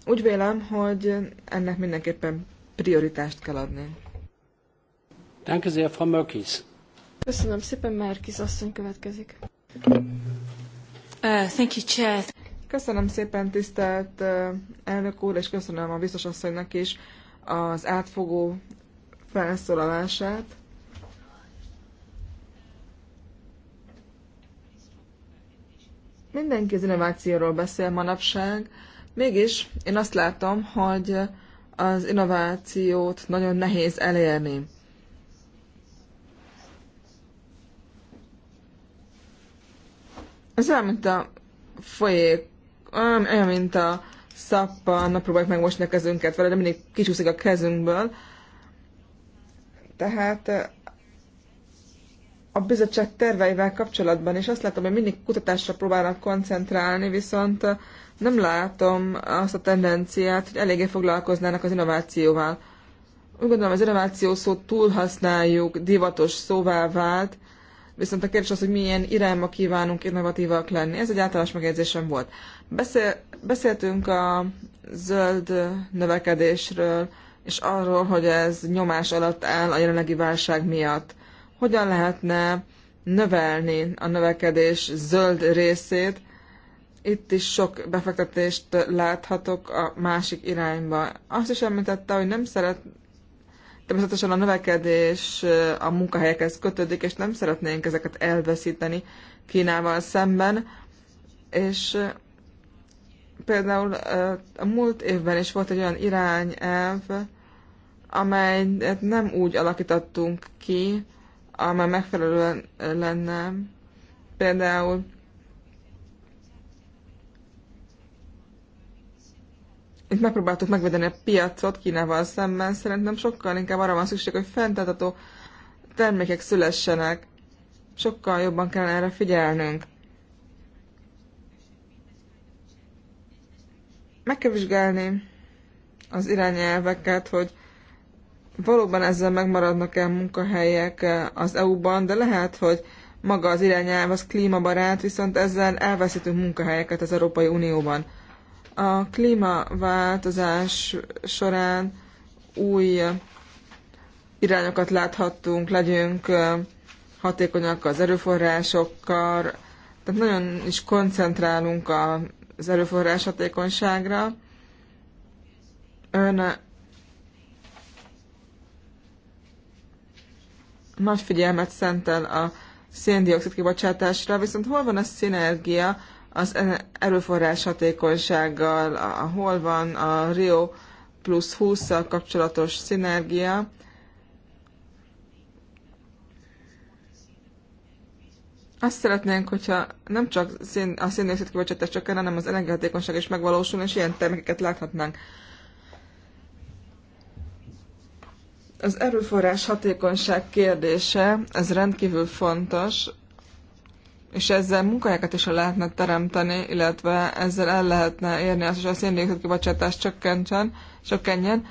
Úgy vélem, hogy ennek mindenképpen prioritást kell adni. Frau Köszönöm szépen, Márkis. asszony következik. Uh, thank you, Chair. Köszönöm szépen, tisztelt uh, elnök úr, és köszönöm a biztos asszonynak is az átfogó felszólalását. Mindenki az innovációról beszél manapság, mégis én azt látom, hogy az innovációt nagyon nehéz elérni. Ez olyan, mint a folyék, olyan, mint a szappan, próbáljuk megmosni a kezünket vele, de mindig kicsúszik a kezünkből. Tehát a bizottság terveivel kapcsolatban, és azt látom, hogy mindig kutatásra próbálnak koncentrálni, viszont nem látom azt a tendenciát, hogy eléggé foglalkoznának az innovációval. Úgy gondolom, az innováció szót túlhasználjuk, divatos szóvá vált, Viszont a kérdés az, hogy milyen irányba kívánunk innovatívak lenni. Ez egy általános megjegyzésem volt. Beszél, beszéltünk a zöld növekedésről, és arról, hogy ez nyomás alatt áll a jelenlegi válság miatt. Hogyan lehetne növelni a növekedés zöld részét? Itt is sok befektetést láthatok a másik irányba. Azt is említette, hogy nem szeret, Természetesen a növekedés eh, a munkahelyekhez kötődik, és nem szeretnénk ezeket elveszíteni Kínával szemben. És eh, például eh, a múlt évben is volt egy olyan irányelv, amelyet nem úgy alakítottunk ki, amely megfelelően lenne. Például itt megpróbáltuk megvédeni a piacot Kínával szemben, szerintem sokkal inkább arra van szükség, hogy fenntartató termékek szülessenek. Sokkal jobban kellene erre figyelnünk. Meg kell vizsgálni az irányelveket, hogy valóban ezzel megmaradnak-e munkahelyek az EU-ban, de lehet, hogy maga az irányelv az klímabarát, viszont ezzel elveszítünk munkahelyeket az Európai Unióban. A klímaváltozás során új irányokat láthattunk, legyünk hatékonyak az erőforrásokkal, tehát nagyon is koncentrálunk az erőforrás hatékonyságra. Ön nagy figyelmet szentel a széndiokszid kibocsátásra, viszont hol van a szinergia az e, erőforrás hatékonysággal, a, hol van a Rio plusz 20-szal kapcsolatos szinergia. Azt szeretnénk, hogyha nem csak szín, a széndiokszid kibocsátás csökken, hanem az energiahatékonyság is megvalósul, és ilyen termékeket láthatnánk. Az erőforrás hatékonyság kérdése, ez rendkívül fontos, és ezzel munkahelyeket is lehetne teremteni, illetve ezzel el lehetne érni azt, hogy a széndiokszid kibocsátás csökkentsen, csökkenjen,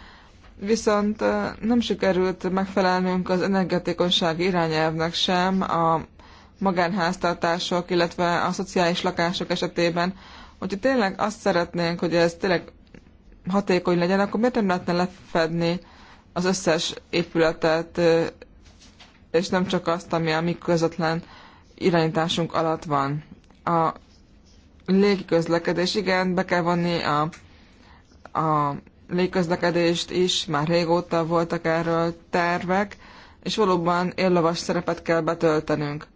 viszont nem sikerült megfelelnünk az energetékonyság irányelvnek sem a magánháztartások, illetve a szociális lakások esetében. Hogyha tényleg azt szeretnénk, hogy ez tényleg hatékony legyen, akkor miért nem lehetne lefedni az összes épületet, és nem csak azt, ami a mi közvetlen irányításunk alatt van. A légiközlekedés, igen, be kell vonni a, a légközlekedést is, már régóta voltak erről tervek, és valóban éllovas szerepet kell betöltenünk.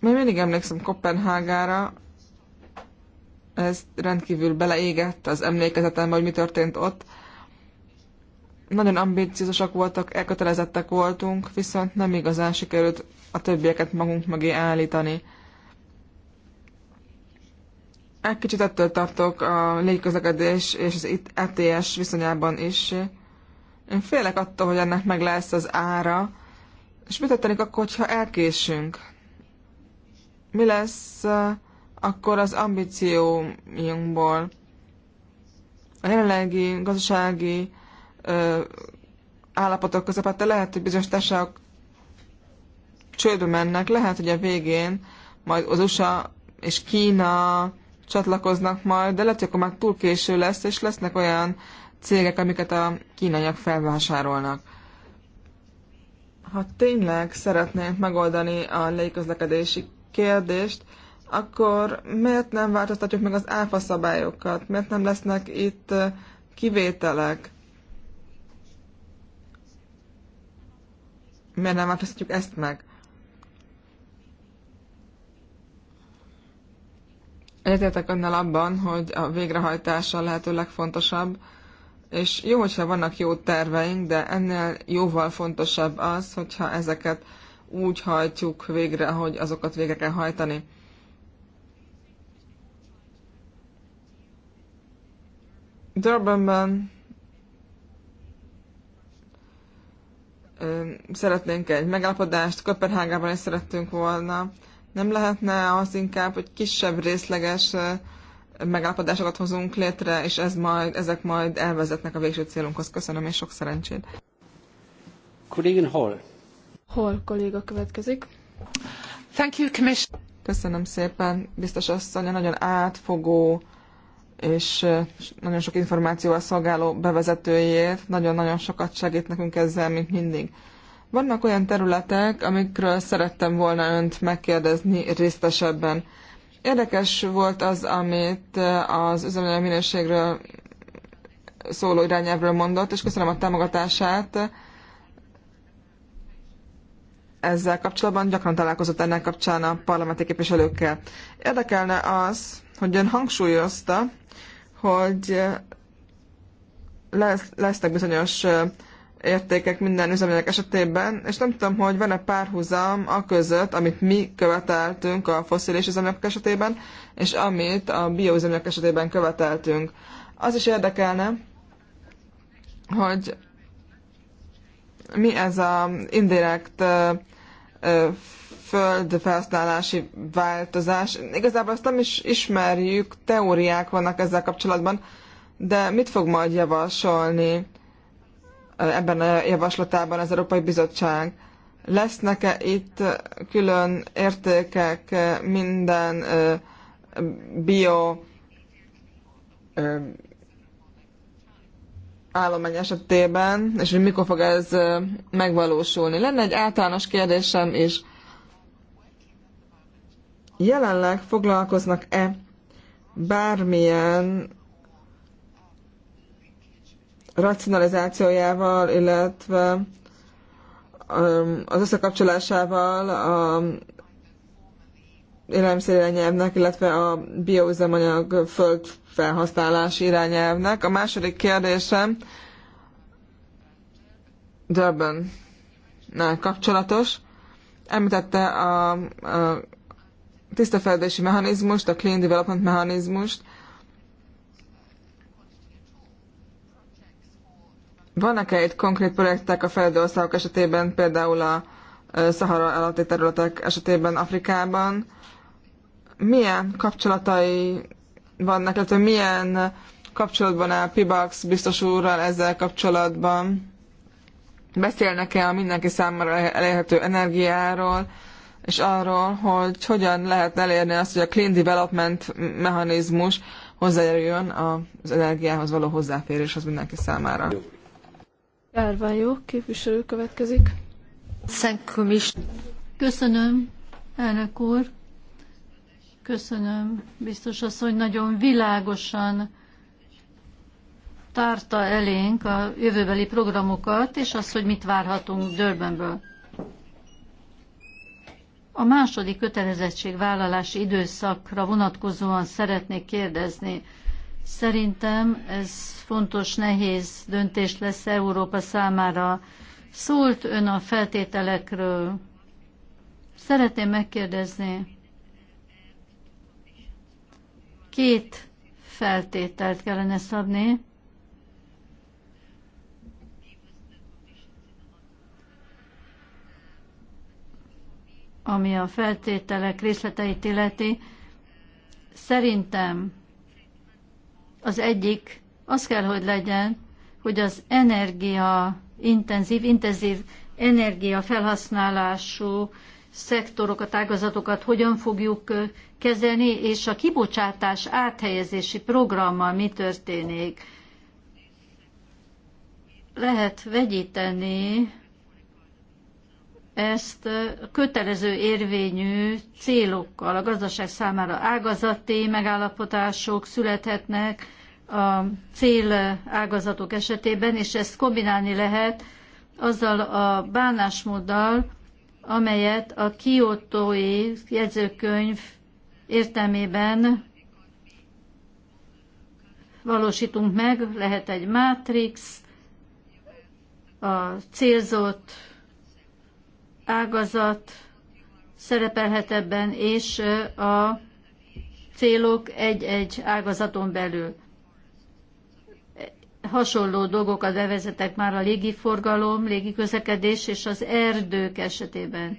Még mindig emlékszem Kopenhágára, ez rendkívül beleégett az emlékezetembe, hogy mi történt ott, nagyon ambíciózusak voltak, elkötelezettek voltunk, viszont nem igazán sikerült a többieket magunk mögé állítani. Egy kicsit ettől tartok a légiközlekedés és az ETS viszonyában is. Én félek attól, hogy ennek meg lesz az ára, és mit történik akkor, ha elkésünk? Mi lesz eh, akkor az ambíciójunkból? A jelenlegi gazdasági állapotok közepette, hát lehet, hogy bizonyos társaságok csődbe mennek, lehet, hogy a végén majd az USA és Kína csatlakoznak majd, de lehet, hogy akkor már túl késő lesz, és lesznek olyan cégek, amiket a kínaiak felvásárolnak. Ha tényleg szeretnénk megoldani a légközlekedési kérdést, akkor miért nem változtatjuk meg az áfa szabályokat? Miért nem lesznek itt kivételek? miért nem változtatjuk ezt meg? Egyetértek önnel abban, hogy a végrehajtása a lehető legfontosabb, és jó, hogyha vannak jó terveink, de ennél jóval fontosabb az, hogyha ezeket úgy hajtjuk végre, hogy azokat végre kell hajtani. Durbanban szeretnénk egy megállapodást, Kopenhágában is szerettünk volna. Nem lehetne az inkább, hogy kisebb részleges megállapodásokat hozunk létre, és ez majd, ezek majd elvezetnek a végső célunkhoz. Köszönöm, és sok szerencsét. Kollégin Hall. Hall kolléga következik. Thank you, Commissioner. Köszönöm szépen, biztos asszony, nagyon átfogó és nagyon sok információval szolgáló bevezetőjét. Nagyon-nagyon sokat segít nekünk ezzel, mint mindig. Vannak olyan területek, amikről szerettem volna önt megkérdezni részletesebben. Érdekes volt az, amit az üzemanyag minőségről szóló irányelvről mondott, és köszönöm a támogatását. Ezzel kapcsolatban gyakran találkozott ennek kapcsán a parlamenti képviselőkkel. Érdekelne az, hogy ön hangsúlyozta, hogy eh, lesz, lesznek bizonyos eh, értékek minden üzemanyag esetében, és nem tudom, hogy van-e párhuzam a között, amit mi követeltünk a foszilis üzemanyagok esetében, és amit a bioüzemanyagok esetében követeltünk. Az is érdekelne, hogy mi ez az indirekt eh, földfelhasználási változás. Igazából azt nem is ismerjük, teóriák vannak ezzel kapcsolatban, de mit fog majd javasolni ebben a javaslatában az Európai Bizottság? Lesznek-e itt külön értékek minden bio állomány esetében, és hogy mikor fog ez megvalósulni. Lenne egy általános kérdésem is jelenleg foglalkoznak-e bármilyen racionalizációjával, illetve um, az összekapcsolásával a élelmiszer irányelvnek, illetve a bioüzemanyag földfelhasználási irányelvnek. A második kérdésem Durban kapcsolatos. Említette a, a tiszta feldési mechanizmust, a clean development mechanizmust. Vannak-e itt konkrét projektek a fejlődő országok esetében, például a Szahara alatti területek esetében Afrikában? Milyen kapcsolatai vannak, illetve milyen kapcsolatban áll Pibax biztos úrral ezzel kapcsolatban? Beszélnek-e a mindenki számára elérhető energiáról, és arról, hogy hogyan lehet elérni azt, hogy a clean development mechanizmus hozzájáruljon az energiához való hozzáféréshez mindenki számára. jó, képviselő következik. Köszönöm, elnök úr. Köszönöm, biztos az, hogy nagyon világosan tárta elénk a jövőbeli programokat, és az, hogy mit várhatunk Dörbenből. A második vállalási időszakra vonatkozóan szeretnék kérdezni. Szerintem ez fontos, nehéz döntés lesz Európa számára. Szólt ön a feltételekről. Szeretném megkérdezni. Két feltételt kellene szabni. ami a feltételek részleteit illeti, szerintem az egyik az kell, hogy legyen, hogy az energia intenzív, intenzív energia felhasználású szektorokat, ágazatokat hogyan fogjuk kezelni, és a kibocsátás áthelyezési programmal mi történik. Lehet vegyíteni ezt kötelező érvényű célokkal a gazdaság számára ágazati megállapotások születhetnek a cél ágazatok esetében, és ezt kombinálni lehet azzal a bánásmóddal, amelyet a kiotói jegyzőkönyv értelmében valósítunk meg, lehet egy mátrix, a célzott ágazat szerepelhet ebben, és a célok egy-egy ágazaton belül. Hasonló dolgokat bevezetek már a légiforgalom, légiközlekedés és az erdők esetében.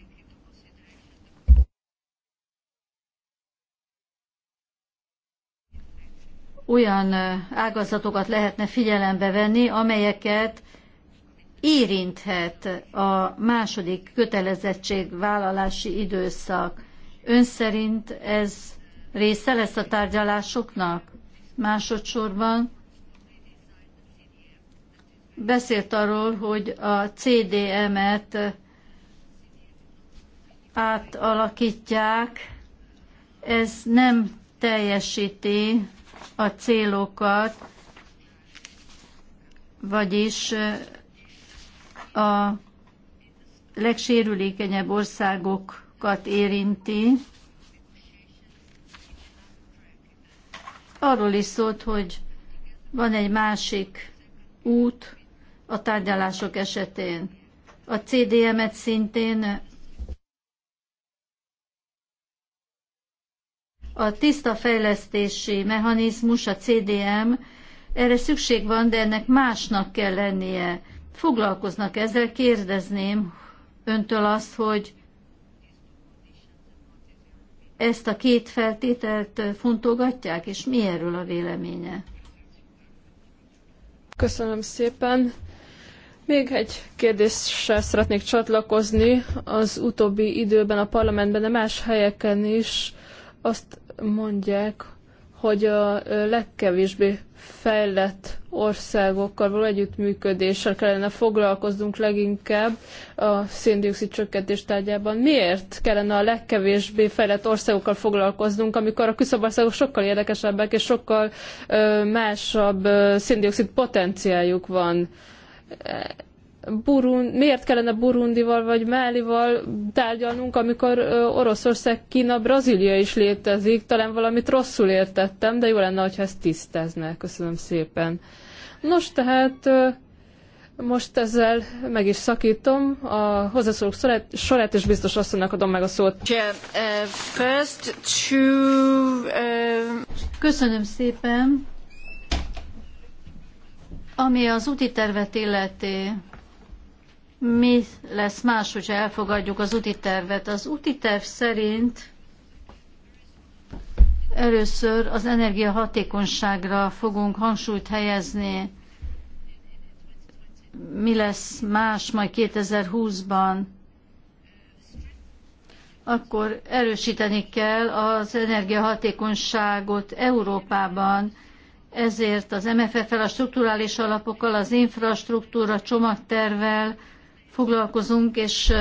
Olyan ágazatokat lehetne figyelembe venni, amelyeket érinthet a második kötelezettségvállalási időszak. Ön szerint ez része lesz a tárgyalásoknak? Másodszorban beszélt arról, hogy a CDM-et átalakítják, ez nem teljesíti a célokat, vagyis a legsérülékenyebb országokat érinti. Arról is szólt, hogy van egy másik út a tárgyalások esetén. A CDM-et szintén a tiszta fejlesztési mechanizmus, a CDM, erre szükség van, de ennek másnak kell lennie foglalkoznak ezzel, kérdezném öntől azt, hogy ezt a két feltételt fontolgatják, és mi erről a véleménye? Köszönöm szépen. Még egy kérdéssel szeretnék csatlakozni. Az utóbbi időben a parlamentben, de más helyeken is azt mondják, hogy a legkevésbé fejlett országokkal való együttműködéssel kellene foglalkoznunk leginkább a széndiokszid csökkentés tárgyában. Miért kellene a legkevésbé fejlett országokkal foglalkoznunk, amikor a küszöbországok sokkal érdekesebbek és sokkal ö, másabb széndiokszid potenciáljuk van? Burun, miért kellene Burundival vagy Málival tárgyalnunk, amikor Oroszország, Kína, Brazília is létezik. Talán valamit rosszul értettem, de jó lenne, hogyha ezt tisztáznál. Köszönöm szépen. Nos, tehát most ezzel meg is szakítom a hozzászólók sorát, és biztos asszonynak adom meg a szót. Uh, first two, uh, Köszönöm szépen. Ami az úti tervet illeti, mi lesz más, hogyha elfogadjuk az úti tervet. Az úti terv szerint először az energiahatékonyságra fogunk hangsúlyt helyezni. Mi lesz más majd 2020-ban? Akkor erősíteni kell az energiahatékonyságot Európában. Ezért az MFF-el, a strukturális alapokkal, az infrastruktúra csomagtervel, foglalkozunk, és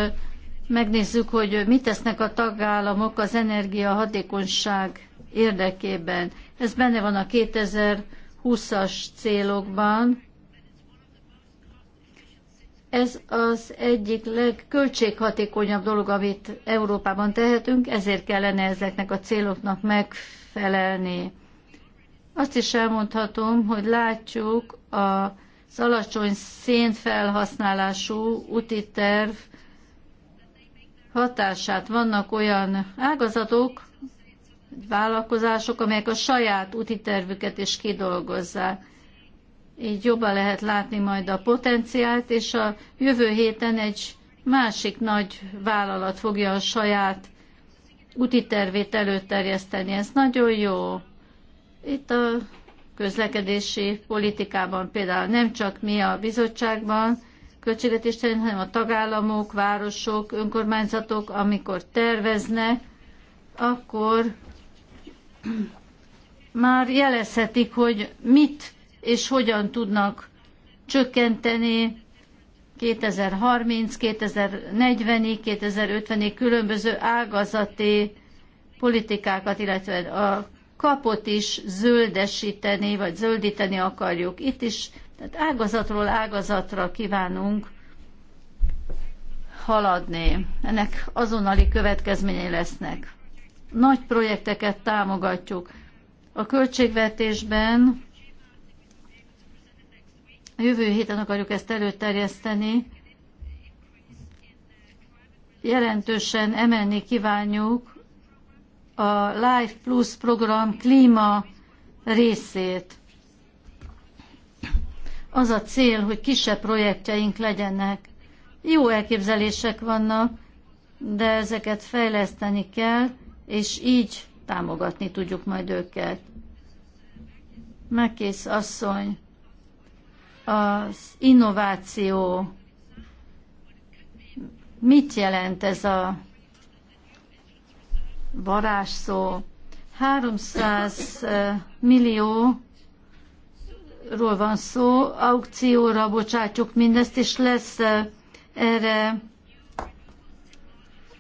megnézzük, hogy mit tesznek a tagállamok az energia hatékonyság érdekében. Ez benne van a 2020-as célokban. Ez az egyik legköltséghatékonyabb dolog, amit Európában tehetünk, ezért kellene ezeknek a céloknak megfelelni. Azt is elmondhatom, hogy látjuk a az alacsony szénfelhasználású úti terv hatását. Vannak olyan ágazatok, vállalkozások, amelyek a saját úti tervüket is kidolgozzák. Így jobban lehet látni majd a potenciált, és a jövő héten egy másik nagy vállalat fogja a saját úti tervét előterjeszteni. Ez nagyon jó. Itt a közlekedési politikában, például nem csak mi a bizottságban, költségvetés terén, hanem a tagállamok, városok, önkormányzatok, amikor terveznek, akkor már jelezhetik, hogy mit és hogyan tudnak csökkenteni 2030, 2040-ig, 2050-ig különböző ágazati politikákat, illetve a kapot is zöldesíteni, vagy zöldíteni akarjuk. Itt is, tehát ágazatról ágazatra kívánunk haladni. Ennek azonnali következményei lesznek. Nagy projekteket támogatjuk. A költségvetésben a jövő héten akarjuk ezt előterjeszteni. Jelentősen emelni kívánjuk a Life Plus program klíma részét. Az a cél, hogy kisebb projektjeink legyenek. Jó elképzelések vannak, de ezeket fejleszteni kell, és így támogatni tudjuk majd őket. Megkész asszony, az innováció, mit jelent ez a varázsszó. 300 millió ról van szó, aukcióra bocsátjuk mindezt, és lesz erre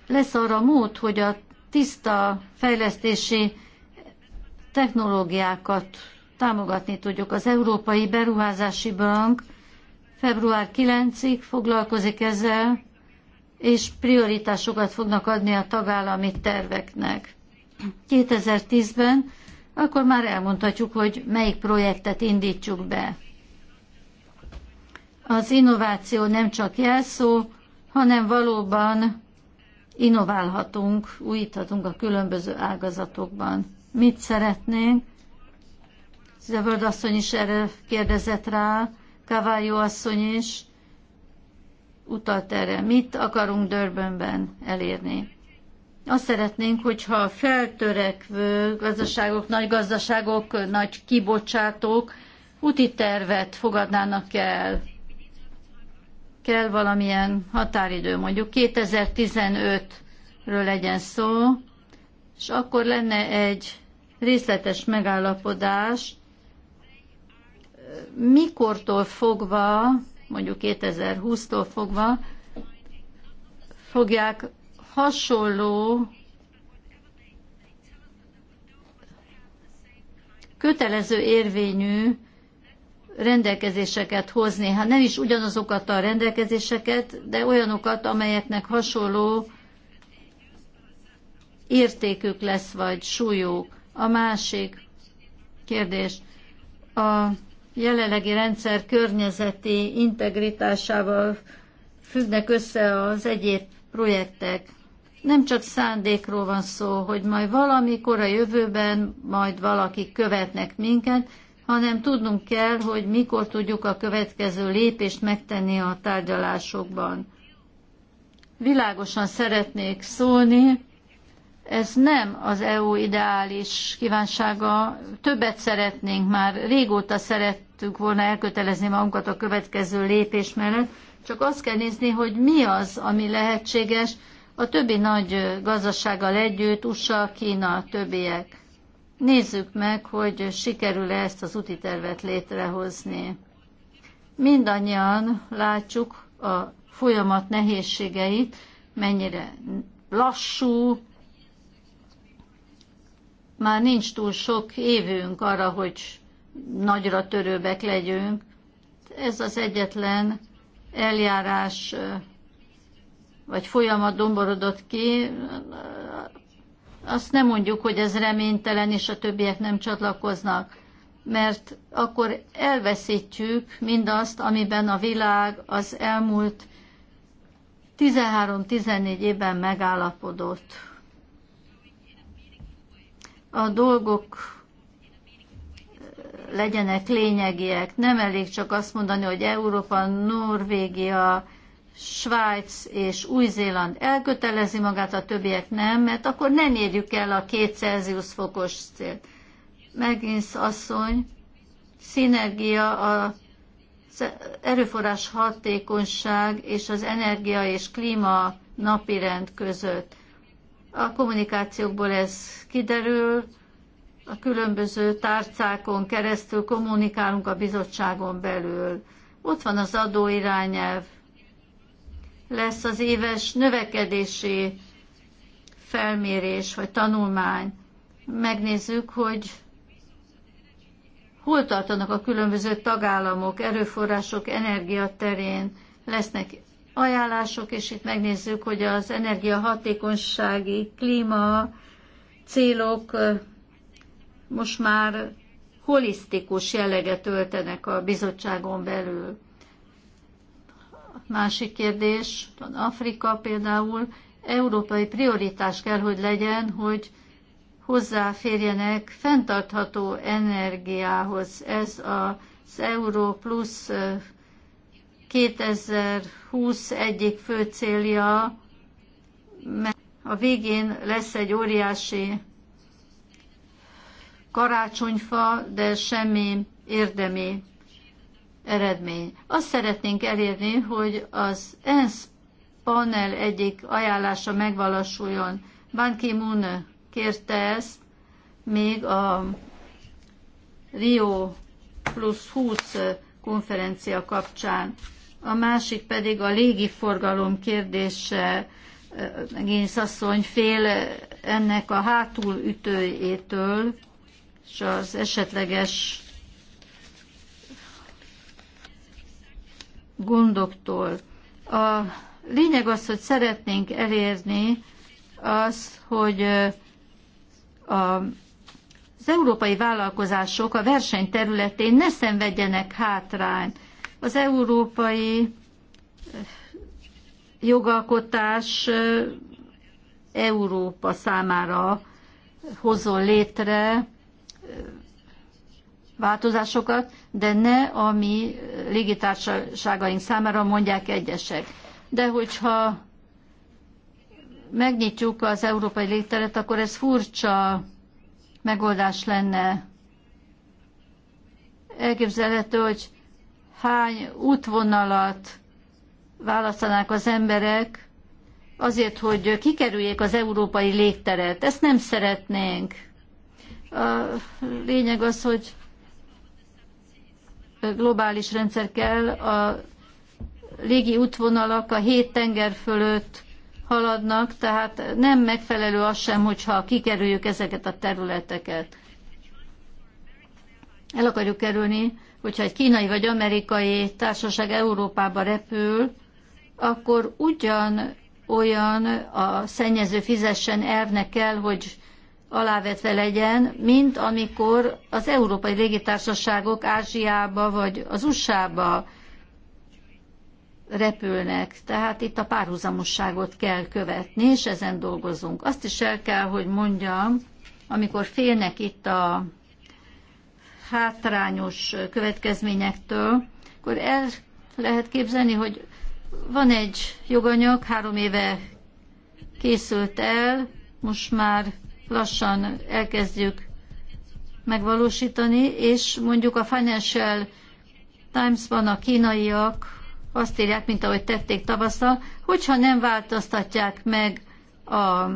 lesz arra mód, hogy a tiszta fejlesztési technológiákat támogatni tudjuk. Az Európai Beruházási Bank február 9-ig foglalkozik ezzel, és prioritásokat fognak adni a tagállami terveknek. 2010-ben akkor már elmondhatjuk, hogy melyik projektet indítsuk be. Az innováció nem csak jelszó, hanem valóban innoválhatunk, újíthatunk a különböző ágazatokban. Mit szeretnénk? Zöld asszony is erre kérdezett rá, Kavályó asszony is utat erre. Mit akarunk Dörbönben elérni? Azt szeretnénk, hogyha a feltörekvő gazdaságok, nagy gazdaságok, nagy kibocsátók úti tervet fogadnának el. Kell valamilyen határidő, mondjuk 2015-ről legyen szó, és akkor lenne egy részletes megállapodás, mikortól fogva mondjuk 2020-tól fogva, fogják hasonló kötelező érvényű rendelkezéseket hozni. Hát nem is ugyanazokat a rendelkezéseket, de olyanokat, amelyeknek hasonló értékük lesz, vagy súlyú. A másik kérdés. A jelenlegi rendszer környezeti integritásával függnek össze az egyéb projektek. Nem csak szándékról van szó, hogy majd valamikor a jövőben majd valaki követnek minket, hanem tudnunk kell, hogy mikor tudjuk a következő lépést megtenni a tárgyalásokban. Világosan szeretnék szólni, ez nem az EU ideális kívánsága, többet szeretnénk már, régóta szeret, szerettünk volna elkötelezni magunkat a következő lépés mellett, csak azt kell nézni, hogy mi az, ami lehetséges a többi nagy gazdasággal együtt, USA, Kína, többiek. Nézzük meg, hogy sikerül-e ezt az úti tervet létrehozni. Mindannyian látjuk a folyamat nehézségeit, mennyire lassú, már nincs túl sok évünk arra, hogy nagyra törőbek legyünk. Ez az egyetlen eljárás vagy folyamat domborodott ki, azt nem mondjuk, hogy ez reménytelen, és a többiek nem csatlakoznak, mert akkor elveszítjük mindazt, amiben a világ az elmúlt 13-14 évben megállapodott. A dolgok legyenek lényegiek. Nem elég csak azt mondani, hogy Európa, Norvégia, Svájc és Új-Zéland elkötelezi magát, a többiek nem, mert akkor nem érjük el a két Celsius fokos célt. Megint asszony, szinergia a erőforrás hatékonyság és az energia és klíma napirend között. A kommunikációkból ez kiderül, a különböző tárcákon keresztül kommunikálunk a bizottságon belül. Ott van az adóirányelv, lesz az éves növekedési felmérés vagy tanulmány. Megnézzük, hogy hol tartanak a különböző tagállamok, erőforrások, energia terén. Lesznek ajánlások, és itt megnézzük, hogy az energiahatékonysági klíma célok most már holisztikus jelleget öltenek a bizottságon belül. Másik kérdés, Afrika például európai prioritás kell, hogy legyen, hogy hozzáférjenek fenntartható energiához. Ez az Euró plusz 2020 egyik fő célja, mert a végén lesz egy óriási karácsonyfa, de semmi érdemi eredmény. Azt szeretnénk elérni, hogy az ENSZ panel egyik ajánlása megvalósuljon. Ban Ki-moon kérte ezt még a Rio plusz 20 konferencia kapcsán. A másik pedig a légiforgalom kérdése. Génsz asszony fél ennek a hátulütőjétől, és az esetleges gondoktól. A lényeg az, hogy szeretnénk elérni az, hogy a az európai vállalkozások a verseny területén ne szenvedjenek hátrányt. Az európai jogalkotás Európa számára hozol létre változásokat, de ne a mi légitársaságaink számára mondják egyesek. De hogyha megnyitjuk az európai légteret, akkor ez furcsa megoldás lenne. Elképzelhető, hogy hány útvonalat választanák az emberek azért, hogy kikerüljék az európai légteret. Ezt nem szeretnénk. A lényeg az, hogy globális rendszer kell, a légi útvonalak a hét tenger fölött haladnak, tehát nem megfelelő az sem, hogyha kikerüljük ezeket a területeket. El akarjuk kerülni, hogyha egy kínai vagy amerikai társaság Európába repül, akkor ugyan olyan a szennyező fizessen elvnek kell, hogy alávetve legyen, mint amikor az európai légitársaságok Ázsiába vagy az USA-ba repülnek. Tehát itt a párhuzamosságot kell követni, és ezen dolgozunk. Azt is el kell, hogy mondjam, amikor félnek itt a hátrányos következményektől, akkor el lehet képzelni, hogy van egy joganyag, három éve készült el, most már lassan elkezdjük megvalósítani, és mondjuk a Financial Times-ban a kínaiak azt írják, mint ahogy tették tavasszal, hogyha nem változtatják meg a,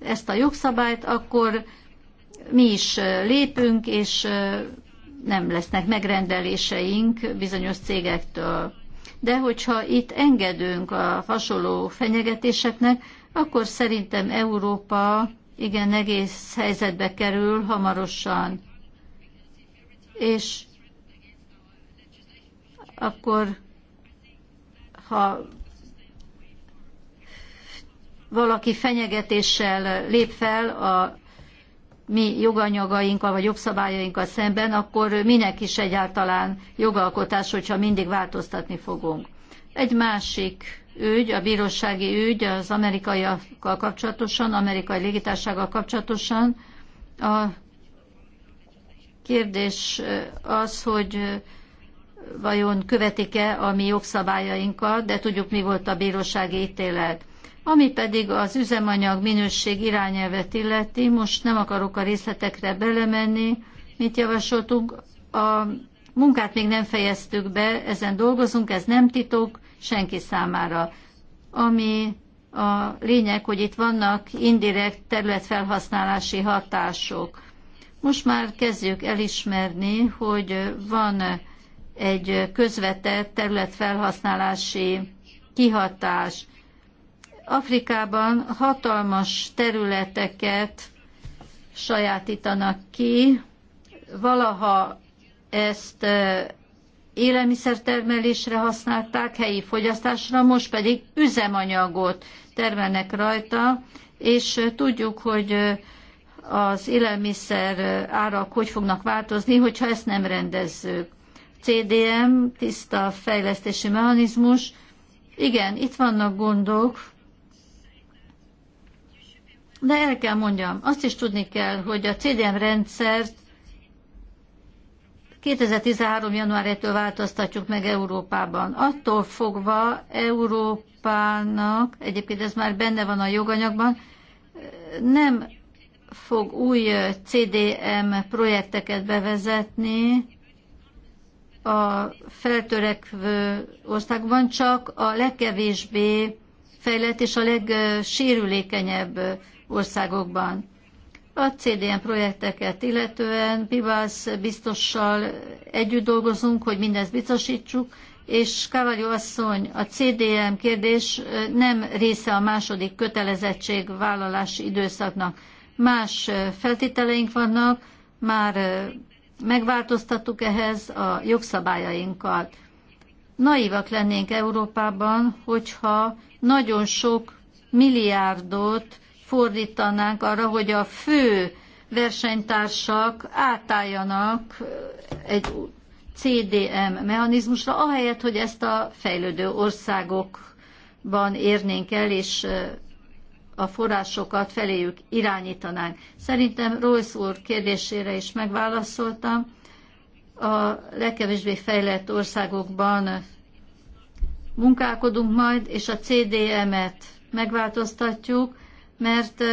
ezt a jogszabályt, akkor mi is lépünk, és nem lesznek megrendeléseink bizonyos cégektől. De hogyha itt engedünk a hasonló fenyegetéseknek, akkor szerintem Európa igen egész helyzetbe kerül hamarosan. És akkor, ha valaki fenyegetéssel lép fel a mi joganyagainkkal vagy jogszabályainkkal szemben, akkor minek is egyáltalán jogalkotás, hogyha mindig változtatni fogunk. Egy másik ügy, a bírósági ügy az amerikaiakkal kapcsolatosan, amerikai légitársággal kapcsolatosan. A kérdés az, hogy vajon követik-e a mi jogszabályainkat, de tudjuk, mi volt a bírósági ítélet. Ami pedig az üzemanyag minőség irányelvet illeti, most nem akarok a részletekre belemenni, mit javasoltunk. A munkát még nem fejeztük be, ezen dolgozunk, ez nem titok senki számára. Ami a lényeg, hogy itt vannak indirekt területfelhasználási hatások. Most már kezdjük elismerni, hogy van egy közvetett területfelhasználási kihatás. Afrikában hatalmas területeket sajátítanak ki, valaha ezt élelmiszertermelésre használták, helyi fogyasztásra, most pedig üzemanyagot termelnek rajta, és tudjuk, hogy az élelmiszer árak hogy fognak változni, hogyha ezt nem rendezzük. CDM, tiszta fejlesztési mechanizmus. Igen, itt vannak gondok, de el kell mondjam, azt is tudni kell, hogy a CDM rendszert 2013. januárjától változtatjuk meg Európában. Attól fogva Európának, egyébként ez már benne van a joganyagban, nem fog új CDM projekteket bevezetni a feltörekvő országban, csak a legkevésbé fejlett és a legsérülékenyebb országokban. A CDN projekteket illetően Pivász biztossal együtt dolgozunk, hogy mindezt biztosítsuk, és Kavalyó asszony, a CDM kérdés nem része a második kötelezettség vállalási időszaknak. Más feltételeink vannak, már megváltoztattuk ehhez a jogszabályainkat. Naívak lennénk Európában, hogyha nagyon sok milliárdot fordítanánk arra, hogy a fő versenytársak átálljanak egy CDM mechanizmusra, ahelyett, hogy ezt a fejlődő országokban érnénk el, és a forrásokat feléjük irányítanánk. Szerintem Royce úr kérdésére is megválaszoltam. A legkevésbé fejlett országokban munkálkodunk majd, és a CDM-et megváltoztatjuk, mert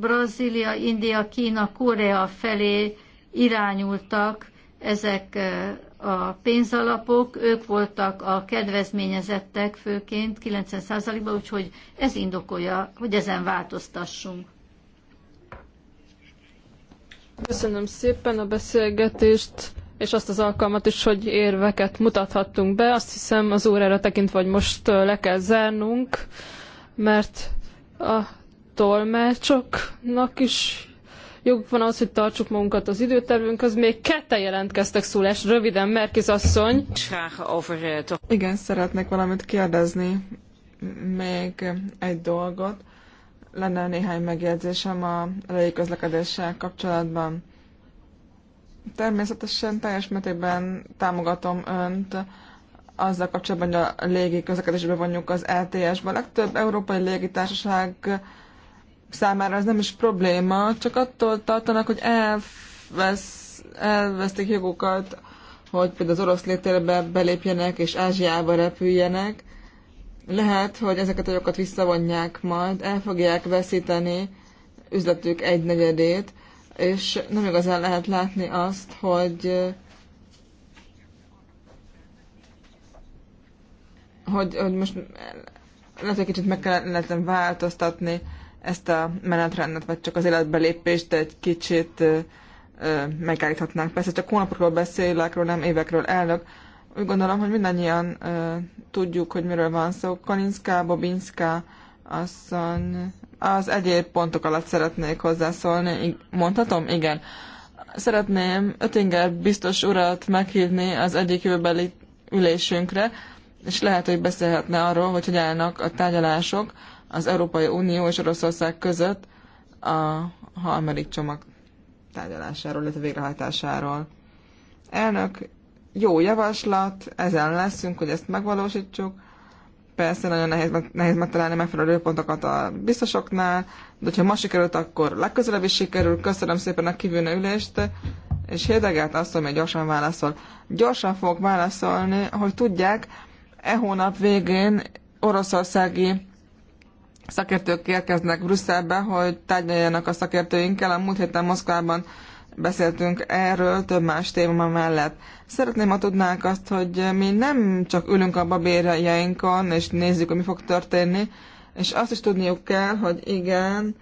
Brazília, India, Kína, Korea felé irányultak ezek a pénzalapok, ők voltak a kedvezményezettek főként 90%-ban, úgyhogy ez indokolja, hogy ezen változtassunk. Köszönöm szépen a beszélgetést, és azt az alkalmat is, hogy érveket mutathattunk be. Azt hiszem az órára tekintve, hogy most le kell zárnunk, mert a tolmácsoknak is joguk van ahhoz, hogy tartsuk magunkat az időtervünkhöz. Még ketten jelentkeztek szólás, röviden, Merkiz asszony. Eh, Igen, szeretnék valamit kérdezni, még egy dolgot. Lenne néhány megjegyzésem a légiközlekedéssel kapcsolatban. Természetesen teljes mértékben támogatom önt azzal kapcsolatban, hogy a légi közlekedésbe vonjuk az LTS-be. A legtöbb európai légitársaság számára ez nem is probléma, csak attól tartanak, hogy elvesz, elvesztik jogukat, hogy például az orosz légtérbe belépjenek és Ázsiába repüljenek. Lehet, hogy ezeket a jogokat visszavonják majd, el fogják veszíteni üzletük egynegyedét, és nem igazán lehet látni azt, hogy hogy, hogy most lehet, hogy kicsit meg kellett változtatni ezt a menetrendet, vagy csak az életbelépést egy kicsit megállíthatnánk. Persze csak hónapokról beszélek, nem évekről elnök. Úgy gondolom, hogy mindannyian ö, tudjuk, hogy miről van szó. Kalinská, Bobinská, asszony, az egyéb pontok alatt szeretnék hozzászólni. Mondhatom? Igen. Szeretném Ötinger biztos urat meghívni az egyik jövőbeli ülésünkre, és lehet, hogy beszélhetne arról, hogy hogy állnak a tárgyalások az Európai Unió és Oroszország között a harmadik csomag tárgyalásáról, illetve végrehajtásáról. Elnök, jó javaslat, ezen leszünk, hogy ezt megvalósítsuk. Persze nagyon nehéz, nehéz megtalálni megfelelő pontokat a biztosoknál, de ha ma sikerült, akkor legközelebb is sikerül. Köszönöm szépen a kívülne ülést, és hirdegelt azt, hogy gyorsan válaszol. Gyorsan fogok válaszolni, hogy tudják, E hónap végén oroszországi szakértők érkeznek Brüsszelbe, hogy tárgyaljanak a szakértőinkkel. A múlt héten Moszkvában beszéltünk erről több más téma mellett. Szeretném, ha tudnák azt, hogy mi nem csak ülünk a babérjainkon, és nézzük, hogy mi fog történni, és azt is tudniuk kell, hogy igen,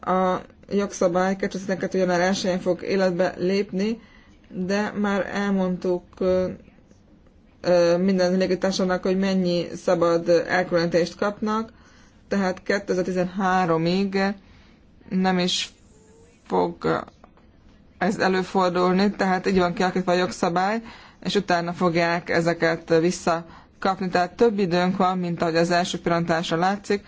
a jogszabály 2012. január 1 fog életbe lépni, de már elmondtuk minden légitársanak, hogy mennyi szabad elkülönítést kapnak, tehát 2013-ig nem is fog ez előfordulni, tehát így van kialakítva a jogszabály, és utána fogják ezeket visszakapni. Tehát több időnk van, mint ahogy az első pillantásra látszik.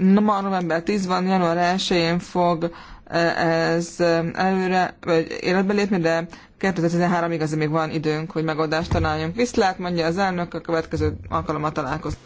Ma november 10 van, január 1-én fog ez előre, vagy életbe lépni, de 2013 ig azért még van időnk, hogy megoldást találjunk. Viszlát, mondja az elnök, a következő alkalommal találkozunk.